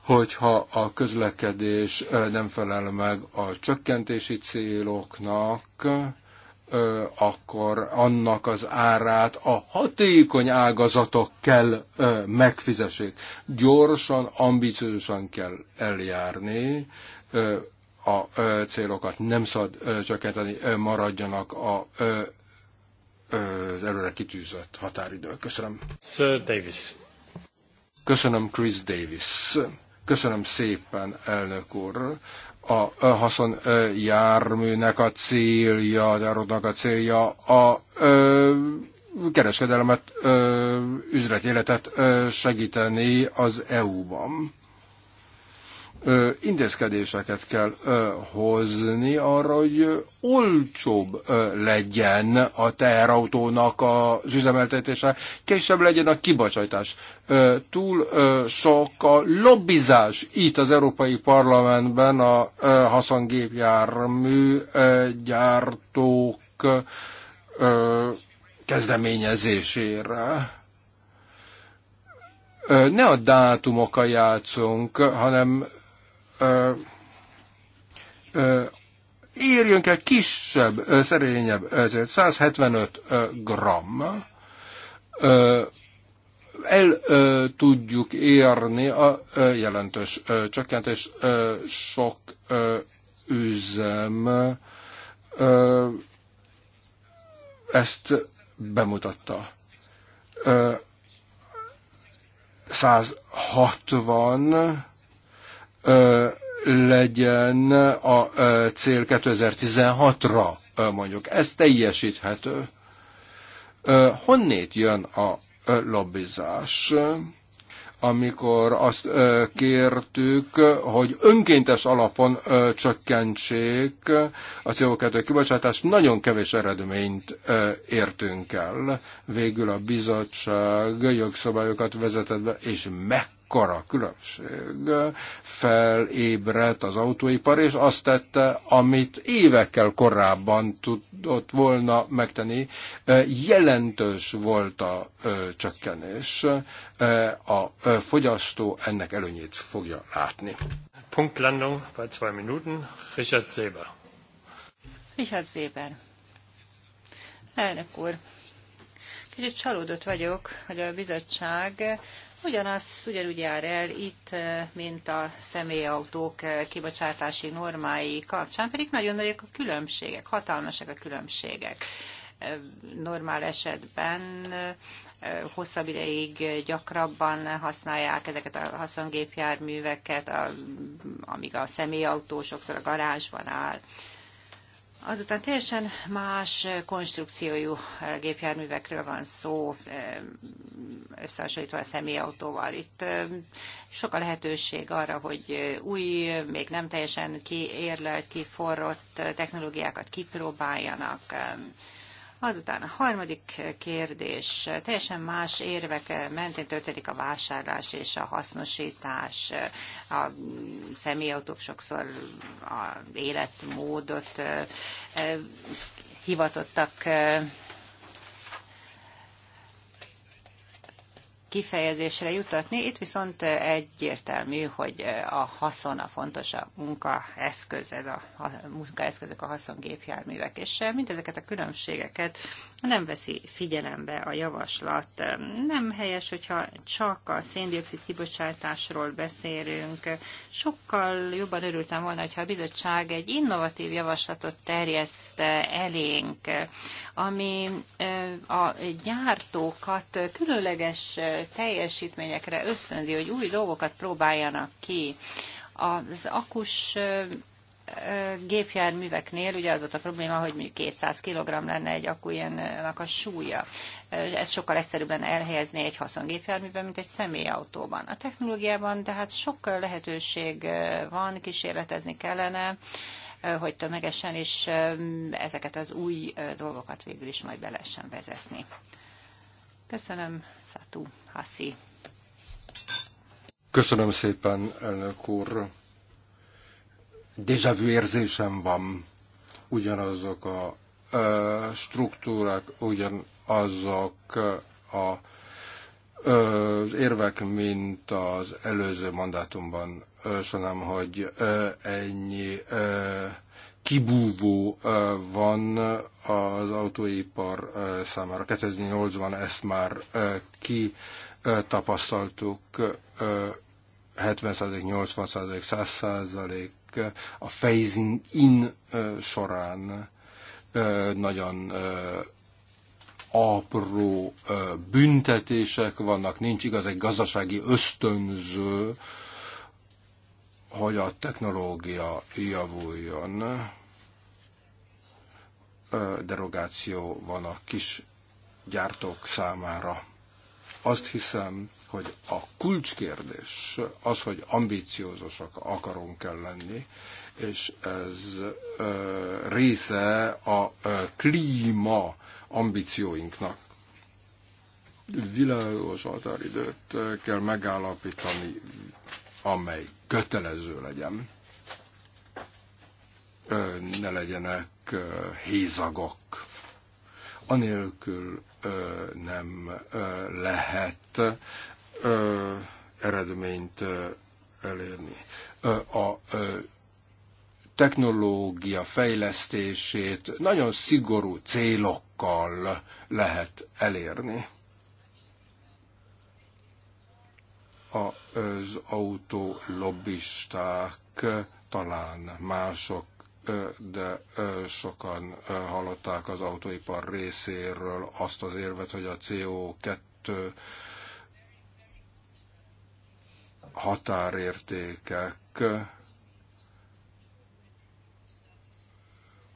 hogyha a közlekedés nem felel meg a csökkentési céloknak, akkor annak az árát a hatékony ágazatok kell megfizessék. Gyorsan, ambiciózusan kell eljárni, a célokat nem szabad csökkenteni, maradjanak a az előre kitűzött határidő. Köszönöm. Sir Davis. Köszönöm Chris Davis. Köszönöm szépen, elnök úr. A haszon járműnek a célja, a gyárodnak a célja a ö, kereskedelmet, ö, üzleti életet ö, segíteni az EU-ban ö, intézkedéseket kell ö, hozni arra, hogy olcsóbb ö, legyen a teherautónak az üzemeltetése, kisebb legyen a kibocsátás. túl ö, sok a lobbizás itt az Európai Parlamentben a ö, haszongépjármű ö, gyártók ö, kezdeményezésére ne a dátumokkal játszunk, hanem ö, ö, érjünk kisebb, szerényebb, ezért 175 gram, el tudjuk érni a jelentős csökkentés. sok üzem ezt bemutatta. 160 legyen a cél 2016-ra, mondjuk. Ez teljesíthető. Honnét jön a lobbizás? amikor azt ö, kértük, hogy önkéntes alapon ö, csökkentsék a CO2 kibocsátást, nagyon kevés eredményt ö, értünk el. Végül a bizottság jogszabályokat vezetett be, és meg mekkora különbség felébredt az autóipar, és azt tette, amit évekkel korábban tudott volna megtenni. Jelentős volt a csökkenés. A fogyasztó ennek előnyét fogja látni. Punktlandung bei zwei Minuten. Richard Seber. Richard Seber. Elnök úr, kicsit csalódott vagyok, hogy a bizottság ugyanaz, ugyanúgy jár el itt, mint a személyautók kibocsátási normái kapcsán, pedig nagyon nagyok a különbségek, hatalmasak a különbségek. Normál esetben hosszabb ideig gyakrabban használják ezeket a haszongépjárműveket, amíg a személyautó sokszor a garázsban áll. Azután teljesen más konstrukciójú gépjárművekről van szó, eh, összehasonlítva a személyautóval. Itt eh, sok a lehetőség arra, hogy új, még nem teljesen kiérlelt, kiforrott eh, technológiákat kipróbáljanak, Azután a harmadik kérdés, teljesen más érvek mentén történik a vásárlás és a hasznosítás. A személyautók sokszor a életmódot eh, hivatottak eh, kifejezésre jutatni. Itt viszont eh, egyértelmű, hogy eh, a haszon a fontos, a munkaeszköz, ez a, a munkaeszközök, a haszongépjárművek, és eh, mindezeket a különbségeket nem veszi figyelembe a javaslat. Nem helyes, hogyha csak a széndiokszid kibocsátásról beszélünk. Sokkal jobban örültem volna, hogyha a bizottság egy innovatív javaslatot terjeszt elénk, ami eh, a gyártókat különleges teljesítményekre ösztönzi, hogy új dolgokat próbáljanak ki az akus eh, gépjárműveknél ugye az volt a probléma, hogy mondjuk 200 kg lenne egy akkujának a súlya. Ez sokkal egyszerűbben elhelyezni egy haszongépjárműben, mint egy személyautóban. A technológiában tehát sok lehetőség van, kísérletezni kellene, hogy tömegesen is ezeket az új dolgokat végül is majd be lehessen vezetni. Köszönöm, Szatú Haszi. Köszönöm szépen, elnök úr vu érzésem van. Ugyanazok a ö, struktúrák, ugyanazok a ö, az érvek, mint az előző mandátumban. Sajnálom, hogy ö, ennyi ö, kibúvó van az autóipar számára. 2008-ban ezt már ki tapasztaltuk 70 80 100 a phasing in során nagyon apró büntetések vannak, nincs igaz egy gazdasági ösztönző, hogy a technológia javuljon. Derogáció van a kis gyártók számára. Azt hiszem, hogy a kulcskérdés az, hogy ambíciózusak akarunk kell lenni, és ez ö, része a ö, klíma ambícióinknak. Világos határidőt kell megállapítani, amely kötelező legyen. Ö, ne legyenek ö, hézagok anélkül nem lehet eredményt elérni. A technológia fejlesztését nagyon szigorú célokkal lehet elérni. Az autó lobbisták talán mások de sokan hallották az autóipar részéről azt az érvet, hogy a CO2 határértékek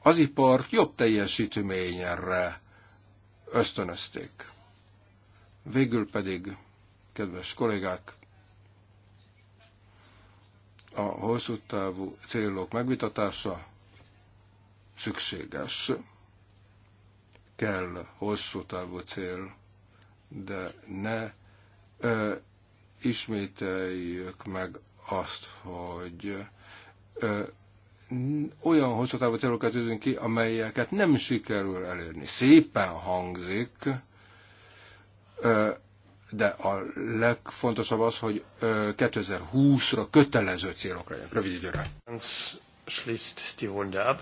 az ipart jobb teljesítményre ösztönözték. Végül pedig, kedves kollégák, a hosszú távú célok megvitatása szükséges. Kell hosszú távú cél, de ne ö, ismételjük meg azt, hogy ö, olyan hosszú távú célokat üzünk ki, amelyeket nem sikerül elérni. Szépen hangzik, ö, de a legfontosabb az, hogy 2020-ra kötelező célok legyenek, rövid időre schließt die Runde ab.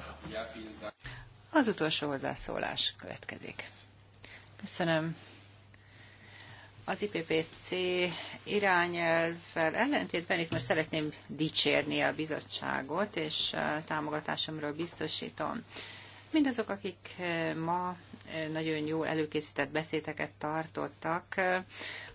Az utolsó hozzászólás következik. Köszönöm. Az IPPC irányelvvel ellentétben itt most szeretném dicsérni a bizottságot, és eh, támogatásomról biztosítom. Mindazok, akik eh, ma nagyon jól előkészített beszédeket tartottak.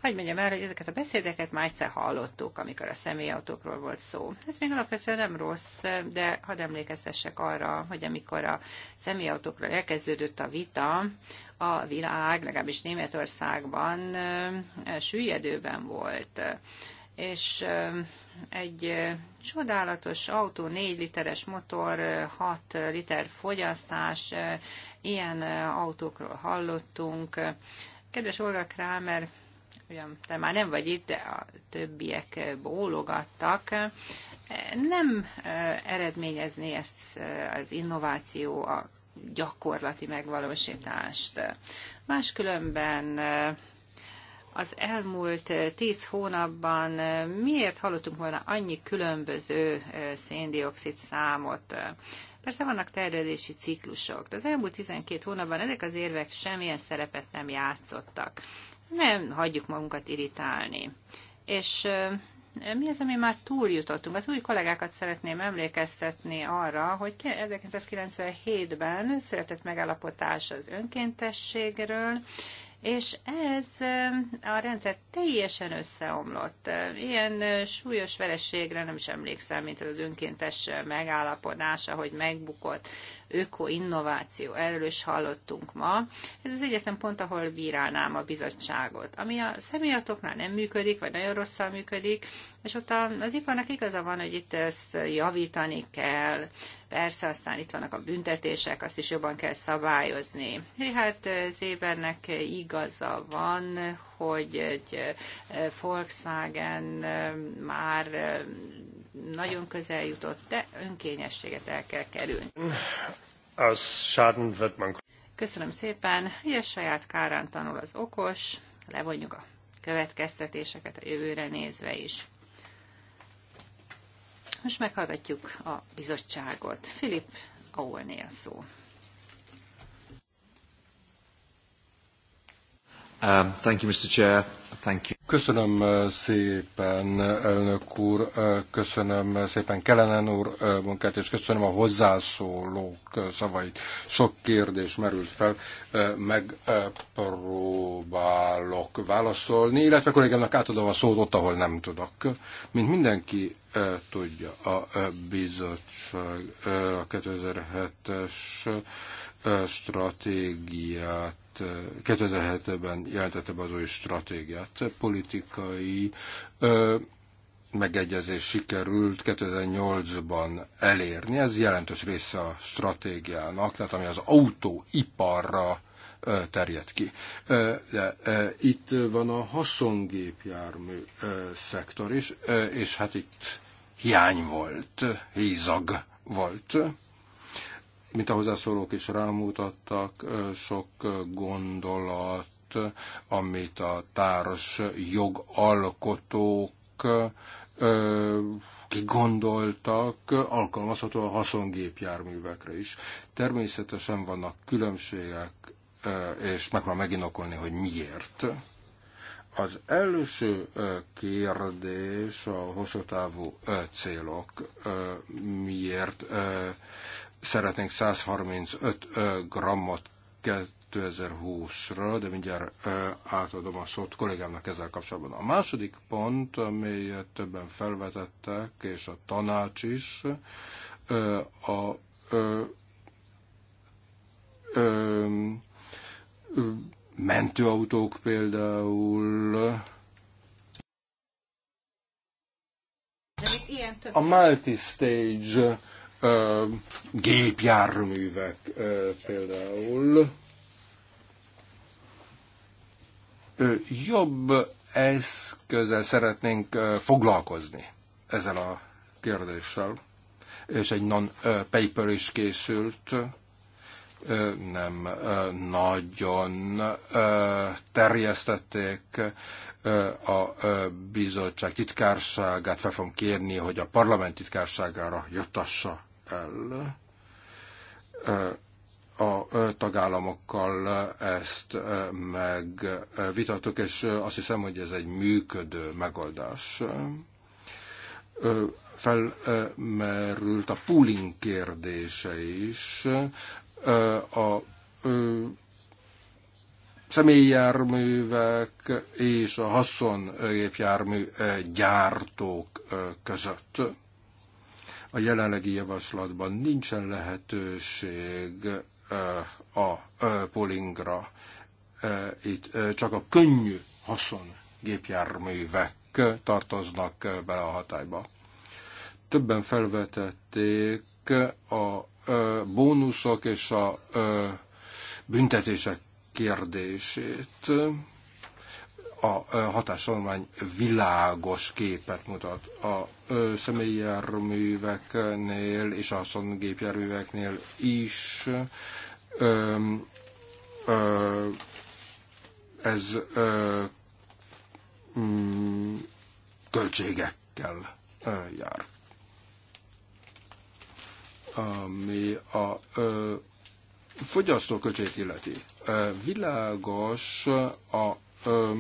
Hogy mondjam el, hogy ezeket a beszédeket már egyszer hallottuk, amikor a személyautókról volt szó. Ez még alapvetően nem rossz, de hadd emlékeztessek arra, hogy amikor a személyautókról elkezdődött a vita, a világ, legalábbis Németországban süllyedőben volt és egy csodálatos autó, 4 literes motor, 6 liter fogyasztás, ilyen autókról hallottunk. Kedves Olga Krámer, ugyan te már nem vagy itt, de a többiek bólogattak. Nem eredményezné ezt az innováció a gyakorlati megvalósítást. Máskülönben az elmúlt eh, tíz hónapban eh, miért hallottunk volna annyi különböző eh, széndiokszid számot? Persze vannak terjedési ciklusok, de az elmúlt 12 hónapban ezek az érvek semmilyen szerepet nem játszottak. Nem hagyjuk magunkat irritálni. És mi az, ami már túljutottunk? Az új kollégákat szeretném emlékeztetni arra, hogy 1997-ben született megállapotás az önkéntességről, és ez a rendszer teljesen összeomlott. Ilyen súlyos vereségre nem is emlékszem, mint az önkéntes megállapodása, hogy megbukott ökoinnováció, erről is hallottunk ma. Ez az egyetlen pont, ahol bírálnám a bizottságot. Ami a személyatoknál nem működik, vagy nagyon rosszal működik, és ott az iparnak igaza van, hogy itt ezt javítani kell. Persze, aztán itt vannak a büntetések, azt is jobban kell szabályozni. Hát Zébernek igaza van, hogy egy eh, Volkswagen eh, már eh, nagyon közel jutott, de önkényességet el kell kerülni. Az Köszönöm szépen, ilyen saját kárán tanul az okos, levonjuk a következtetéseket a jövőre nézve is. Most meghallgatjuk a bizottságot. Filip ahol a szó. Um, köszönöm uh, szépen, elnök úr, uh, köszönöm uh, szépen Kellenen úr munkát, és köszönöm a hozzászólók szavait. Sok kérdés merült fel, megpróbálok válaszolni, illetve kollégámnak átadom a szót ott, ahol nem tudok. Mint mindenki tudja, a bizottság a 2007-es stratégiát 2007-ben jelentette be az új stratégiát. Politikai ö, megegyezés sikerült 2008-ban elérni. Ez jelentős része a stratégiának, tehát ami az autóiparra terjed ki. De itt van a haszongépjármű szektor is, és hát itt hiány volt, hízag volt mint a hozzászólók is rámutattak, sok gondolat, amit a társ jogalkotók kigondoltak, alkalmazható a haszongépjárművekre is. Természetesen vannak különbségek, és meg kell megindokolni, hogy miért. Az első kérdés a hosszú távú célok. Miért szeretnénk 135 grammot 2020-ra, de mindjárt átadom a szót kollégámnak ezzel kapcsolatban. A második pont, amelyet többen felvetettek, és a tanács is, a, a mentőautók például, a multi-stage gépjárművek például. Jobb eszközzel szeretnénk foglalkozni ezzel a kérdéssel, és egy non-paper is készült, nem nagyon terjesztették a bizottság titkárságát, fel fogom kérni, hogy a parlament titkárságára jutassa el a tagállamokkal ezt megvitatok és azt hiszem, hogy ez egy működő megoldás. Felmerült a pooling kérdése is. A személyjárművek és a haszongépjármű gyártók között a jelenlegi javaslatban nincsen lehetőség eh, a eh, polingra, eh, itt csak a könnyű haszon gépjárművek tartoznak bele a hatályba. Többen felvetették a bónuszok és a büntetések kérdését a hatásolmány világos képet mutat. A személyjárműveknél és a haszongépjárműveknél is ö, ö, ez ö, mm, költségekkel ö, jár. Ami a ö, fogyasztóköltséget illeti. Ö, világos a ö,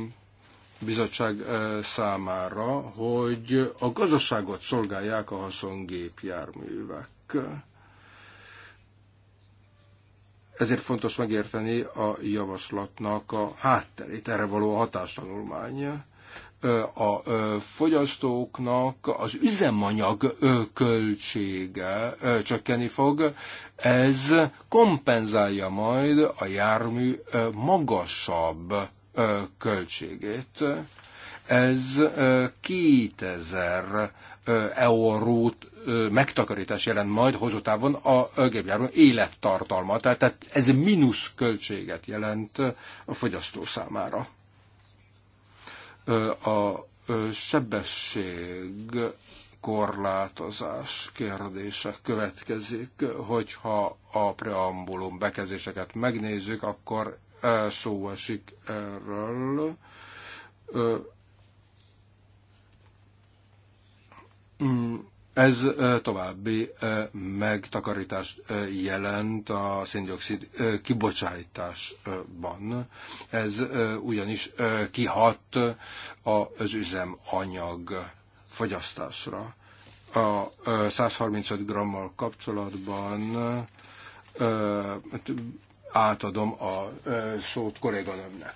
bizottság eh, számára, hogy a gazdaságot szolgálják a haszongépjárművek. Ezért fontos megérteni a javaslatnak a hátterét, erre való hatástanulmány. Eh, a eh, fogyasztóknak az üzemanyag költsége csökkenni fog, ez kompenzálja majd a jármű magasabb költségét. Ez 2000 eurót megtakarítás jelent majd hozótávon a gépjáró élettartalma, tehát ez mínusz költséget jelent a fogyasztó számára. A sebesség korlátozás kérdése következik, hogyha a preambulum bekezéseket megnézzük, akkor szó esik erről. Ez további megtakarítást jelent a széndiokszid kibocsátásban. Ez ugyanis kihat az üzemanyag fogyasztásra. A 135 grammal kapcsolatban átadom a szót kolléganőmnek.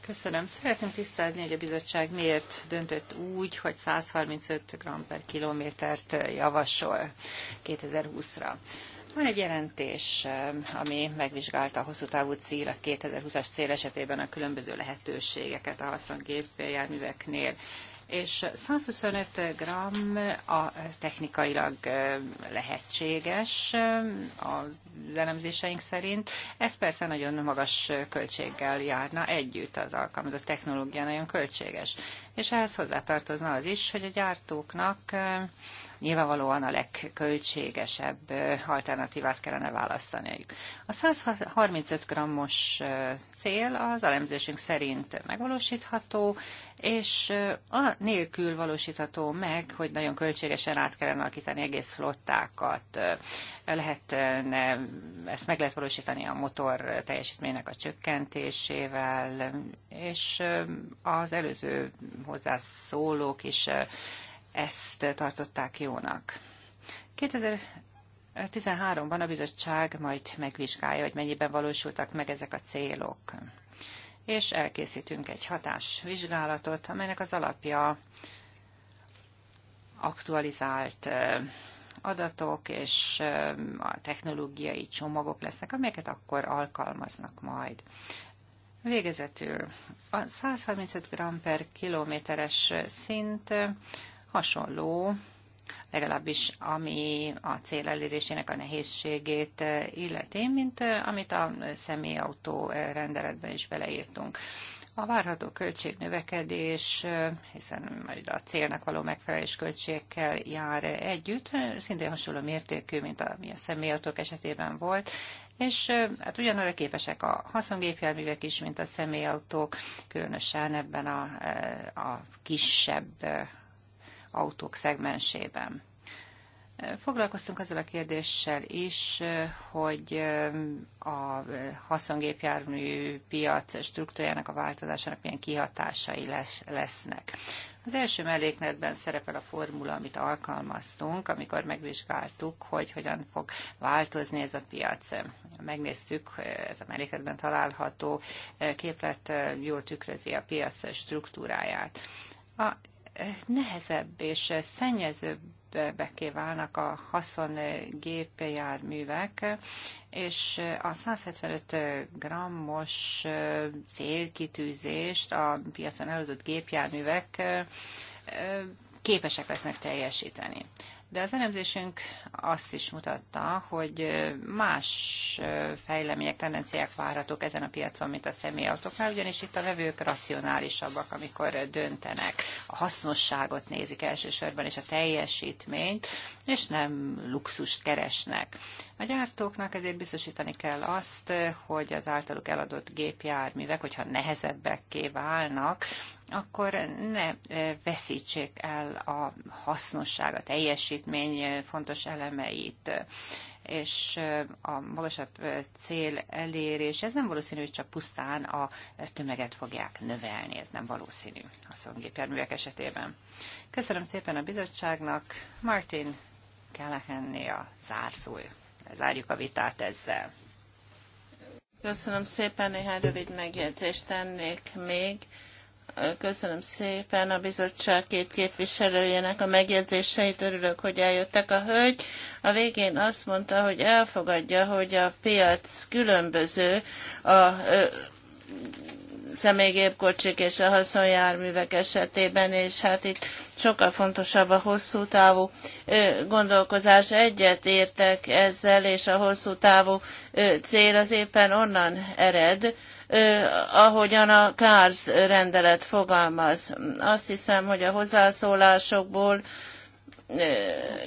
Köszönöm. Szeretném tisztázni, hogy a bizottság miért döntött úgy, hogy 135 g per kilométert javasol 2020-ra. Van egy jelentés, ami megvizsgálta a hosszú távú cél, a 2020-as cél esetében a különböző lehetőségeket a haszongépjárműveknél és 125 g a technikailag lehetséges, az elemzéseink szerint. Ez persze nagyon magas költséggel járna együtt az alkalmazott technológia, nagyon költséges. És ehhez hozzátartozna az is, hogy a gyártóknak nyilvánvalóan a legköltségesebb alternatívát kellene választaniuk. A 135 g-os cél az elemzésünk szerint megvalósítható, és a nélkül valósítható meg, hogy nagyon költségesen át kellene alakítani egész flottákat. Lehetne, ezt meg lehet valósítani a motor teljesítménynek a csökkentésével, és az előző hozzászólók is ezt tartották jónak. 2013-ban a bizottság majd megvizsgálja, hogy mennyiben valósultak meg ezek a célok. És elkészítünk egy hatásvizsgálatot, amelynek az alapja aktualizált adatok és a technológiai csomagok lesznek, amelyeket akkor alkalmaznak majd. Végezetül a 135 g per kilométeres szint hasonló, legalábbis ami a cél elérésének a nehézségét eh, illeti, mint eh, amit a személyautó eh, rendeletben is beleírtunk. A várható költségnövekedés, hiszen majd a célnak való megfelelés költségekkel jár együtt, szintén hasonló mértékű, mint ami a személyautók esetében volt, és hát ugyanarra képesek a haszongépjárművek is, mint a személyautók, különösen ebben a, a kisebb autók szegmensében. Foglalkoztunk ezzel a kérdéssel is, hogy a haszongépjármű piac struktúrájának a változásának milyen kihatásai lesz, lesznek. Az első mellékletben szerepel a formula, amit alkalmaztunk, amikor megvizsgáltuk, hogy hogyan fog változni ez a piac. Megnéztük, ez a mellékletben található képlet jól tükrözi a piac struktúráját. A nehezebb és szennyezőbbeké válnak a haszon gépjárművek, és a 175 grammos célkitűzést a piacon előzött gépjárművek képesek lesznek teljesíteni. De az elemzésünk azt is mutatta, hogy más fejlemények, tendenciák várhatók ezen a piacon, mint a személyautóknál, ugyanis itt a vevők racionálisabbak, amikor döntenek. A hasznosságot nézik elsősorban, és a teljesítményt, és nem luxust keresnek. A gyártóknak ezért biztosítani kell azt, hogy az általuk eladott gépjárművek, hogyha nehezebbekké válnak, akkor ne veszítsék el a hasznosság, a teljesítmény fontos elemeit és a magasabb cél elérés, ez nem valószínű, hogy csak pusztán a tömeget fogják növelni, ez nem valószínű szongépjárművek esetében. Köszönöm szépen a bizottságnak, Martin Kelehenné a zárszúj. Zárjuk a vitát ezzel. Köszönöm szépen, néhány rövid megjegyzést tennék még. Köszönöm szépen a bizottság két képviselőjének a megjegyzéseit. Örülök, hogy eljöttek a hölgy. A végén azt mondta, hogy elfogadja, hogy a piac különböző a személygépkocsik és a haszonjárművek esetében, és hát itt sokkal fontosabb a hosszú távú gondolkozás. Egyet értek ezzel, és a hosszú távú cél az éppen onnan ered, ahogyan a kárs rendelet fogalmaz. Azt hiszem, hogy a hozzászólásokból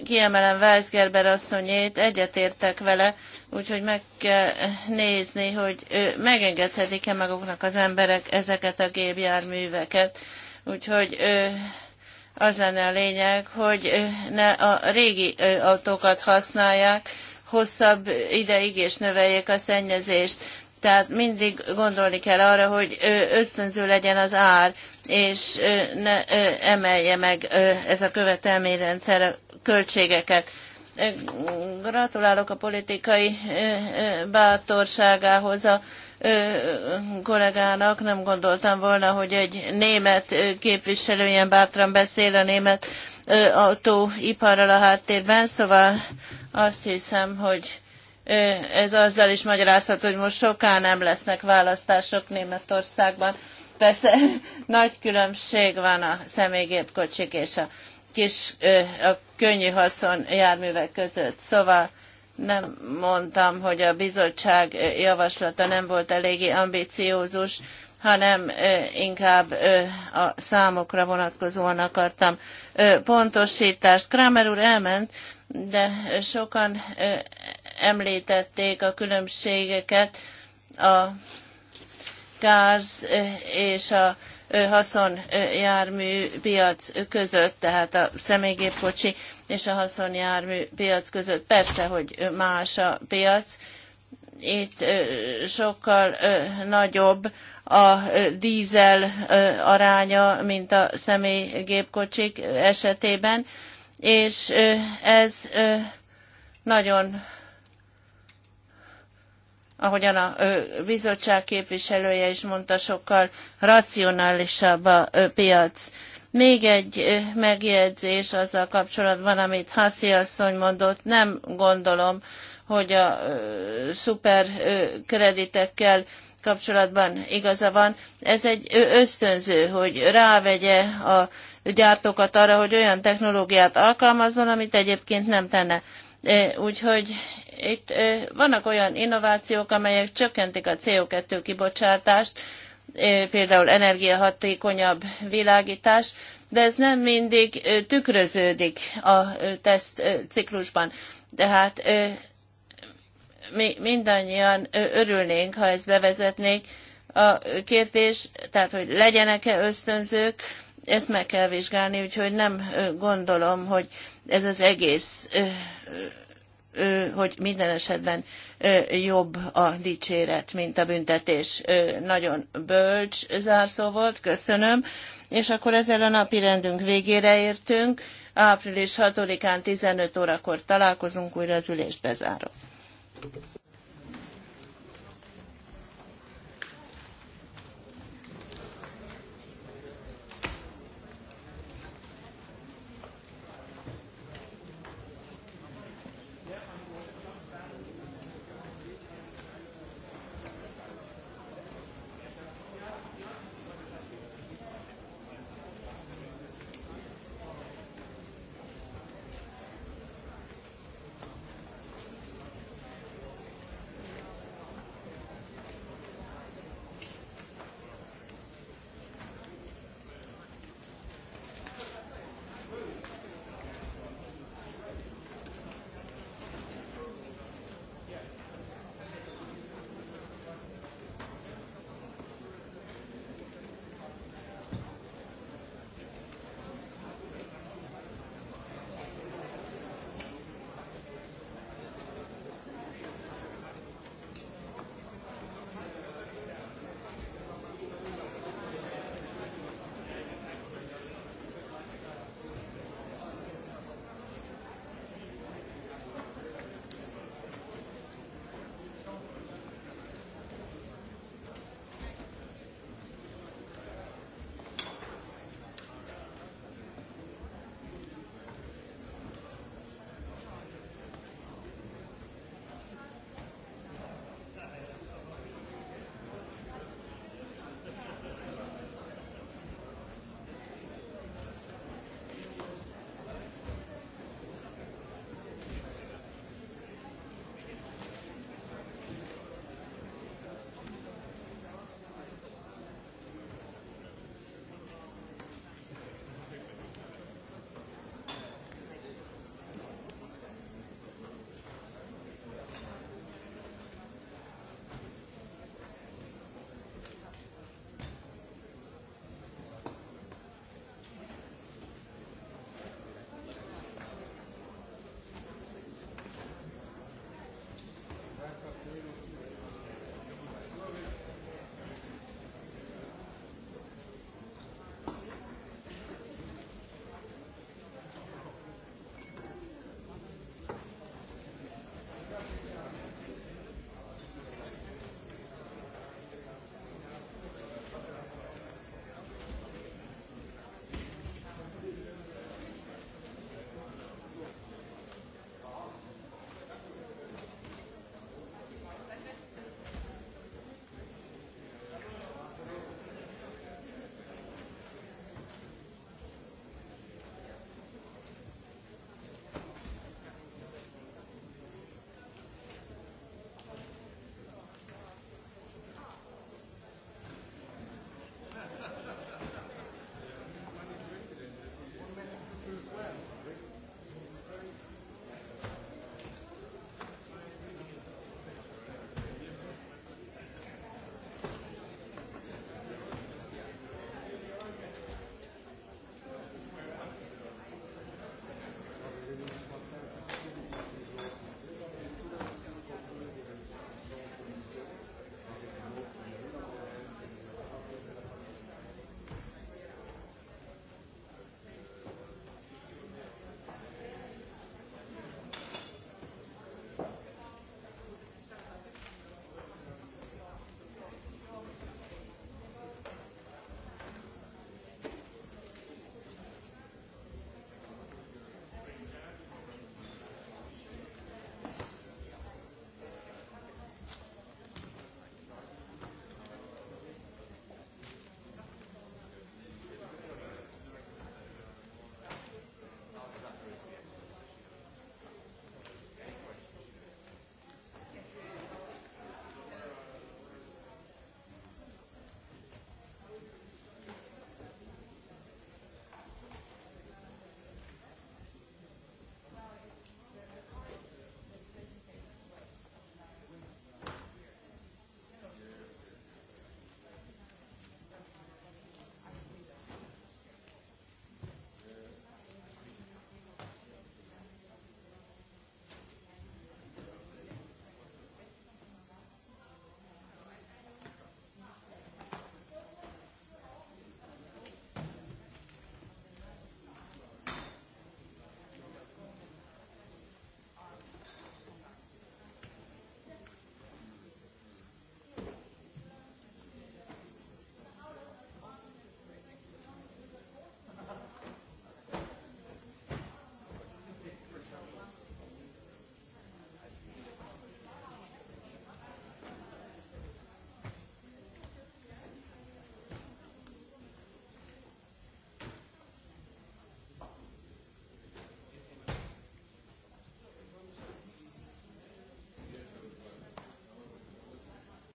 kiemelem Weisgerber asszonyét, egyetértek vele, úgyhogy meg kell nézni, hogy megengedhetik-e maguknak az emberek ezeket a gépjárműveket. Úgyhogy az lenne a lényeg, hogy ne a régi autókat használják hosszabb ideig és növeljék a szennyezést. Tehát mindig gondolni kell arra, hogy ösztönző legyen az ár, és ne emelje meg ez a követelményrendszer a költségeket. Gratulálok a politikai bátorságához a kollégának. Nem gondoltam volna, hogy egy német képviselő ilyen bátran beszél a német autóiparral a háttérben, szóval azt hiszem, hogy ez azzal is magyarázhat, hogy most soká nem lesznek választások Németországban. Persze nagy különbség van a személygépkocsik és a kis, a könnyű haszon járművek között. Szóval nem mondtam, hogy a bizottság javaslata nem volt eléggé ambiciózus, hanem inkább a számokra vonatkozóan akartam pontosítást. Kramer úr elment, de sokan említették a különbségeket a gáz és a haszonjármű piac között, tehát a személygépkocsi és a haszonjármű piac között. Persze, hogy más a piac. Itt sokkal nagyobb a dízel aránya, mint a személygépkocsik esetében, és ez nagyon ahogyan a bizottság képviselője is mondta, sokkal racionálisabb a piac. Még egy megjegyzés azzal kapcsolatban, amit Haszi asszony mondott, nem gondolom, hogy a szuperkreditekkel kapcsolatban igaza van. Ez egy ösztönző, hogy rávegye a gyártókat arra, hogy olyan technológiát alkalmazzon, amit egyébként nem tenne. Úgyhogy itt vannak olyan innovációk, amelyek csökkentik a CO2 kibocsátást, például energiahatékonyabb világítás, de ez nem mindig tükröződik a tesztciklusban. Tehát mi mindannyian örülnénk, ha ezt bevezetnék. A kérdés, tehát hogy legyenek-e ösztönzők, ezt meg kell vizsgálni, úgyhogy nem gondolom, hogy ez az egész hogy minden esetben jobb a dicséret, mint a büntetés. Nagyon bölcs zárszó volt, köszönöm. És akkor ezzel a napi rendünk végére értünk. Április 6-án 15 órakor találkozunk, újra az ülést bezárom.